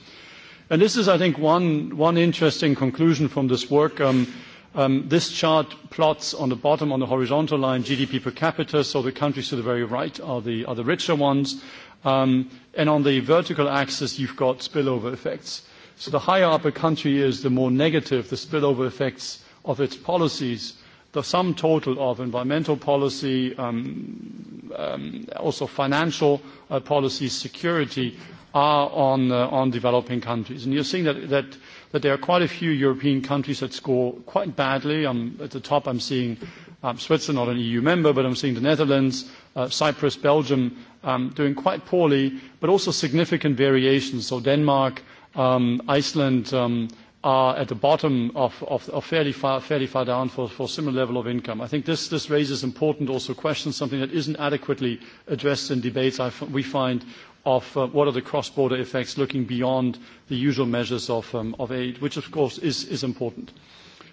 And this is, I think, one, one interesting conclusion from this work. Um, um, this chart plots on the bottom, on the horizontal line, GDP per capita, so the countries to the very right are the, are the richer ones. Um, and on the vertical axis, you've got spillover effects. So the higher up a country is, the more negative the spillover effects of its policies. The sum total of environmental policy, um, um, also financial uh, policy, security, are on, uh, on developing countries. And you're seeing that, that, that there are quite a few European countries that score quite badly. Um, at the top, I'm seeing um, Switzerland, not an EU member, but I'm seeing the Netherlands, uh, Cyprus, Belgium um, doing quite poorly, but also significant variations. So Denmark, um, Iceland um, are at the bottom of, of, of fairly, far, fairly far down for, for similar level of income. I think this, this raises important also questions, something that isn't adequately addressed in debates I f- we find of uh, what are the cross-border effects looking beyond the usual measures of, um, of aid, which of course is, is important. Uh,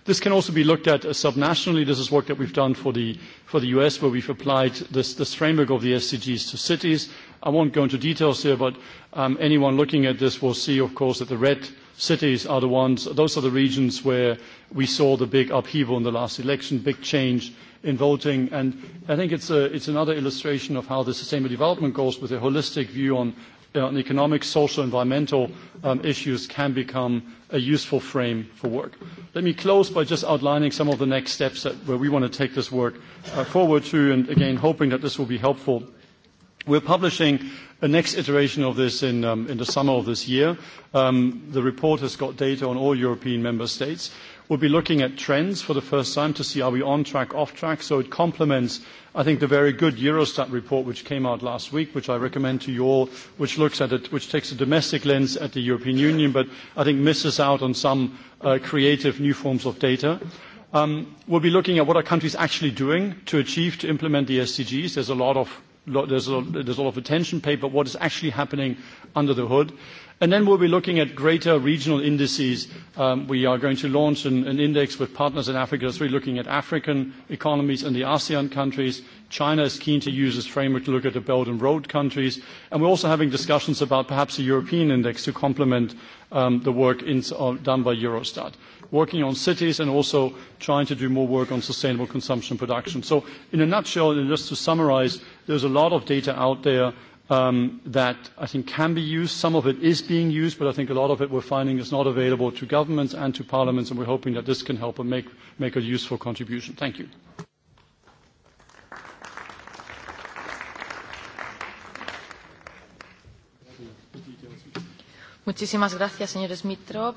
This can also be looked at uh, subnationally. This is work that we've done for the, for the US, where we've applied this, this framework of the SDGs to cities. I won't go into details here, but um, anyone looking at this will see, of course, that the red cities are the ones, those are the regions where we saw the big upheaval in the last election, big change in voting. And I think it's, a, it's another illustration of how the Sustainable Development Goals, with a holistic view on uh, on economic, social, environmental um, issues can become a useful frame for work. Let me close by just outlining some of the next steps that, where we want to take this work uh, forward to, and again, hoping that this will be helpful. We're publishing a next iteration of this in, um, in the summer of this year. Um, the report has got data on all European member states. We'll be looking at trends for the first time to see are we on track, off track. So it complements, I think, the very good Eurostat report which came out last week, which I recommend to you all, which looks at it, which takes a domestic lens at the European Union, but I think misses out on some uh, creative new forms of data. Um, we'll be looking at what are countries actually doing to achieve, to implement the SDGs. There's a lot of there's a, there's a lot of attention paid, but what is actually happening under the hood. And then we'll be looking at greater regional indices. Um, we are going to launch an, an index with partners in Africa, so we're looking at African economies and the ASEAN countries. China is keen to use this framework to look at the Belt and Road countries. And we're also having discussions about perhaps a European index to complement um, the work in, uh, done by Eurostat working on cities and also trying to do more work on sustainable consumption production. So in a nutshell, and just to summarize, there's a lot of data out there um, that I think can be used. Some of it is being used, but I think a lot of it we're finding is not available to governments and to parliaments, and we're hoping that this can help and make, make a useful contribution. Thank you. Muchísimas gracias, señor Smithrop.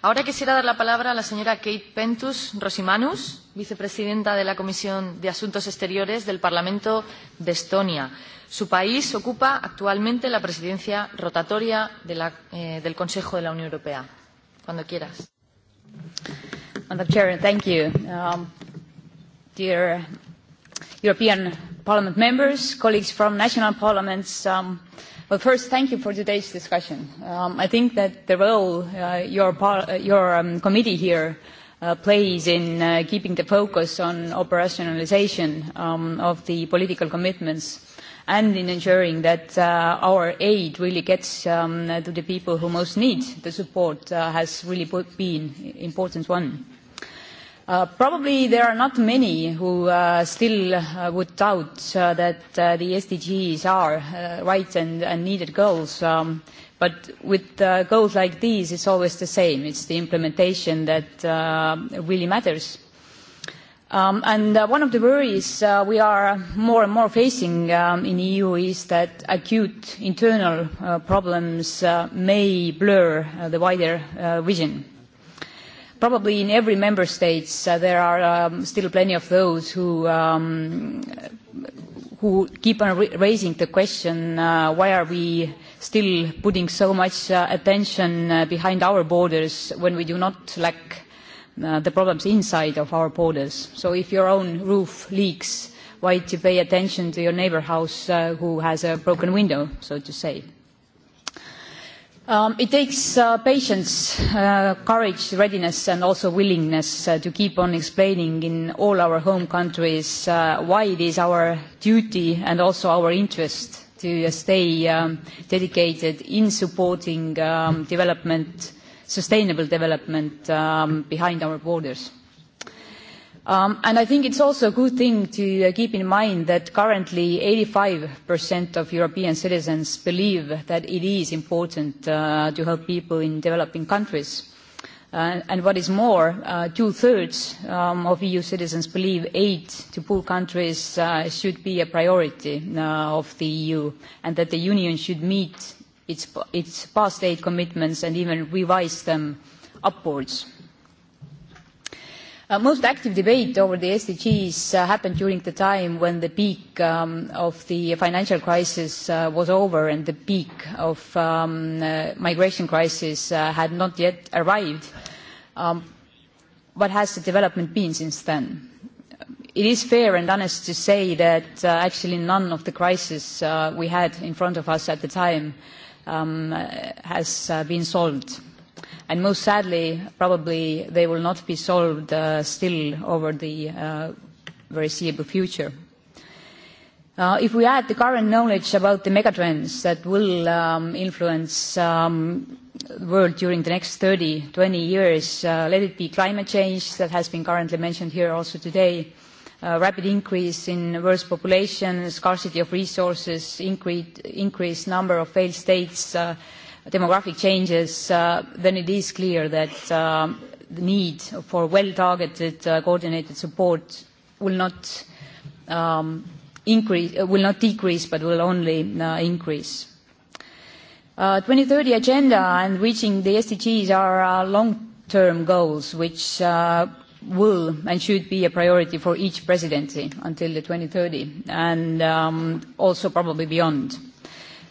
Ahora quisiera dar la palabra a la señora Kate Pentus Rosimanus, vicepresidenta de la Comisión de Asuntos Exteriores del Parlamento de Estonia. Su país ocupa actualmente la presidencia rotatoria de la, eh, del Consejo de la Unión Europea. Cuando quieras. Madam Chair, thank you. Um, dear European Parliament members, colleagues from national parliaments, um, well, first, thank you for today's discussion. Um, I think that the role uh, your, par- uh, your um, committee here uh, plays in uh, keeping the focus on operationalization um, of the political commitments and in ensuring that uh, our aid really gets um, to the people who most need the support uh, has really been an important one. Uh, probably there are not many who uh, still uh, would doubt uh, that uh, the SDGs are uh, right and, and needed goals. Um, but with uh, goals like these, it's always the same. It's the implementation that uh, really matters Um, and uh, one of the worries uh, we are more and more facing um, in the EU is that acute internal uh, problems uh, may blur uh, the wider uh, vision. Probably in every member state uh, there are um, still plenty of those who um, who keep on raising the question uh, why are we still putting so much uh, attention uh, behind our borders when we do not lack uh, the problems inside of our borders. So if your own roof leaks, why to pay attention to your neighbor house uh, who has a broken window, so to say? Um, it takes uh, patience, uh, courage, readiness and also willingness uh, to keep on explaining in all our home countries uh, why it is our duty and also our interest to uh, stay um, dedicated in supporting um, development uh, sustainable development um, behind our borders. Um, and I think it's also a good thing to uh, keep in mind that currently 85% of European citizens believe that it is important uh, to help people in developing countries. Uh, and what is more, uh, two-thirds um, of EU citizens believe aid to poor countries uh, should be a priority uh, of the EU and that the Union should meet its, its past aid commitments and even revise them upwards. Uh, most active debate over the SDGs uh, happened during the time when the peak um, of the financial crisis uh, was over and the peak of um, uh, migration crisis uh, had not yet arrived. Um, what has the development been since then? It is fair and honest to say that uh, actually none of the crises uh, we had in front of us at the time uh, um, has uh, been solved. And most sadly, probably they will not be solved uh, still over the uh, foreseeable future. Uh, if we add the current knowledge about the megatrends that will um, influence um, the world during the next 30, 20 years, uh, let it be climate change that has been currently mentioned here also today, uh, rapid increase in world's population, scarcity of resources, increased increase number of failed states, uh, demographic changes, uh, then it is clear that um, the need for well-targeted, uh, coordinated support will not um, increase, uh, will not decrease, but will only uh, increase. Uh, 2030 agenda and reaching the SDGs are uh, long-term goals, which uh, will and should be a priority for each presidency until 2030 and um, also probably beyond.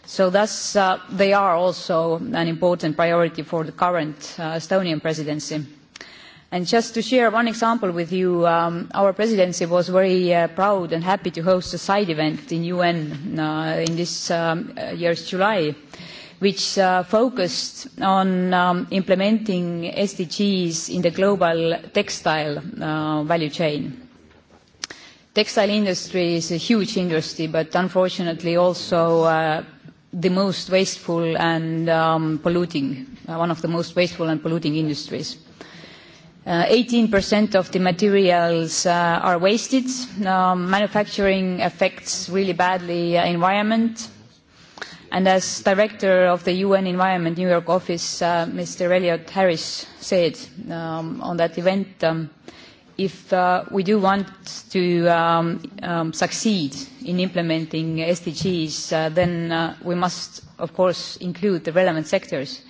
So thus, uh, they are also an important priority for the current uh, Estonian presidency. And just to share one example with you, um, our presidency was very uh, proud and happy to host a side event in UN uh, in this um, uh, year's July. Uh, which uh, focused on um, implementing SDGs in the global textile uh, value chain. Textile industry is a huge industry, but unfortunately also uh, the most wasteful and um, polluting, uh, one of the most wasteful and polluting industries. Uh, 18% of the materials uh, are wasted. Um, manufacturing affects really badly uh, environment And as Director of the UN Environment New York office, uh, Mr. Elliot Harris said um, on that event, um, if uh, we do want to um, um, succeed in implementing SDGs, uh, then uh, we must, of course, include the relevant sectors.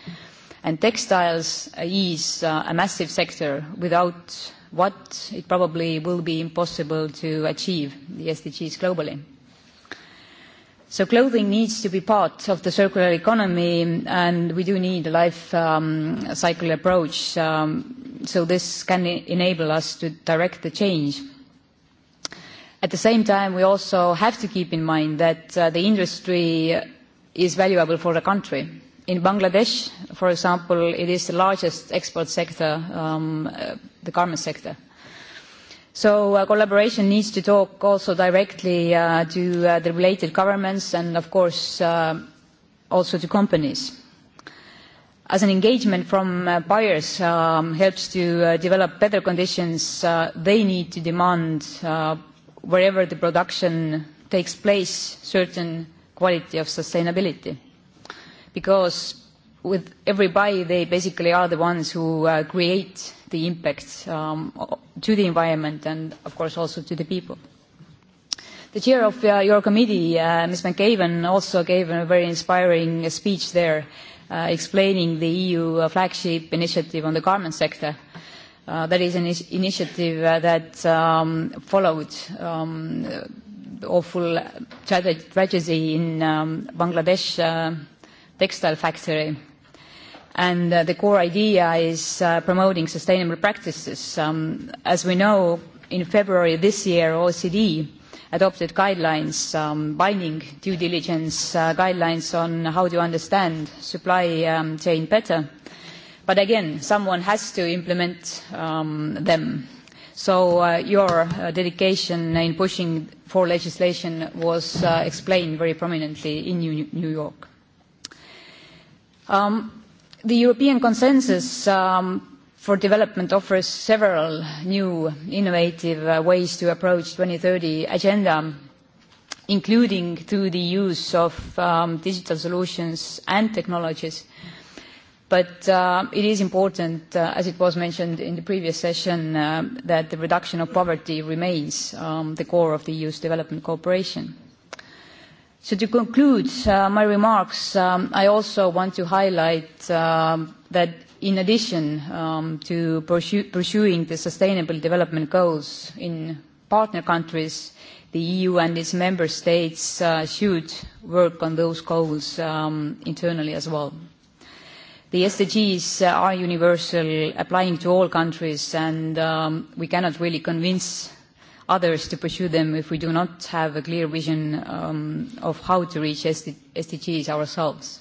And textiles uh, is uh, a massive sector without what it probably will be impossible to achieve the SDGs globally. So clothing needs to be part of the circular economy, and we do need a life um, cycle approach. Um, so this can e-, enable us to direct the change. At the same time, we also have to keep in mind that uh, the industry is valuable for the country. In Bangladesh, for example, it is the largest export sector, um, uh, the garment sector. So uh, collaboration needs to talk also directly uh, to uh, the related governments and, of course, uh, also to companies. As an engagement from uh, buyers um, helps to uh, develop better conditions, uh, they need to demand uh, wherever the production takes place certain quality of sustainability because with everybody, they basically are the ones who uh, create the impacts um, to the environment and, of course, also to the people. The chair of uh, your committee, uh, Ms. McGavin, also gave a very inspiring speech there uh, explaining the EU uh, flagship initiative on the garment sector. Uh, that is an is initiative uh, that um, followed um, the awful tragedy in um, Bangladesh uh, textile factory And uh, the core idea is uh, promoting sustainable practices. Um, as we know, in February this year, OECD adopted guidelines, um, binding due diligence uh, guidelines on how to understand supply um, chain better. But again, someone has to implement um, them. So uh, your uh, dedication in pushing for legislation was uh, explained very prominently in New, New York. Um, the European consensus um, for development offers several new innovative uh, ways to approach 2030 agenda, including through the use of um, digital solutions and technologies. But uh, it is important, uh, as it was mentioned in the previous session, uh, that the reduction of poverty remains um, the core of the EU's development cooperation. So to conclude uh, my remarks, um, I also want to highlight um, that in addition um, to pursue, pursuing the sustainable development goals in partner countries, the EU and its member states uh, should work on those goals um, internally as well. The SDGs uh, are universal, applying to all countries, and um, we cannot really convince others to pursue them if we do not have a clear vision um, of how to reach SD SDGs ourselves.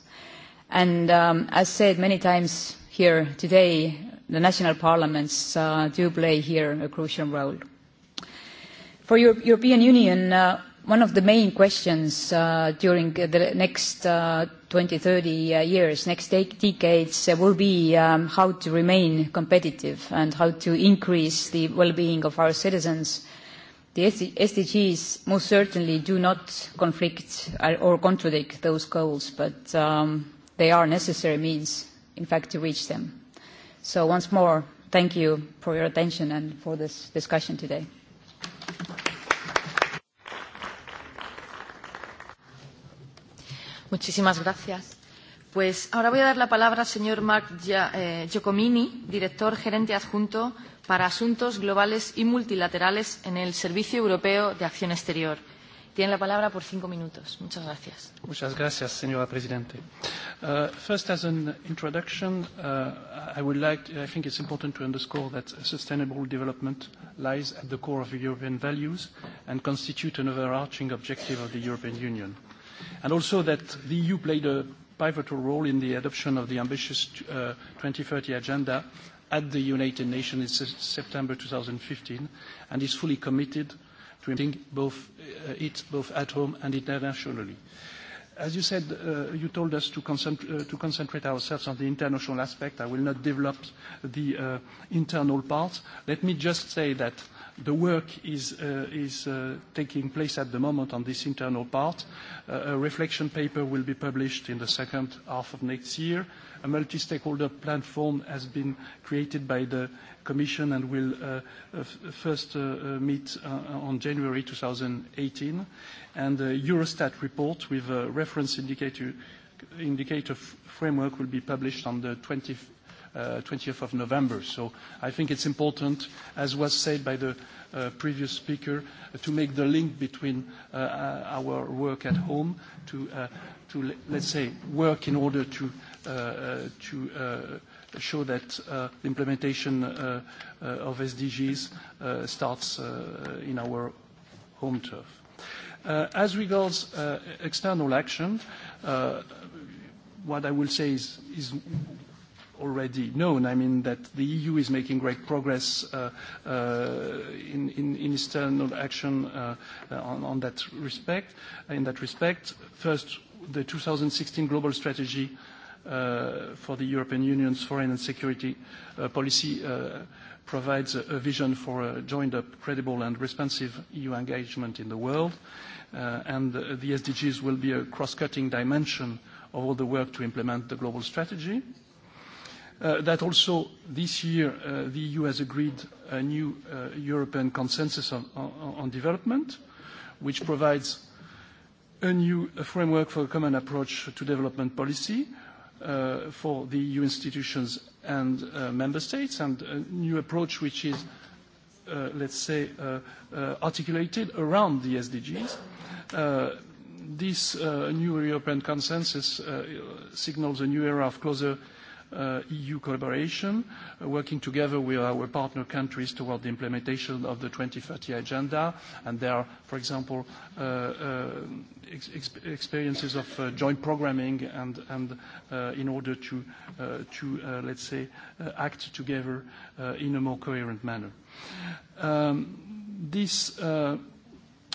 And um, as said many times here today, the national parliaments uh, do play here a crucial role. For Euro European Union, uh, one of the main questions uh, during the next uh, 20, 30 uh, years, next de decades, uh, will be um, how to remain competitive and how to increase the well-being of our citizens The SDGs e, most certainly do not conflict uh, or contradict those goals, but um, they are necessary means, in fact, to reach them. So once more, thank you for your attention and for this discussion today. Muchísimas gracias. Pues ahora voy a dar la palabra al señor Mark eh, Giacomini, director gerente adjunto para asuntos globales y multilaterales en el Servicio Europeo de Acción Exterior. Tiene la palabra por cinco minutos. Muchas gracias. Muchas gracias, señora Presidente. Uh, first, as an introduction, uh, I would like, to, I think it's important to underscore that sustainable development lies at the core of European values and constitute an overarching objective of the European Union. And also that the EU played a pivotal role in the adoption of the ambitious uh, 2030 agenda at the United Nations in September 2015 and is fully committed to implementing both, uh, it both at home and internationally. As you said, uh, you told us to, concentr uh, to concentrate ourselves on the international aspect. I will not develop the uh, internal part. Let me just say that the work is, uh, is uh, taking place at the moment on this internal part. Uh, a reflection paper will be published in the second half of next year. Uh, A multi-stakeholder platform has been created by the Commission and will uh, uh, first uh, uh meet uh, uh, on January 2018. And the Eurostat report with a reference indicator, indicator framework will be published on the 20th, 20th of November. So I think it's important, as was said by the Uh, previous speaker uh, to make the link between uh, our work at home to, to let's say, work in order to Uh, uh, to uh, show that uh, implementation uh, uh, of SDGs uh, starts uh, in our home turf. Uh, as regards uh, external action, uh, what I will say is, is already known. I mean that the EU is making great progress uh, uh, in, in, in external action uh, on, on that respect. In that respect, first, the 2016 global strategy uh, uh, for the European Union's foreign and security uh, policy uh, provides a, a vision for a joined-up, credible and responsive EU engagement in the world. Uh, and the, the SDGs will be a cross-cutting dimension of all the work to implement the global strategy. Uh, that also this year uh, the EU has agreed a new uh, European consensus on, on, on development, which provides a new framework for a common approach to development policy, uh, for the EU institutions and uh, member states, and a new approach which is, uh, let's say, uh, uh, articulated around the SDGs. Uh, this uh, new European consensus uh, signals a new era of closer uh, EU collaboration, uh, working together with our partner countries toward the implementation of the 2030 agenda. And there are, for example, uh, uh, ex experiences of uh, joint programming and, and uh, in order to, uh, to uh, let's say, uh, act together uh, in a more coherent manner. Um, this uh,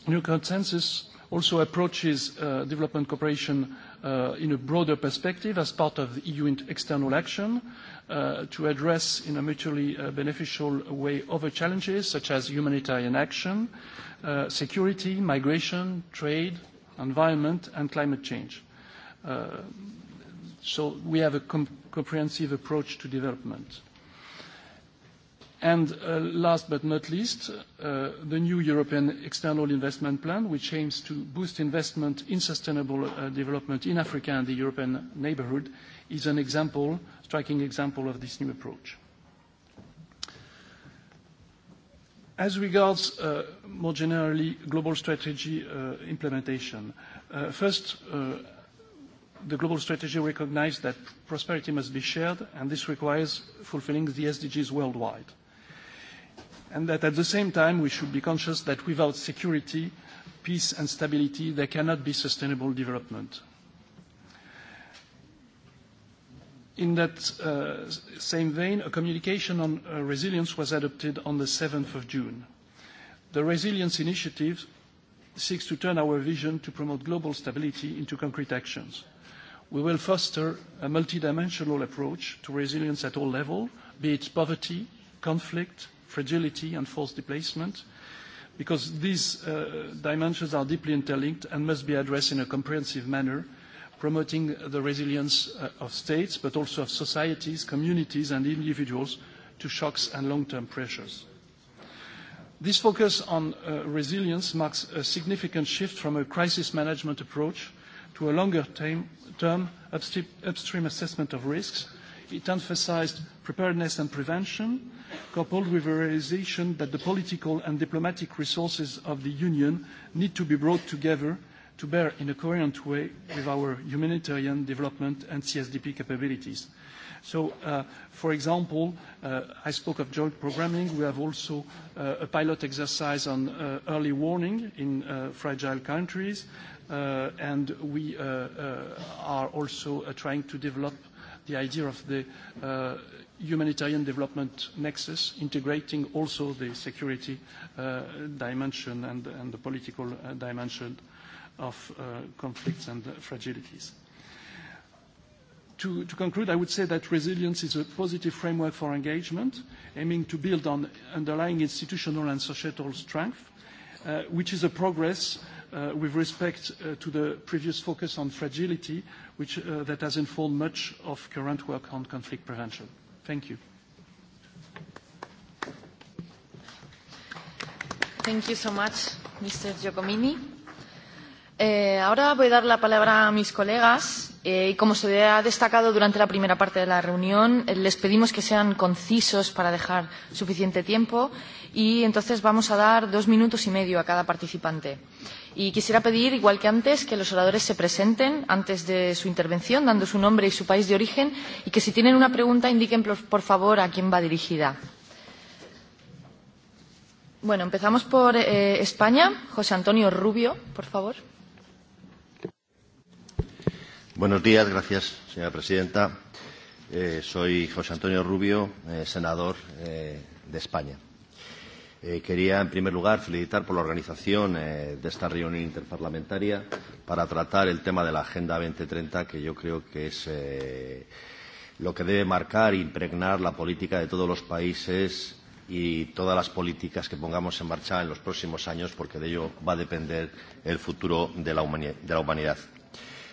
new consensus also approaches uh, development cooperation uh, uh, in a broader perspective as part of EU e external action uh, to address in a mutually uh, beneficial way other challenges such as humanitarian action, uh, security, migration, trade, environment and climate change. Uh, so we have a com comprehensive approach to development. And uh, last but not least, uh, the new European External Investment Plan, which aims to boost investment in sustainable uh, development in Africa and the European neighborhood, is an example, striking example of this new approach. As regards uh, more generally global strategy uh, implementation, uh, first, the global strategy recognized that prosperity must be shared, and this requires fulfilling the SDGs worldwide and that at the same time we should be conscious that without security, peace and stability, there cannot be sustainable development. In that uh, same vein, a communication on uh, resilience was adopted on the 7th of June. The Resilience Initiative seeks to turn our vision to promote global stability into concrete actions. We will foster a multidimensional approach to resilience at all levels, be it poverty, conflict, fragility and forced displacement, because these uh, dimensions are deeply interlinked and must be addressed in a comprehensive manner, promoting the resilience uh, of states, but also of societies, communities, and individuals to shocks and long-term pressures. This focus on uh, resilience marks a significant shift from a crisis management approach to a longer-term upstream assessment of risks it emphasized preparedness and prevention, coupled with a realization that the political and diplomatic resources of the Union need to be brought together to bear in a coherent way with our humanitarian development and CSDP capabilities. So, uh, for example, uh, I spoke of joint programming. We have also uh, a pilot exercise on uh, early warning in uh, fragile countries, uh, and we uh, uh, are also uh, trying to develop uh, the idea of the uh, humanitarian development nexus, integrating also the security uh, dimension and, and the political uh, dimension of uh, conflicts and uh, fragilities. To, to conclude, I would say that resilience is a positive framework for engagement, aiming to build on underlying institutional and societal strength, uh, which is a progress uh, uh, with respect uh, to the previous focus on fragility, which uh, that has informed much of current work on conflict prevention. Thank you. Thank you so much, Mr. Giacomini. Eh, ahora voy a dar la palabra a mis colegas eh, y como se ha destacado durante la primera parte de la reunión, eh, les pedimos que sean concisos para dejar suficiente tiempo y entonces vamos a dar dos minutos y medio a cada participante. Eh, Y quisiera pedir, igual que antes, que los oradores se presenten antes de su intervención, dando su nombre y su país de origen, y que si tienen una pregunta indiquen, por favor, a quién va dirigida. Bueno, empezamos por eh, España. José Antonio Rubio, por favor. Buenos días, gracias, señora presidenta. Eh, soy José Antonio Rubio, eh, senador eh, de España. Eh, quería, en primer lugar, felicitar por la organización eh, de esta reunión interparlamentaria para tratar el tema de la Agenda 2030, que yo creo que es eh, lo que debe marcar e impregnar la política de todos los países y todas las políticas que pongamos en marcha en los próximos años, porque de ello va a depender el futuro de la, humani de la humanidad.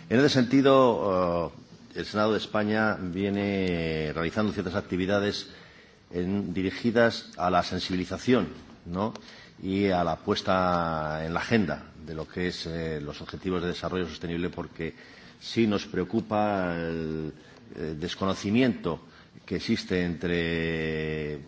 En ese sentido, eh, el Senado de España viene realizando ciertas actividades eh, en, dirigidas a la sensibilización ¿no? y a la puesta en la agenda de lo que es eh, los objetivos de desarrollo sostenible porque sí nos preocupa el eh, desconocimiento que existe entre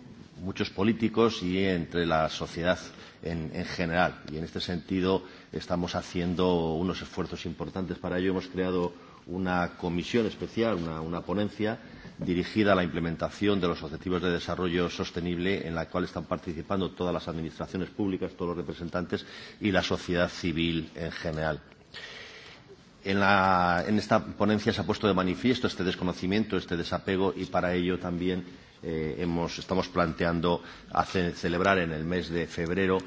muchos políticos y entre la sociedad en, en general. Y en este sentido estamos haciendo unos esfuerzos importantes para ello. Hemos creado una comisión especial, una, una ponencia dirigida a la implementación de los Objetivos de Desarrollo Sostenible, en la cual están participando todas las administraciones públicas, todos los representantes y la sociedad civil en general. En, la, en esta ponencia se ha puesto de manifiesto este desconocimiento, este desapego y para ello también eh, hemos, estamos planteando hacer, celebrar en el mes de febrero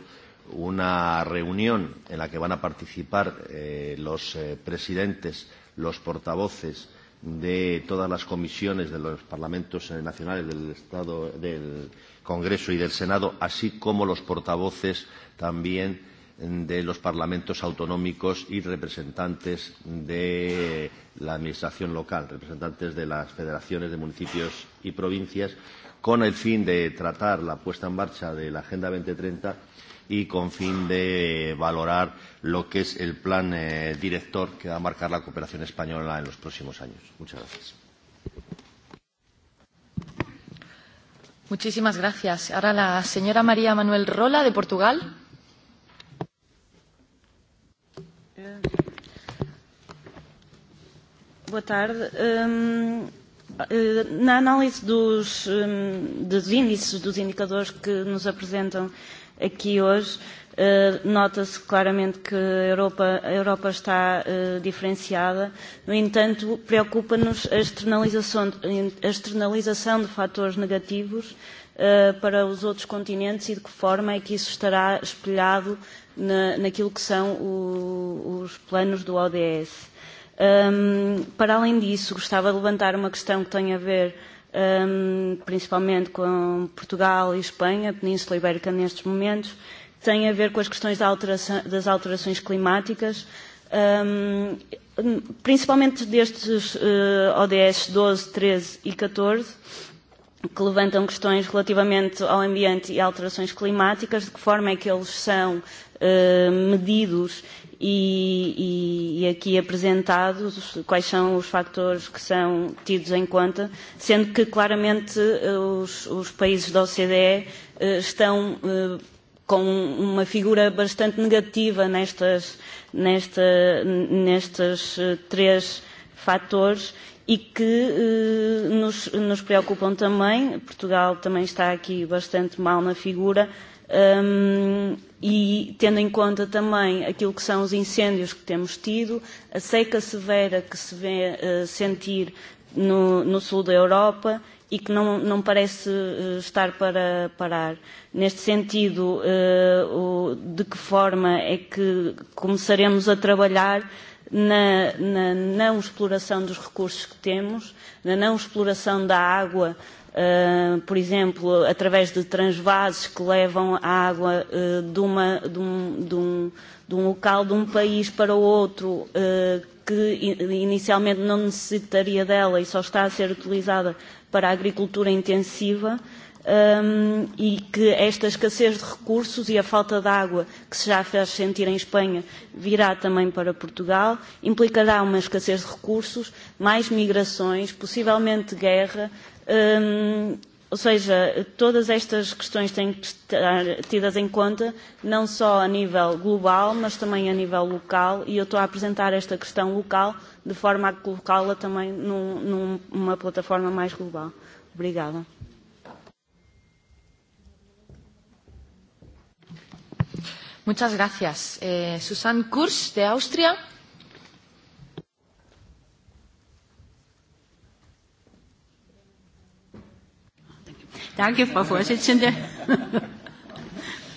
una reunión en la que van a participar eh, los eh, presidentes, los portavoces, de todas las comisiones de los parlamentos nacionales del Estado, del Congreso y del Senado, así como los portavoces también de los parlamentos autonómicos y representantes de la administración local, representantes de las federaciones de municipios y provincias, con el fin de tratar la puesta en marcha de la Agenda 2030 y con fin de valorar lo que es el plan eh, director que va a marcar la cooperación española en los próximos años. Muchas gracias. Muchísimas gracias. Ahora la señora María Manuel Rola, de Portugal. Boa tarde. Um, na análise dos, um, dos índices, dos indicadores que nos apresentam aqui hoje, uh, nota-se claramente que a Europa, a Europa está uh, diferenciada. No entanto, preocupa-nos a externalização, a externalização de fatores negativos uh, para os outros continentes e de que forma é que isso estará espelhado na, naquilo que são o, os planos do ODS. Um, ehm, para além disso, gostava de levantar uma questão que tem a ver uh, um, principalmente com Portugal e Espanha, a Península Ibérica nestes momentos, tem a ver com as questões da alteração, das alterações climáticas, um, principalmente destes uh, ODS 12, 13 e 14, que levantam questões relativamente ao ambiente e alterações climáticas, de que forma é que eles são uh, medidos e, e, e aqui apresentados quais são os fatores que são tidos em conta, sendo que claramente eh, os, os países da OCDE eh, estão eh, com uma figura bastante negativa nestas, nesta, nestes três fatores e que eh, nos, nos preocupam também. Portugal também está aqui bastante mal na figura, um, e tendo em conta também aquilo que são os incêndios que temos tido, a seca severa que se vê uh, sentir no, no sul da Europa e que não, não parece uh, estar para parar. Neste sentido, uh, o, de que forma é que começaremos a trabalhar na, na não exploração dos recursos que temos, na não exploração da água uh, Uh, por exemplo, através de transvases que levam a água uh, de, uma, de, um, de, um, de um local de um país para o outro, uh, que inicialmente não necessitaria dela e só está a ser utilizada para a agricultura intensiva, um, e que esta escassez de recursos e a falta de água que se já fez sentir em Espanha virá também para Portugal, implicará uma escassez de recursos, mais migrações, possivelmente guerra, Hum, ou seja, todas estas questões têm que estar tidas em conta, não só a nível global, mas também a nível local, e eu estou a apresentar esta questão local de forma a colocá-la também num, numa plataforma mais global. Obrigada. Muchas gracias. Eh, Susan Kurz, de Austria. Danke, Frau Vorsitzende.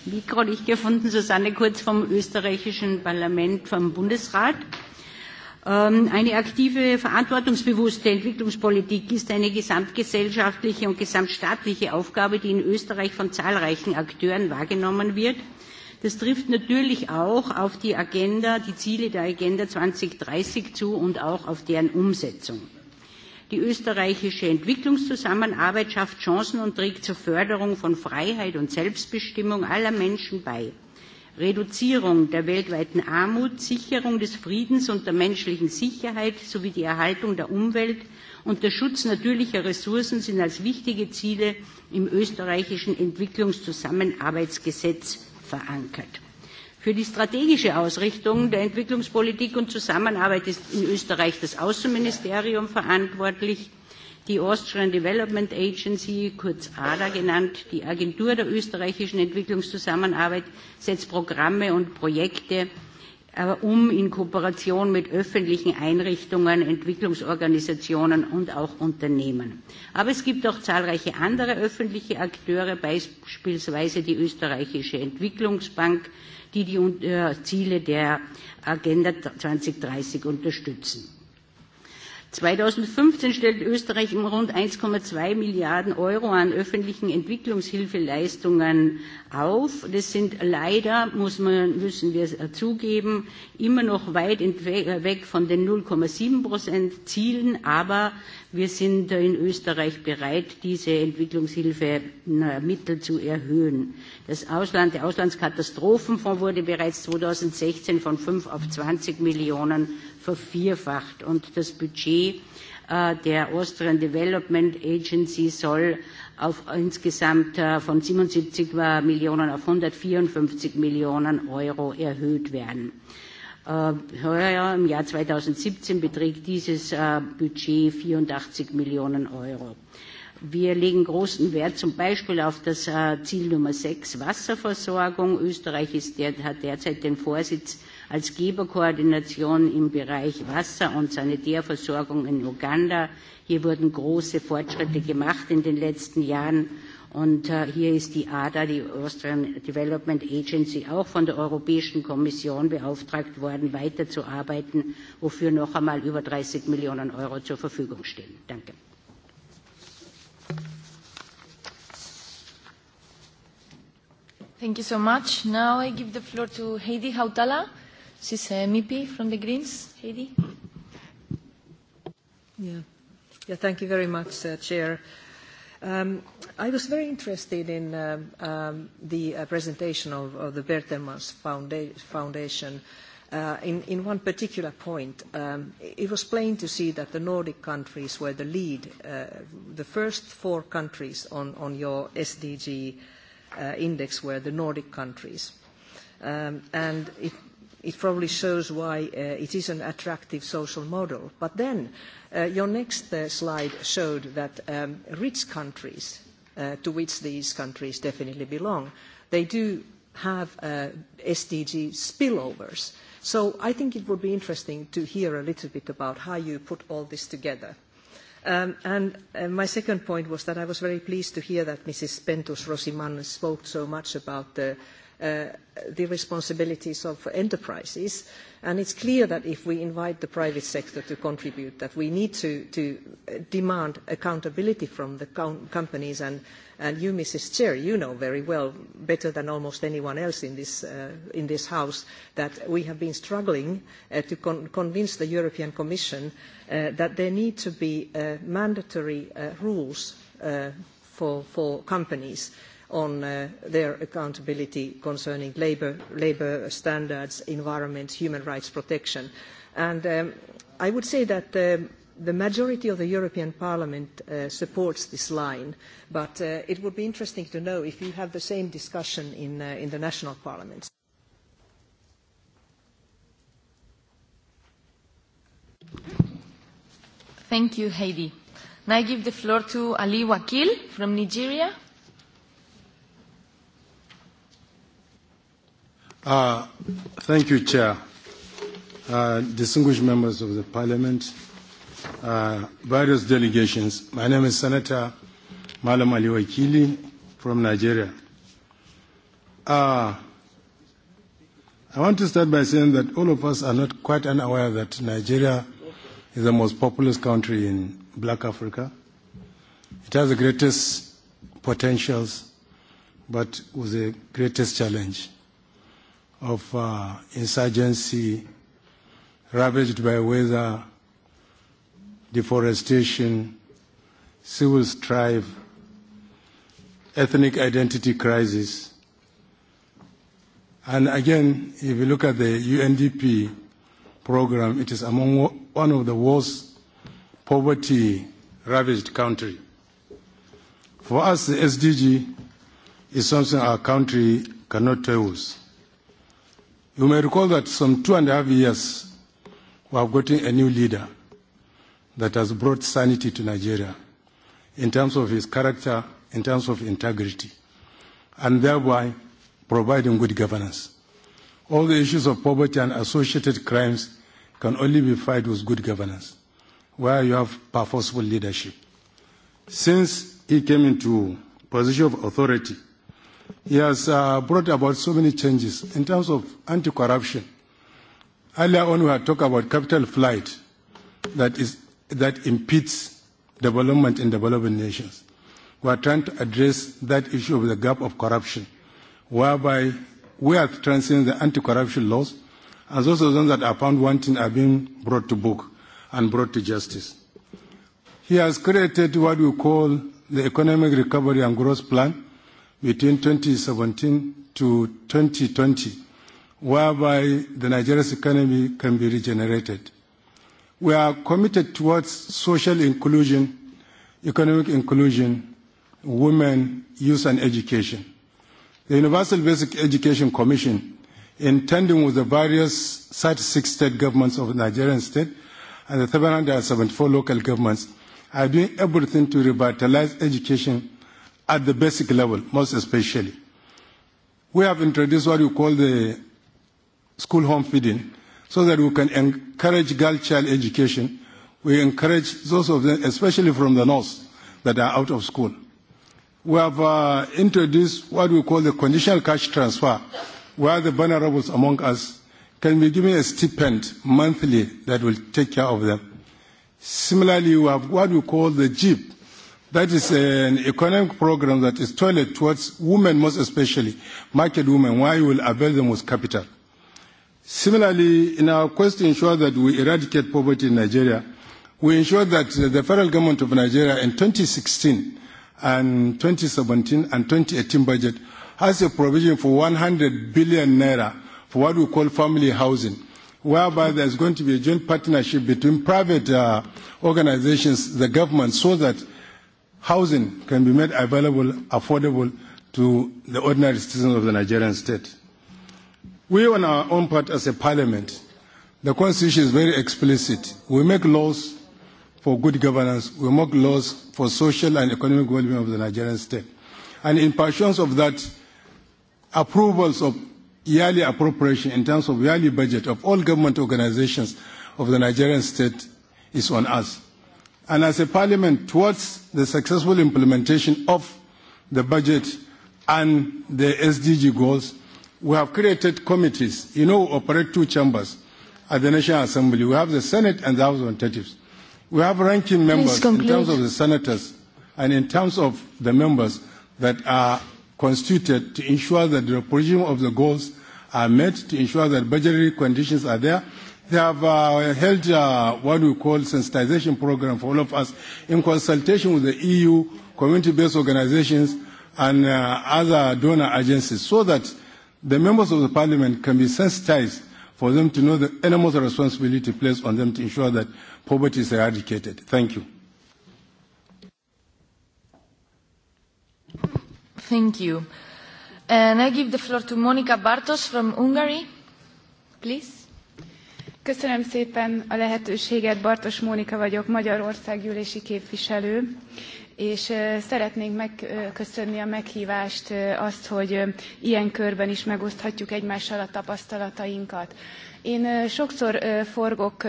Mikro nicht gefunden. Susanne Kurz vom österreichischen Parlament, vom Bundesrat. Ähm, eine aktive, verantwortungsbewusste Entwicklungspolitik ist eine gesamtgesellschaftliche und gesamtstaatliche Aufgabe, die in Österreich von zahlreichen Akteuren wahrgenommen wird. Das trifft natürlich auch auf die Agenda, die Ziele der Agenda 2030 zu und auch auf deren Umsetzung. Die österreichische Entwicklungszusammenarbeit schafft Chancen und trägt zur Förderung von Freiheit und Selbstbestimmung aller Menschen bei. Reduzierung der weltweiten Armut, Sicherung des Friedens und der menschlichen Sicherheit sowie die Erhaltung der Umwelt und der Schutz natürlicher Ressourcen sind als wichtige Ziele im österreichischen Entwicklungszusammenarbeitsgesetz verankert. Für die strategische Ausrichtung der Entwicklungspolitik und Zusammenarbeit ist in Österreich das Außenministerium verantwortlich, die Austrian Development Agency, kurz ADA genannt, die Agentur der österreichischen Entwicklungszusammenarbeit, setzt Programme und Projekte äh, um in Kooperation mit öffentlichen Einrichtungen, Entwicklungsorganisationen und auch Unternehmen. Aber es gibt auch zahlreiche andere öffentliche Akteure, beispielsweise die Österreichische Entwicklungsbank, die die äh, Ziele der Agenda 2030 unterstützen. 2015 stellt Österreich im rund 1,2 Milliarden Euro an öffentlichen Entwicklungshilfeleistungen auf. Das sind leider, muss man, müssen wir zugeben, immer noch weit äh, weg von den 0,7 Prozent Zielen, aber wir sind in Österreich bereit, diese Entwicklungshilfemittel zu erhöhen. Das Ausland, der Auslandskatastrophenfonds wurde bereits 2016 von 5 auf 20 Millionen vervierfacht und das Budget äh, der Austrian Development Agency soll auf insgesamt äh, von 77 äh, Millionen auf 154 Millionen Euro erhöht werden. Äh, heuer im Jahr 2017 beträgt dieses äh, Budget 84 Millionen Euro. Wir legen großen Wert zum Beispiel auf das äh, Ziel Nummer 6, Wasserversorgung. Österreich ist der, hat derzeit den Vorsitz als Geberkoordination im Bereich Wasser- und Sanitärversorgung in Uganda. Hier wurden große Fortschritte gemacht in den letzten Jahren. Und äh, hier ist die ADA, die Austrian Development Agency, auch von der Europäischen Kommission beauftragt worden, weiterzuarbeiten, wofür noch einmal über 30 Millionen Euro zur Verfügung stehen. Danke. Thank you so much. Now I give the floor to Heidi Hautala She's a uh, MEP from the Greens, Heidi. Yeah. Yeah, thank you very much, uh, Chair. Um, I was very interested in um, um, the uh, presentation of, of the Bertelmans Founda Foundation. Uh, in, in one particular point, um, it was plain to see that the Nordic countries were the lead, uh, the first four countries on, on your SDG uh, index were the Nordic countries. Um, and it it probably shows why uh, it is an attractive social model. But then uh, your next uh, slide showed that um, rich countries, uh, to which these countries definitely belong, they do have uh, SDG spillovers. So I think it would be interesting to hear a little bit about how you put all this together. Um, and, and uh, my second point was that I was very pleased to hear that Mrs. Pentus Rosiman spoke so much about the uh, the responsibilities of enterprises. And it's clear that if we invite the private sector to contribute, that we need to, to demand accountability from the com companies. And, and you, Mrs. Chair, you know very well, better than almost anyone else in this, uh, in this House, that we have been struggling uh, to con convince the European Commission uh, that there need to be uh, mandatory uh, rules uh, for, for companies. Uh, on uh, their accountability concerning labor, labor standards, environment, human rights protection. And um, I would say that um, the majority of the European Parliament uh, supports this line, but uh, it would be interesting to know if you have the same discussion in, uh, in the national parliaments. Thank you, Heidi. Now I give the floor to Ali Wakil from Nigeria Uh, thank you, Chair. Uh, distinguished members of the Parliament, uh, various delegations, my name is Senator Malam Ali Wakili from Nigeria. Uh, I want to start by saying that all of us are not quite unaware that Nigeria is the most populous country in black Africa. It has the greatest potentials, but with the greatest challenge of uh, insurgency, ravaged by weather, deforestation, civil strife, ethnic identity crisis. And again, if you look at the UNDP program, it is among one of the worst poverty ravaged country. For us, the SDG is something our country cannot tolerate You may recall that some two and a half years we have gotten a new leader that has brought sanity to Nigeria in terms of his character, in terms of integrity, and thereby providing good governance. All the issues of poverty and associated crimes can only be fight with good governance, where you have purposeful leadership. Since he came into position of authority, He has uh, brought about so many changes in terms of anti-corruption. Earlier on, we had talked about capital flight that, is, that impedes development in developing nations. We are trying to address that issue of the gap of corruption, whereby we are transcending the anti-corruption laws, and those of them that are found wanting are being brought to book and brought to justice. He has created what we call the Economic Recovery and Growth Plan, between 2017 to 2020, whereby the Nigeria's economy can be regenerated. We are committed towards social inclusion, economic inclusion, women, youth and education. The Universal Basic Education Commission, in tandem with the various 36 state governments of Nigerian state and the 774 local governments, are doing everything to revitalize education at the basic level, most especially. We have introduced what we call the school home feeding so that we can encourage girl child education. We encourage those of them, especially from the north, that are out of school. We have uh, introduced what we call the conditional cash transfer, where the vulnerables among us can be given a stipend monthly that will take care of them. Similarly, we have what we call the JEEP, That is an economic program that is tailored towards women, most especially market women, where you will avail them with capital. Similarly, in our quest to ensure that we eradicate poverty in Nigeria, we ensure that the federal government of Nigeria in 2016 and 2017 and 2018 budget has a provision for 100 billion naira for what we call family housing, whereby there's going to be a joint partnership between private uh, organizations, the government, so that housing can be made available, affordable to the ordinary citizens of the Nigerian state. We, on our own part as a parliament, the constitution is very explicit. We make laws for good governance. We make laws for social and economic well-being of the Nigerian state. And in pursuance of that, approvals of yearly appropriation in terms of yearly budget of all government organizations of the Nigerian state is on us and as a parliament towards the successful implementation of the budget and the SDG goals, we have created committees. You know, we operate two chambers at the National Assembly. We have the Senate and the House of Representatives. We have ranking members in terms of the senators and in terms of the members that are constituted to ensure that the provision of the goals are met, to ensure that budgetary conditions are there, They have uh, held uh, what we call sensitization program for all of us in consultation with the EU, community-based organizations, and uh, other donor agencies so that the members of the parliament can be sensitized for them to know the enormous responsibility placed on them to ensure that poverty is eradicated. Thank you. Thank you. And I give the floor to Monica Bartos from Hungary, please. Köszönöm szépen a lehetőséget, Bartos Mónika vagyok, Magyarország gyűlési képviselő, és szeretnénk megköszönni a meghívást, azt, hogy ilyen körben is megoszthatjuk egymással a tapasztalatainkat. Én sokszor forgok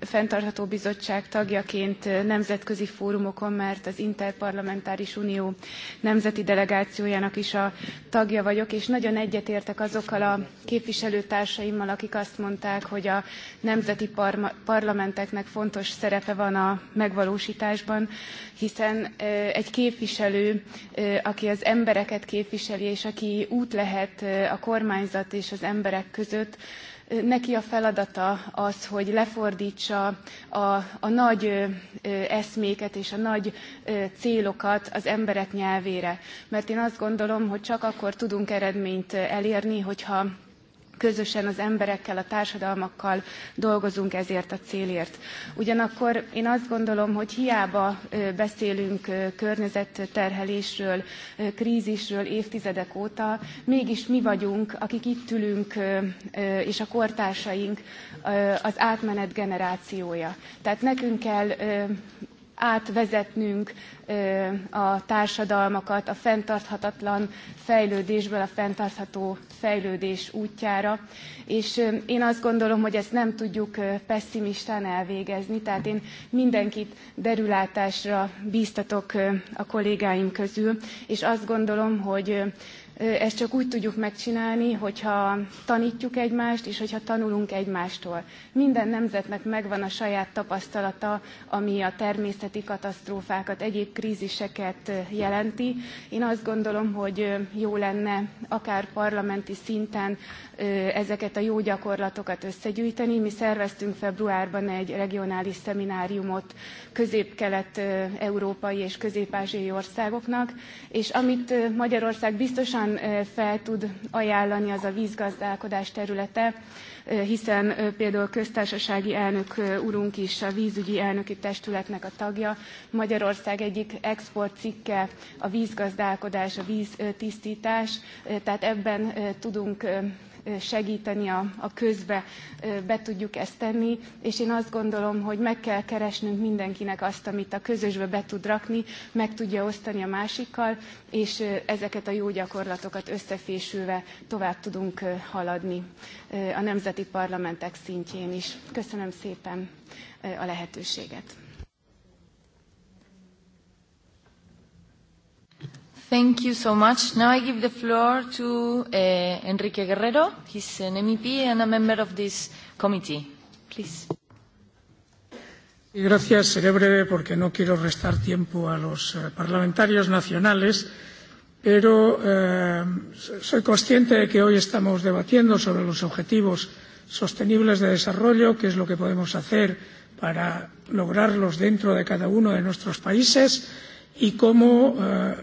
fenntartható bizottság tagjaként nemzetközi fórumokon, mert az Interparlamentáris Unió nemzeti delegációjának is a tagja vagyok, és nagyon egyetértek azokkal a képviselőtársaimmal, akik azt mondták, hogy a nemzeti parma- parlamenteknek fontos szerepe van a megvalósításban, hiszen egy képviselő, aki az embereket képviseli, és aki út lehet a kormányzat és az emberek között, neki a feladata az, hogy lefordítsa a, a nagy eszméket és a nagy célokat az emberek nyelvére. Mert én azt gondolom, hogy csak akkor tudunk eredményt elérni, hogyha közösen az emberekkel, a társadalmakkal dolgozunk ezért a célért. Ugyanakkor én azt gondolom, hogy hiába beszélünk környezetterhelésről, krízisről évtizedek óta, mégis mi vagyunk, akik itt ülünk, és a kortársaink az átmenet generációja. Tehát nekünk kell átvezetnünk a társadalmakat a fenntarthatatlan fejlődésből a fenntartható fejlődés útjára. És én azt gondolom, hogy ezt nem tudjuk pessimistán elvégezni, tehát én mindenkit derülátásra bíztatok a kollégáim közül, és azt gondolom, hogy Ezt csak úgy tudjuk megcsinálni, hogyha tanítjuk egymást, és hogyha tanulunk egymástól. Minden nemzetnek megvan a saját tapasztalata, ami a természeti katasztrófákat, egyéb kríziseket jelenti. Én azt gondolom, hogy jó lenne akár parlamenti szinten ezeket a jó gyakorlatokat összegyűjteni. Mi szerveztünk februárban egy regionális szemináriumot közép-kelet-európai és közép-ázsiai országoknak, és amit Magyarország biztosan gyorsan fel tud ajánlani, az a vízgazdálkodás területe, hiszen például köztársasági elnök urunk is a vízügyi elnöki testületnek a tagja. Magyarország egyik exportcikke a vízgazdálkodás, a víztisztítás, tehát ebben tudunk segíteni a, a közbe, be tudjuk ezt tenni, és én azt gondolom, hogy meg kell keresnünk mindenkinek azt, amit a közösbe be tud rakni, meg tudja osztani a másikkal, és ezeket a jó gyakorlatokat összefésülve tovább tudunk haladni a nemzeti parlamentek szintjén is. Köszönöm szépen a lehetőséget. Thank you so much. Now I give the floor to uh, Enrique Guerrero. He's an MEP and a member of this committee. Please. Y gracias. Seré breve porque no quiero restar tiempo a los eh, parlamentarios nacionales, pero eh, soy consciente de que hoy estamos debatiendo sobre los objetivos sostenibles de desarrollo, qué es lo que podemos hacer para lograrlos dentro de cada uno de nuestros países y cómo eh,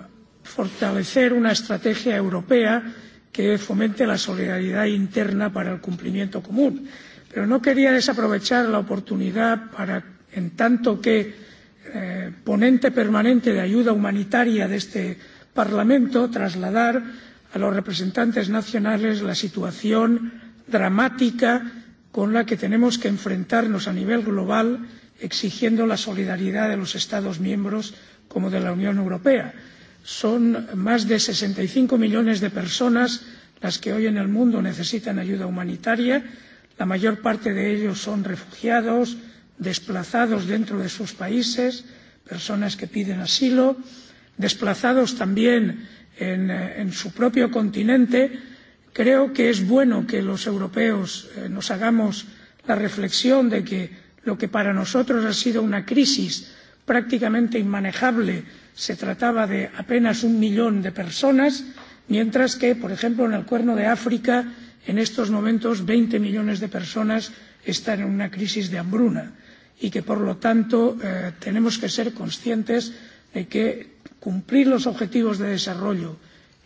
fortalecer una estrategia europea que fomente la solidaridad interna para el cumplimiento común pero no quería desaprovechar la oportunidad para en tanto que eh, ponente permanente de ayuda humanitaria de este parlamento trasladar a los representantes nacionales la situación dramática con la que tenemos que enfrentarnos a nivel global exigiendo la solidaridad de los estados miembros como de la unión europea son más de sesenta y cinco millones de personas las que hoy en el mundo necesitan ayuda humanitaria la mayor parte de ellos son refugiados desplazados dentro de sus países personas que piden asilo desplazados también en, eh, en su propio continente creo que es bueno que los europeos eh, nos hagamos la reflexión de que lo que para nosotros ha sido una crisis prácticamente inmanejable se trataba de apenas un millón de personas mientras que por ejemplo en el cuerno de áfrica en estos momentos veinte millones de personas están en una crisis de hambruna y que por lo tanto eh, tenemos que ser conscientes de que cumplir los objetivos de desarrollo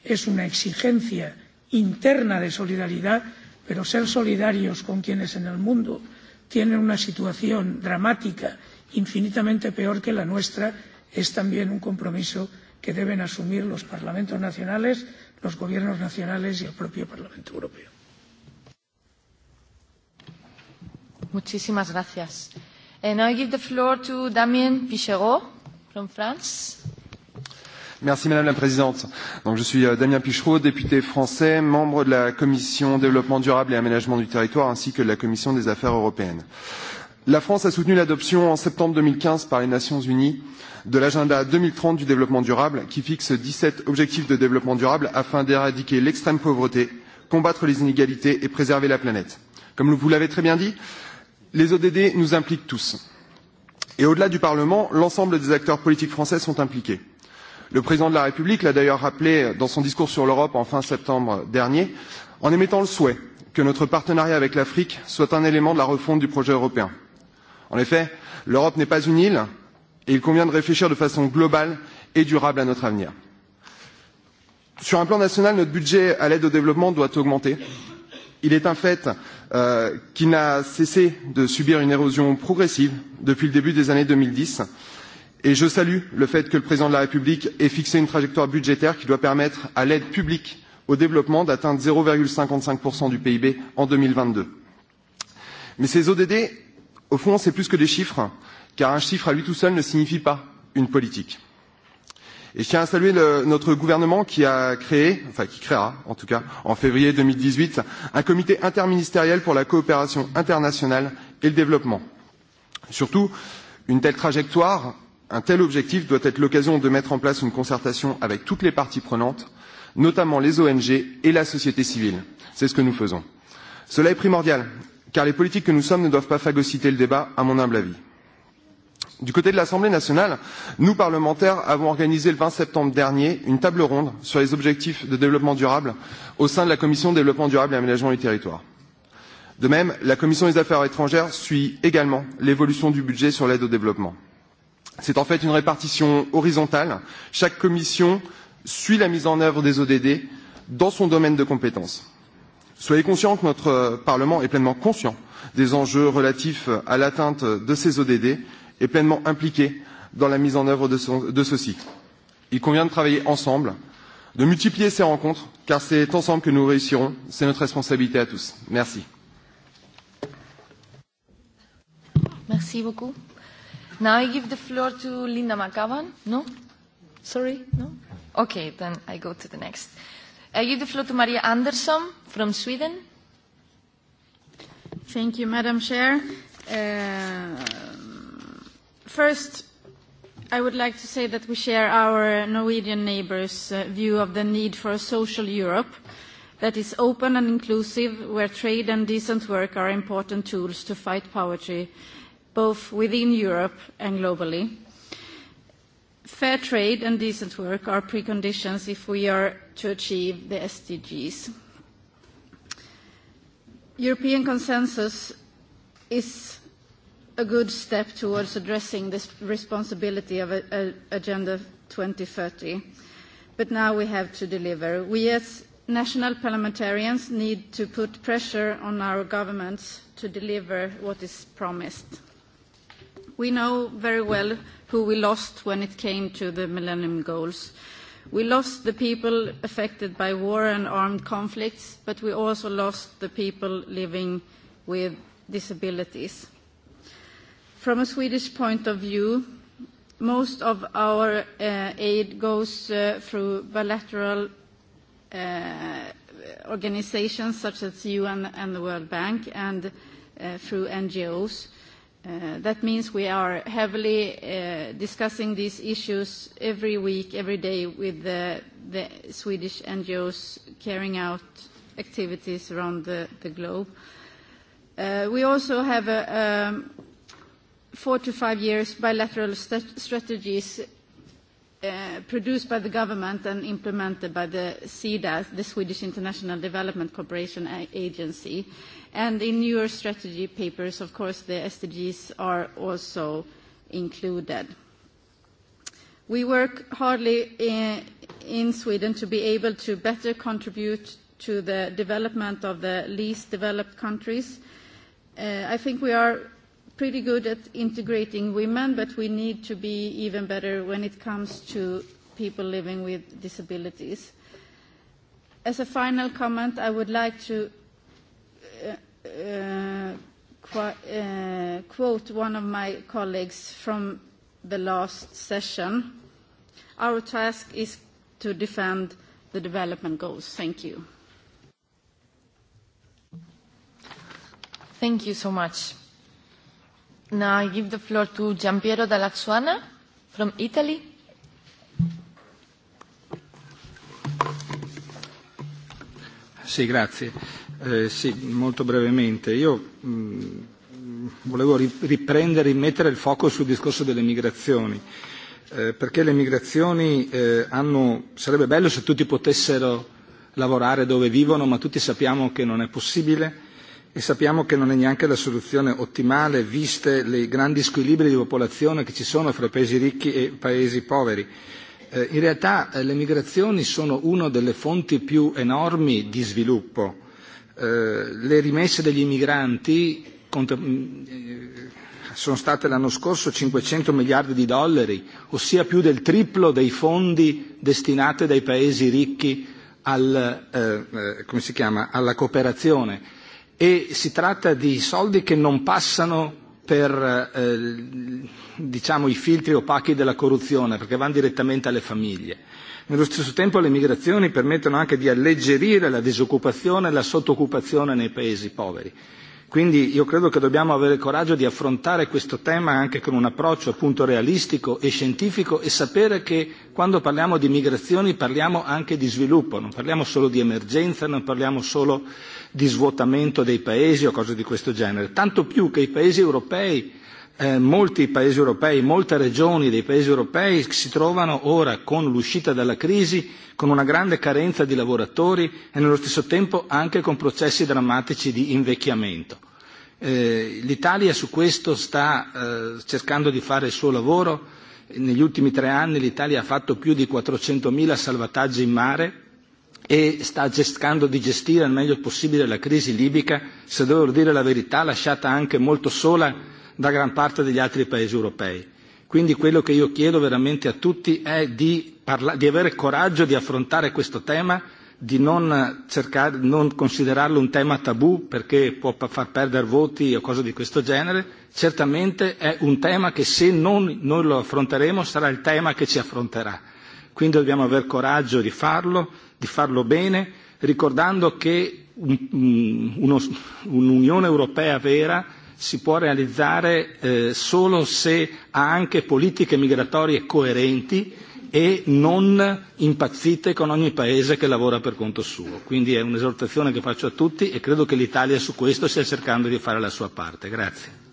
es una exigencia interna de solidaridad pero ser solidarios con quienes en el mundo tienen una situación dramática infinitamente peor que la nuestra es también un compromiso que deben asumir los parlamentos nacionales los gobiernos nacionales y el propio parlamento europeo. Muchísimas gracias. And eh, I give the floor to Damien Pichereau from France. Merci Madame la Présidente. Donc, je suis euh, Damien Pichereau, député français, membre de la Commission Développement durable et aménagement du territoire ainsi que de la Commission des affaires européennes. Euh, La France a soutenu l'adoption en septembre 2015 par les Nations Unies de l'agenda 2030 du développement durable qui fixe 17 objectifs de développement durable afin d'éradiquer l'extrême pauvreté, combattre les inégalités et préserver la planète. Comme vous l'avez très bien dit, les ODD nous impliquent tous. Et au-delà du Parlement, l'ensemble des acteurs politiques français sont impliqués. Le président de la République l'a d'ailleurs rappelé dans son discours sur l'Europe en fin septembre dernier, en émettant le souhait que notre partenariat avec l'Afrique soit un élément de la refonte du projet européen. En effet, l'Europe n'est pas une île et il convient de réfléchir de façon globale et durable à notre avenir. Sur un plan national, notre budget à l'aide au développement doit augmenter. Il est un fait euh, qu'il n'a cessé de subir une érosion progressive depuis le début des années 2010 et je salue le fait que le président de la République ait fixé une trajectoire budgétaire qui doit permettre à l'aide publique au développement d'atteindre 0,55% du PIB en 2022. Mais ces ODD Au fond, c'est plus que des chiffres, car un chiffre à lui tout seul ne signifie pas une politique. Et je tiens à saluer le, notre gouvernement qui a créé, enfin qui créera en tout cas, en février 2018, un comité interministériel pour la coopération internationale et le développement. Surtout, une telle trajectoire, un tel objectif doit être l'occasion de mettre en place une concertation avec toutes les parties prenantes, notamment les ONG et la société civile. C'est ce que nous faisons. Cela est primordial car les politiques que nous sommes ne doivent pas phagocyter le débat, à mon humble avis. Du côté de l'Assemblée nationale, nous, parlementaires, avons organisé le 20 septembre dernier une table ronde sur les objectifs de développement durable au sein de la Commission développement durable et aménagement du territoire. De même, la Commission des affaires étrangères suit également l'évolution du budget sur l'aide au développement. C'est en fait une répartition horizontale. Chaque commission suit la mise en œuvre des ODD dans son domaine de compétences. Soyez conscients que notre euh, Parlement est pleinement conscient des enjeux relatifs à l'atteinte de ces ODD et pleinement impliqué dans la mise en œuvre de, ce, de ceux-ci. Il convient de travailler ensemble, de multiplier ces rencontres, car c'est ensemble que nous réussirons. C'est notre responsabilité à tous. Merci. Merci beaucoup. Now I give the floor to Linda McGowan. No? Sorry? No? Okay, then I go to the next. Uh, I uh, give the floor to Maria Andersson from Sweden. Thank you, Madam Chair. Uh, first, I would like to say that we share our Norwegian neighbors' uh, view of the need for a social Europe that is open and inclusive, where trade and decent work are important tools to fight poverty, both within Europe and globally. Fair trade and decent work are preconditions if we are to achieve the SDGs. European consensus is a good step towards addressing this responsibility of a, a Agenda 2030, but now we have to deliver. We as national parliamentarians need to put pressure on our governments to deliver what is promised. We know very well who we lost when it came to the Millennium Goals. Uh, We lost the people affected by war and armed conflicts, but we also lost the people living with disabilities. From a Swedish point of view, most of our uh, aid goes uh, through bilateral uh, organizations such as UN and the World Bank and uh, through NGOs. Uh, that means we are heavily uh, discussing these issues every week, every day with the, the Swedish NGOs carrying out activities around the, the globe. Uh, we also have a uh, um, four to five years bilateral st strategies uh, produced by the government and implemented by the SIDA, the Swedish International Development Cooperation Agency. Uh, And in your strategy papers, of course, the SDGs are also included. We work hardly in, in Sweden to be able to better contribute to the development of the least developed countries. Uh, I think we are pretty good at integrating women, but we need to be even better when it comes to people living with disabilities. As a final comment, I would like to uh, qu uh, quote one of my colleagues from the last session. Our task is to defend the development goals. Thank you. Thank you so much. Now I give the floor to Giampiero Dall'Axuana from Italy. Sì, grazie. Eh, sì, molto brevemente. Io mh, mm, volevo riprendere, rimettere il foco sul discorso delle migrazioni, eh, perché le migrazioni eh, hanno, sarebbe bello se tutti potessero lavorare dove vivono, ma tutti sappiamo che non è possibile e sappiamo che non è neanche la soluzione ottimale, viste i grandi squilibri di popolazione che ci sono fra paesi ricchi e paesi poveri. Eh, eh, in realtà eh, le migrazioni sono una delle fonti più enormi di sviluppo. Eh, le rimesse degli immigranti mm, eh, sono state l'anno scorso 500 miliardi di dollari, ossia più del triplo dei fondi destinati dai paesi ricchi al, eh, eh come si chiama, alla cooperazione. E si tratta di soldi che non passano per eh, diciamo, i filtri opachi della corruzione, perché vanno direttamente alle famiglie. Nello stesso tempo le migrazioni permettono anche di alleggerire la disoccupazione e la sottoocupazione nei paesi poveri. Quindi io credo che dobbiamo avere il coraggio di affrontare questo tema anche con un approccio appunto realistico e scientifico e sapere che quando parliamo di migrazioni parliamo anche di sviluppo, non parliamo solo di emergenza, non parliamo solo di svuotamento dei paesi o cose di questo genere, tanto più che i paesi europei, eh, molti paesi europei, molte regioni dei paesi europei si trovano ora con l'uscita dalla crisi con una grande carenza di lavoratori e nello stesso tempo anche con processi drammatici di invecchiamento. Eh, L'Italia su questo sta eh, cercando di fare il suo lavoro, negli ultimi tre anni l'Italia ha fatto più di 400.000 salvataggi in mare, e sta cercando di gestire al meglio possibile la crisi libica, se devo dire la verità, lasciata anche molto sola da gran parte degli altri paesi europei. Quindi quello che io chiedo veramente a tutti è di, parla- di avere coraggio di affrontare questo tema, di non, cercare, non considerarlo un tema tabù perché può far perdere voti o cose di questo genere. Certamente è un tema che se non noi lo affronteremo sarà il tema che ci affronterà. Quindi dobbiamo aver coraggio di farlo di farlo bene, ricordando che un, uno, un'Unione Europea vera si può realizzare eh, solo se ha anche politiche migratorie coerenti e non impazzite con ogni paese che lavora per conto suo. Quindi è un'esortazione che faccio a tutti e credo che l'Italia su questo stia cercando di fare la sua parte. Grazie.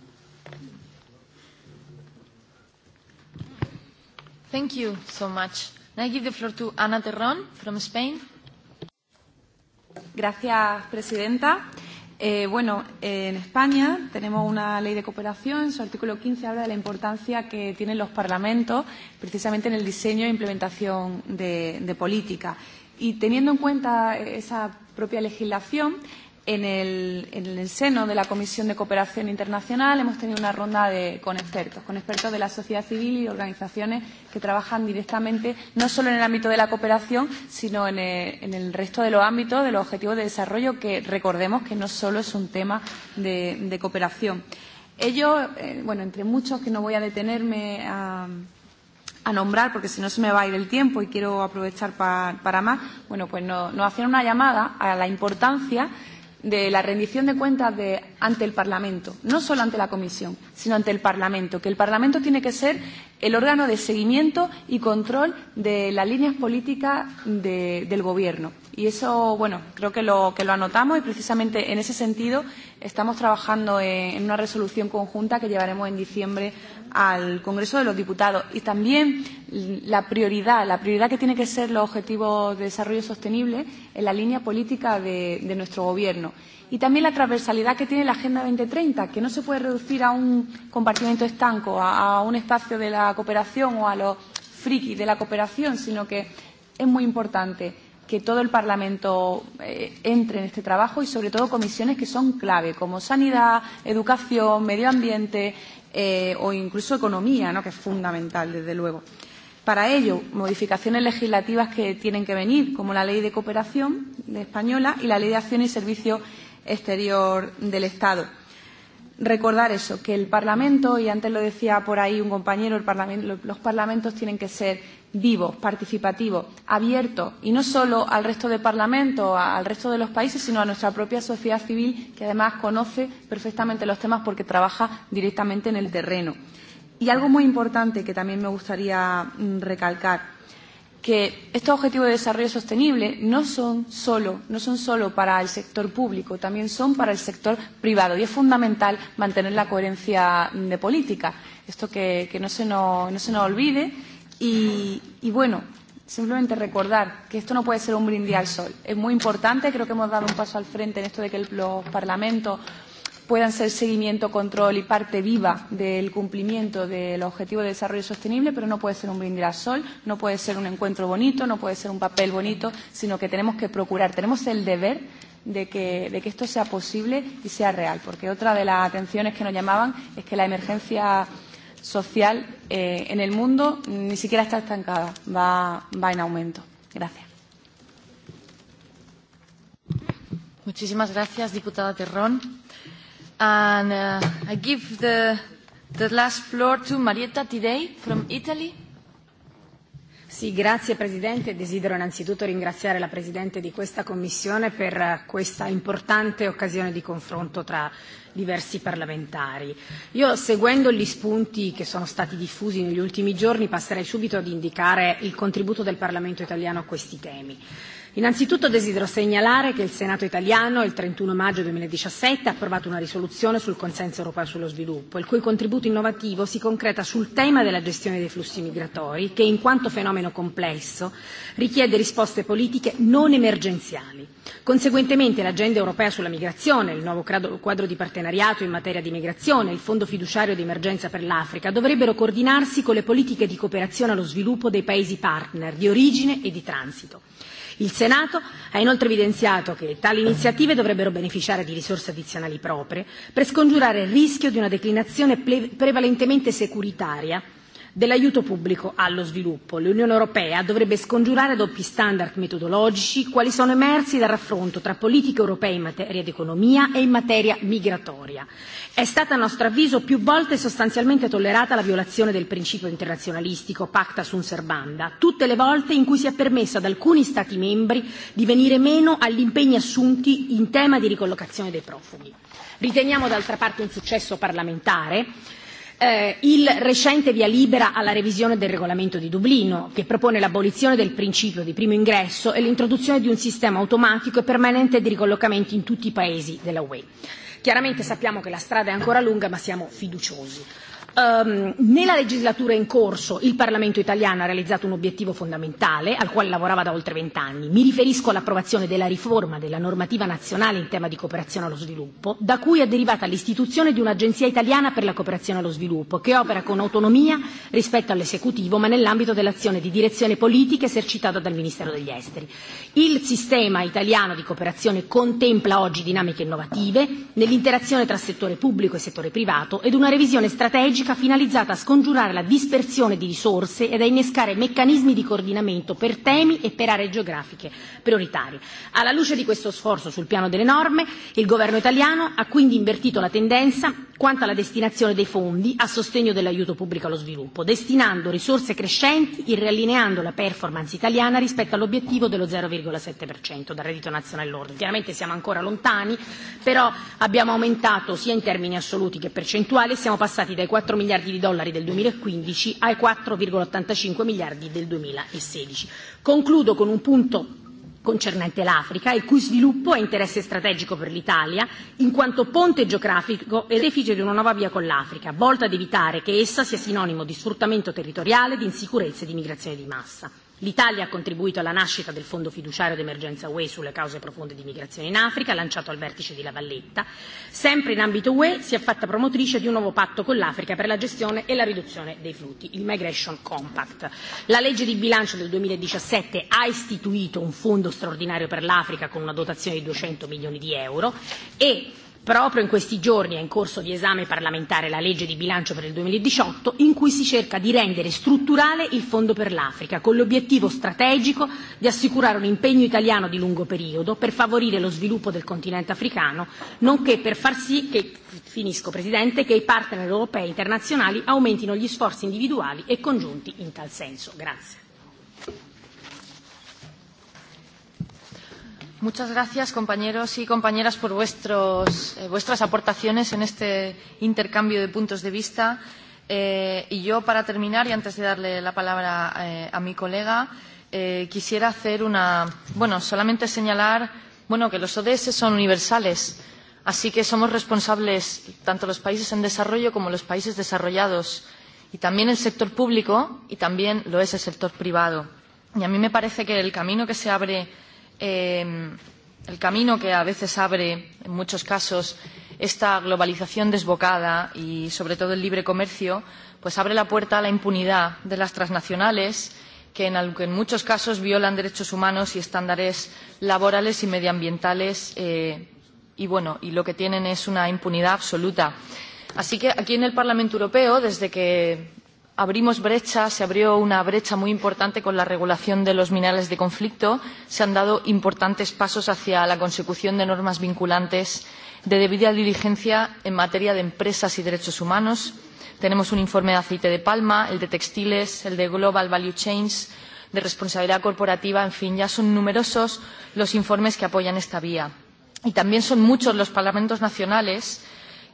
Thank you so much. Now I give the floor to Ana Terrón from Spain. Gracias, presidenta. Eh, bueno, eh, en España tenemos una ley de cooperación. En su artículo 15 habla de la importancia que tienen los parlamentos precisamente en el diseño e implementación de, de política. Y teniendo en cuenta esa propia legislación, en el, en el seno de la Comisión de Cooperación Internacional hemos tenido una ronda de, con expertos, con expertos de la sociedad civil y organizaciones que trabajan directamente no solo en el ámbito de la cooperación, sino en el, en el resto de los ámbitos de los objetivos de desarrollo, que recordemos que no solo es un tema de, de cooperación. Ellos, eh, bueno, entre muchos que no voy a detenerme a. Um, a nombrar, porque si no se me va a ir el tiempo y quiero aprovechar pa, para más, bueno, pues nos no hacían una llamada a la importancia de la rendición de cuentas de, ante el Parlamento, no solo ante la Comisión, sino ante el Parlamento, que el Parlamento tiene que ser el órgano de seguimiento y control de las líneas políticas de, del Gobierno. Y eso, bueno, creo que lo, que lo anotamos y precisamente en ese sentido estamos trabajando en, eh, en una resolución conjunta que llevaremos en diciembre al Congreso de los Diputados. Y también la prioridad, la prioridad que tiene que ser los objetivos de desarrollo sostenible en la línea política de, de nuestro Gobierno. Y también la transversalidad que tiene la Agenda 2030, que no se puede reducir a un compartimento estanco, a, a un espacio de la cooperación o a los frikis de la cooperación, sino que es muy importante que todo el Parlamento eh, entre en este trabajo y sobre todo comisiones que son clave, como sanidad, educación, medio ambiente eh, o incluso economía, ¿no? que es fundamental, desde luego. Para ello, modificaciones legislativas que tienen que venir, como la Ley de Cooperación de Española y la Ley de Acción y Servicio Exterior del Estado recordar eso, que el Parlamento, y antes lo decía por ahí un compañero, el parlamento, los parlamentos tienen que ser vivo, participativo, abierto, y no solo al resto de Parlamento, al resto de los países, sino a nuestra propia sociedad civil, que además conoce perfectamente los temas porque trabaja directamente en el terreno. Y algo muy importante que también me gustaría mm, recalcar, que estos objetivos de desarrollo sostenible no son, solo, no son solo para el sector público, también son para el sector privado y es fundamental mantener la coherencia de política. Esto que, que no, se nos, no se nos olvide Y, y bueno, simplemente recordar que esto no puede ser un brindis al sol. Es muy importante, creo que hemos dado un paso al frente en esto de que el, los parlamentos puedan ser seguimiento, control y parte viva del cumplimiento del Objetivo de Desarrollo Sostenible, pero no puede ser un brindis al sol, no puede ser un encuentro bonito, no puede ser un papel bonito, sino que tenemos que procurar, tenemos el deber de que, de que esto sea posible y sea real, porque otra de las atenciones que nos llamaban es que la emergencia social eh, en el mundo ni siquiera está estancada, va, va en aumento. Gracias. Muchísimas gracias, diputada Terrón. And uh, I give the, the last floor to Marietta Tidei from Italy. Sì, grazie Presidente. Desidero innanzitutto ringraziare la Presidente di questa Commissione per eh, questa importante occasione di confronto tra diversi parlamentari. Io, seguendo gli spunti che sono stati diffusi negli ultimi giorni, passerei subito ad indicare il contributo del Parlamento italiano a questi temi. Innanzitutto desidero segnalare che il Senato italiano il 31 maggio 2017 ha approvato una risoluzione sul consenso europeo sullo sviluppo, il cui contributo innovativo si concreta sul tema della gestione dei flussi migratori che, in quanto fenomeno complesso, richiede risposte politiche non emergenziali Conseguentemente l'agenda europea sulla migrazione, il nuovo quadro di partenariato in materia di migrazione e il fondo fiduciario di emergenza per l'Africa dovrebbero coordinarsi con le politiche di cooperazione allo sviluppo dei Paesi partner di origine e di transito. Il Senato ha inoltre evidenziato che tali iniziative dovrebbero beneficiare di risorse addizionali proprie per scongiurare il rischio di una declinazione prevalentemente securitaria dell'aiuto pubblico allo sviluppo. L'Unione Europea dovrebbe scongiurare doppi standard metodologici quali sono emersi dal raffronto tra politiche europee in materia di economia e in materia migratoria. È stata a nostro avviso più volte sostanzialmente tollerata la violazione del principio internazionalistico pacta sunt servanda, tutte le volte in cui si è permesso ad alcuni Stati membri di venire meno agli impegni assunti in tema di ricollocazione dei profughi. Riteniamo d'altra parte un successo parlamentare eh, il recente via libera alla revisione del regolamento di Dublino, che propone l'abolizione del principio di primo ingresso e l'introduzione di un sistema automatico e permanente di ricollocamenti in tutti i paesi della UE. Chiaramente sappiamo che la strada è ancora lunga, ma siamo fiduciosi. Um, nella legislatura in corso il Parlamento italiano ha realizzato un obiettivo fondamentale al quale lavorava da oltre vent'anni. Mi riferisco all'approvazione della riforma della normativa nazionale in tema di cooperazione allo sviluppo, da cui è derivata l'istituzione di un'agenzia italiana per la cooperazione allo sviluppo, che opera con autonomia rispetto all'esecutivo, ma nell'ambito dell'azione di direzione politica esercitata dal Ministero degli Esteri. Il sistema italiano di cooperazione contempla oggi dinamiche innovative nell'interazione tra settore pubblico e settore privato ed una revisione strategica strategica finalizzata a scongiurare la dispersione di risorse ed a innescare meccanismi di coordinamento per temi e per aree geografiche prioritarie. Alla luce di questo sforzo sul piano delle norme, il governo italiano ha quindi invertito la tendenza quanto alla destinazione dei fondi a sostegno dell'aiuto pubblico allo sviluppo, destinando risorse crescenti e riallineando la performance italiana rispetto all'obiettivo dello 0,7% del reddito nazionale lordo. Chiaramente siamo ancora lontani, però abbiamo aumentato sia in termini assoluti che percentuali e siamo passati dai 4 4 miliardi di dollari del 2015 ai 4,85 miliardi del 2016. Concludo con un punto concernente l'Africa, il cui sviluppo è interesse strategico per l'Italia, in quanto ponte geografico e refice di una nuova via con l'Africa, volta ad evitare che essa sia sinonimo di sfruttamento territoriale, di insicurezza e di migrazione di massa. L'Italia ha contribuito alla nascita del fondo fiduciario d'emergenza UE sulle cause profonde di migrazione in Africa, lanciato al vertice di La Valletta. Sempre in ambito UE si è fatta promotrice di un nuovo patto con l'Africa per la gestione e la riduzione dei flutti, il Migration Compact. La legge di bilancio del 2017 ha istituito un fondo straordinario per l'Africa con una dotazione di 200 milioni di euro e Proprio in questi giorni è in corso di esame parlamentare la legge di bilancio per il 2018 in cui si cerca di rendere strutturale il Fondo per l'Africa con l'obiettivo strategico di assicurare un impegno italiano di lungo periodo per favorire lo sviluppo del continente africano, nonché per far sì che, finisco Presidente, che i partner europei e internazionali aumentino gli sforzi individuali e congiunti in tal senso. Grazie. Muchas gracias, compañeros y compañeras, por vuestros, eh, vuestras aportaciones en este intercambio de puntos de vista. Eh, y yo, para terminar, y antes de darle la palabra eh, a mi colega, eh, quisiera hacer una. Bueno, solamente señalar bueno, que los ODS son universales, así que somos responsables tanto los países en desarrollo como los países desarrollados, y también el sector público y también lo es el sector privado. Y a mí me parece que el camino que se abre eh, el camino que a veces abre, en muchos casos, esta globalización desbocada y, sobre todo, el libre comercio, pues abre la puerta a la impunidad de las transnacionales que en, en muchos casos violan derechos humanos y estándares laborales y medioambientales eh, y, bueno, y lo que tienen es una impunidad absoluta. Así que aquí en el Parlamento Europeo, desde que abrimos brecha, se abrió una brecha muy importante con la regulación de los minerales de conflicto. Se han dado importantes pasos hacia la consecución de normas vinculantes de debida diligencia en materia de empresas y derechos humanos. Tenemos un informe de aceite de palma, el de textiles, el de Global Value Chains, de responsabilidad corporativa, en fin, ya son numerosos los informes que apoyan esta vía. Y también son muchos los parlamentos nacionales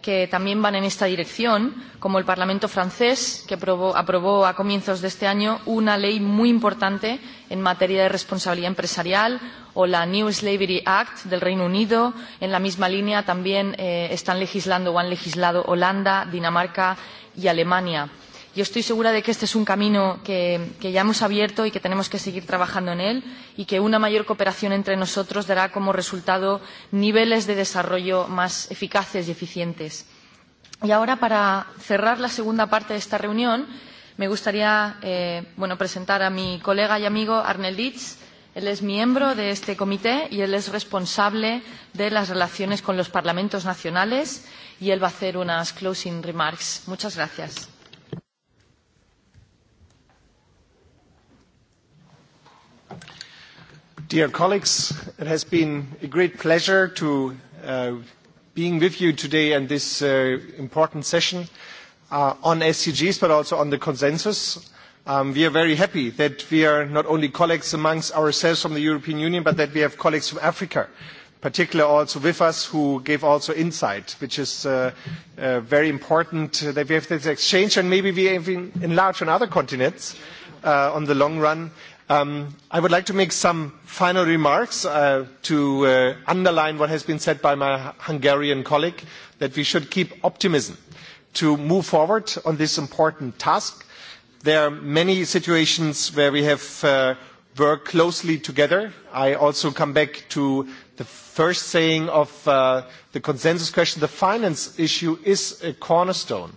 que también van en esta dirección, como el Parlamento francés, que aprobó, aprobó a comienzos de este año una ley muy importante en materia de responsabilidad empresarial, o la New Slavery Act del Reino Unido. En la misma línea también eh, están legislando o han legislado Holanda, Dinamarca y Alemania. Eh, Yo estoy segura de que este es un camino que, que ya hemos abierto y que tenemos que seguir trabajando en él y que una mayor cooperación entre nosotros dará como resultado niveles de desarrollo más eficaces y eficientes. Y ahora, para cerrar la segunda parte de esta reunión, me gustaría eh, bueno, presentar a mi colega y amigo Arnel Ditz. Él es miembro de este comité y él es responsable de las relaciones con los parlamentos nacionales y él va a hacer unas closing remarks. Muchas gracias. Dear colleagues, it has been a great pleasure to uh, being with you today in this uh, important session uh, on SDGs, but also on the consensus. Um, we are very happy that we are not only colleagues amongst ourselves from the European Union, but that we have colleagues from Africa, particularly also with us who gave also insight, which is uh, uh, very important that we have this exchange and maybe we even enlarge on other continents uh, on the long run Um, I would like to make some final remarks uh, to uh, underline what has been said by my Hungarian colleague, that we should keep optimism to move forward on this important task. There are many situations where we have uh, worked closely together. I also come back to the first saying of uh, the consensus question. The finance issue is a cornerstone.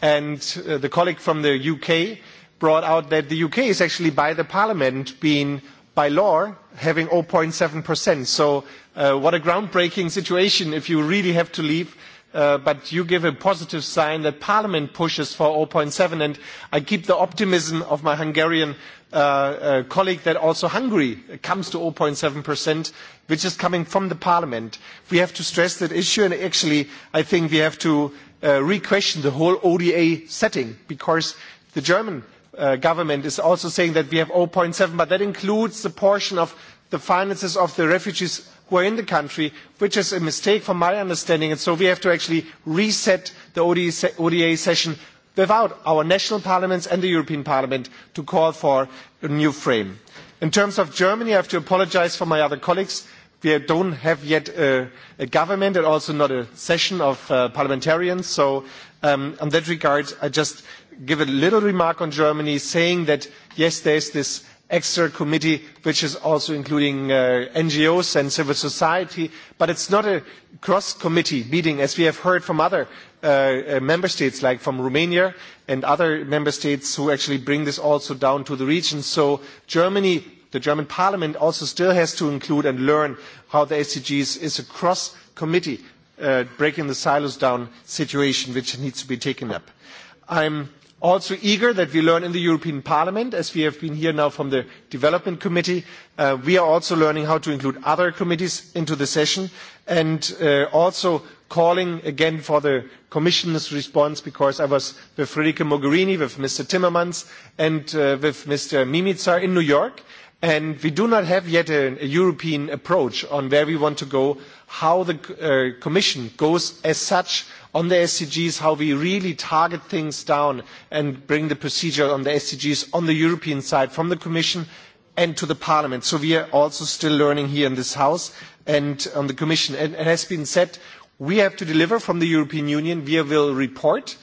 And uh, the colleague from the UK brought out that the UK is actually by the parliament being by law having 0.7%. So uh, what a groundbreaking situation if you really have to leave. Uh, but you give a positive sign that parliament pushes for 0.7 and I keep the optimism of my Hungarian uh, uh, colleague that also Hungary comes to 0.7% which is coming from the parliament. We have to stress that issue and actually I think we have to uh, re-question the whole ODA setting because the German uh, government is also saying that we have 0.7, but that includes the portion of the finances of the refugees who are in the country, which is a mistake from my understanding. And so we have to actually reset the ODA, e ODA session without our national parliaments and the European Parliament to call for a new frame. In terms of Germany, I have to apologize for my other colleagues. We don't have yet a, a government and also not a session of uh, parliamentarians. So um, on that regard, I just give a little remark on Germany saying that, yes, there's this extra committee which is also including uh, NGOs and civil society, but it's not a cross-committee meeting as we have heard from other uh, uh, member states like from Romania and other member states who actually bring this also down to the region. So Germany, the German parliament also still has to include and learn how the SDGs is a cross-committee uh, breaking the silos down situation which needs to be taken up. I'm also eager that we learn in the European Parliament, as we have been here now from the Development Committee. Uh, we are also learning how to include other committees into the session and uh, also calling again for the Commission's response because I was with Federica Mogherini, with Mr. Timmermans and uh, with Mr. Mimica in New York. And we do not have yet a, a European approach on where we want to go, how the uh, Commission goes as such on the SDGs, how we really target things down and bring the procedure on the SDGs on the European side from the Commission and to the Parliament. So we are also still learning here in this House and on the Commission. And it has been said, we have to deliver from the European Union. We will report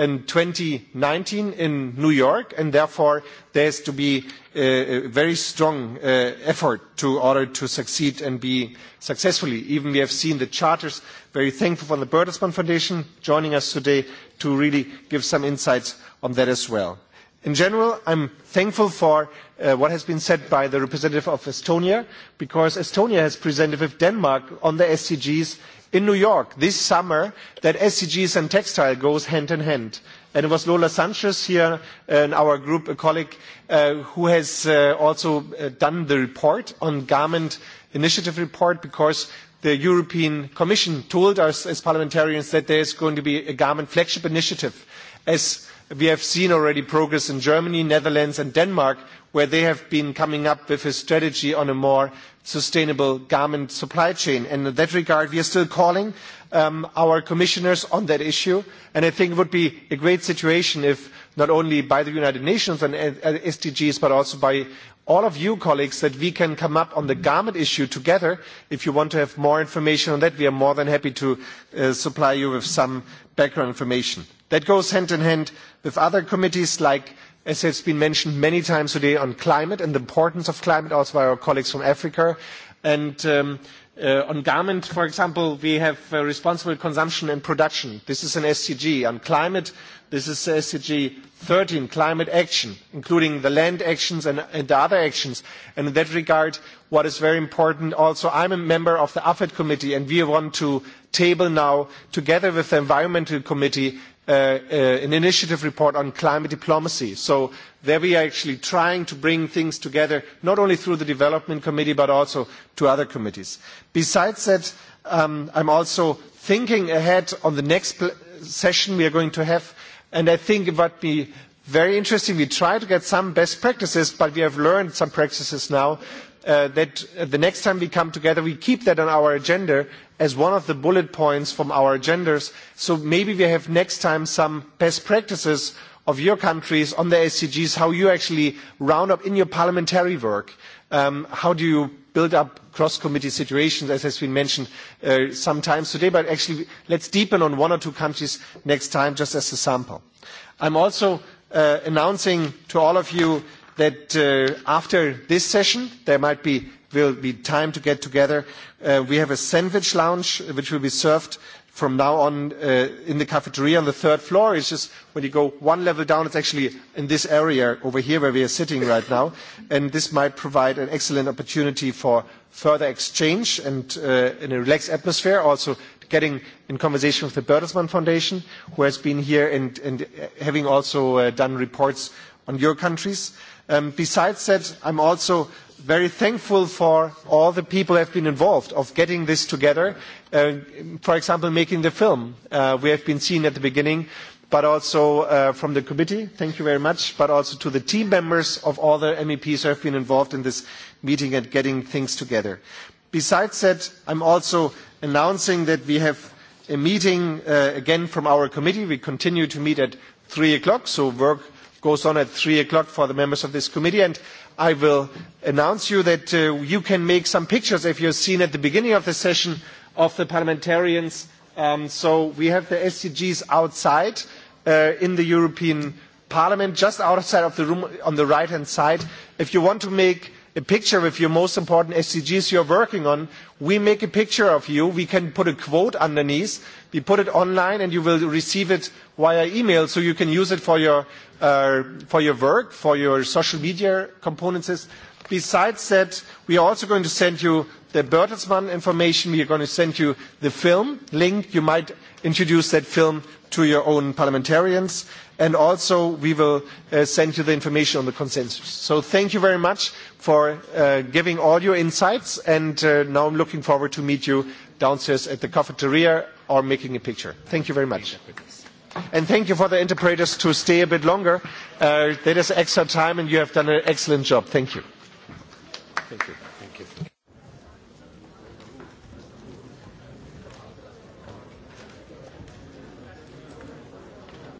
in 2019 in New York, and therefore there has to be a, a very strong uh, effort to order to succeed and be successfully. Even we have seen the charters, very thankful for the Bertelsmann Foundation joining us today to really give some insights on that as well. In general, I'm thankful for uh, what has been said by the representative of Estonia, because Estonia has presented with Denmark on the SDGs in New York this summer that SDGs and textile goes hand in hand. And it was Lola Sanchez here in uh, our group, a colleague, uh, who has uh, also uh, done the report on garment initiative report because the European Commission told us as parliamentarians that there is going to be a garment flagship initiative as we have seen already progress in Germany, Netherlands and Denmark, where they have been coming up with a strategy on a more sustainable garment supply chain. And in that regard, we are still calling um, our commissioners on that issue. And I think it would be a great situation if not only by the United Nations and SDGs, but also by all of you colleagues that we can come up on the garment issue together. If you want to have more information on that, we are more than happy to uh, supply you with some background information. That goes hand in hand with other committees like, as has been mentioned many times today, on climate and the importance of climate, also by our colleagues from Africa. And um, uh, Uh, on garment, for example, we have uh, responsible consumption and production. This is an SDG. On climate, this is SDG 13, climate action, including the land actions and, and the other actions. And in that regard, what is very important also, I'm a member of the AFED committee, and we want to table now, together with the Environmental Committee, uh, uh, an initiative report on climate diplomacy. So there we are actually trying to bring things together, not only through the development committee, but also to other committees. Besides that, um, I'm also thinking ahead on the next pl- session we are going to have, and I think it would be very interesting. We try to get some best practices, but we have learned some practices now uh, that the next time we come together, we keep that on our agenda as one of the bullet points from our agendas. So maybe we have next time some best practices of your countries on the SDGs, how you actually round up in your parliamentary work. Um, how do you build up cross-committee situations, as has been mentioned uh, sometimes today, but actually let's deepen on one or two countries next time, just as a sample. I'm also uh, announcing to all of you that uh, after this session, there might be will be time to get together. Uh, we have a sandwich lounge uh, which will be served from now on uh, in the cafeteria on the third floor. It's just when you go one level down, it's actually in this area over here where we are sitting right now. And this might provide an excellent opportunity for further exchange and uh, in a relaxed atmosphere. Also getting in conversation with the Bertelsmann Foundation, who has been here and, and having also uh, done reports on your countries. Uh, Um, besides that, I'm also very thankful for all the people who have been involved of getting this together. Uh, for example, making the film uh, we have been seeing at the beginning, but also uh, from the committee, thank you very much, but also to the team members of all the MEPs who have been involved in this meeting and getting things together. Besides that, I'm also announcing that we have a meeting uh, again from our committee. We continue to meet at 3 o'clock, so work – goes on at 3 o'clock for the members of this committee. And I will announce you that uh, you can make some pictures, if you've seen at the beginning of the session, of the parliamentarians. Um, so we have the SDGs outside uh, in the European Parliament, just outside of the room on the right-hand side. If you want to make a picture with your most important SDGs you're working on. We make a picture of you. We can put a quote underneath. We put it online and you will receive it via email so you can use it for your, uh, for your work, for your social media components. Besides that, we are also going to send you the Bertelsmann information. We are going to send you the film link. You might introduce that film to your own parliamentarians. And also, we will uh, send you the information on the consensus. So thank you very much for uh, giving all your insights. And uh, now I'm looking forward to meet you downstairs at the cafeteria or making a picture. Thank you very much. And thank you for the interpreters to stay a bit longer. Uh, that is extra time and you have done an excellent job. Thank you. Thank you.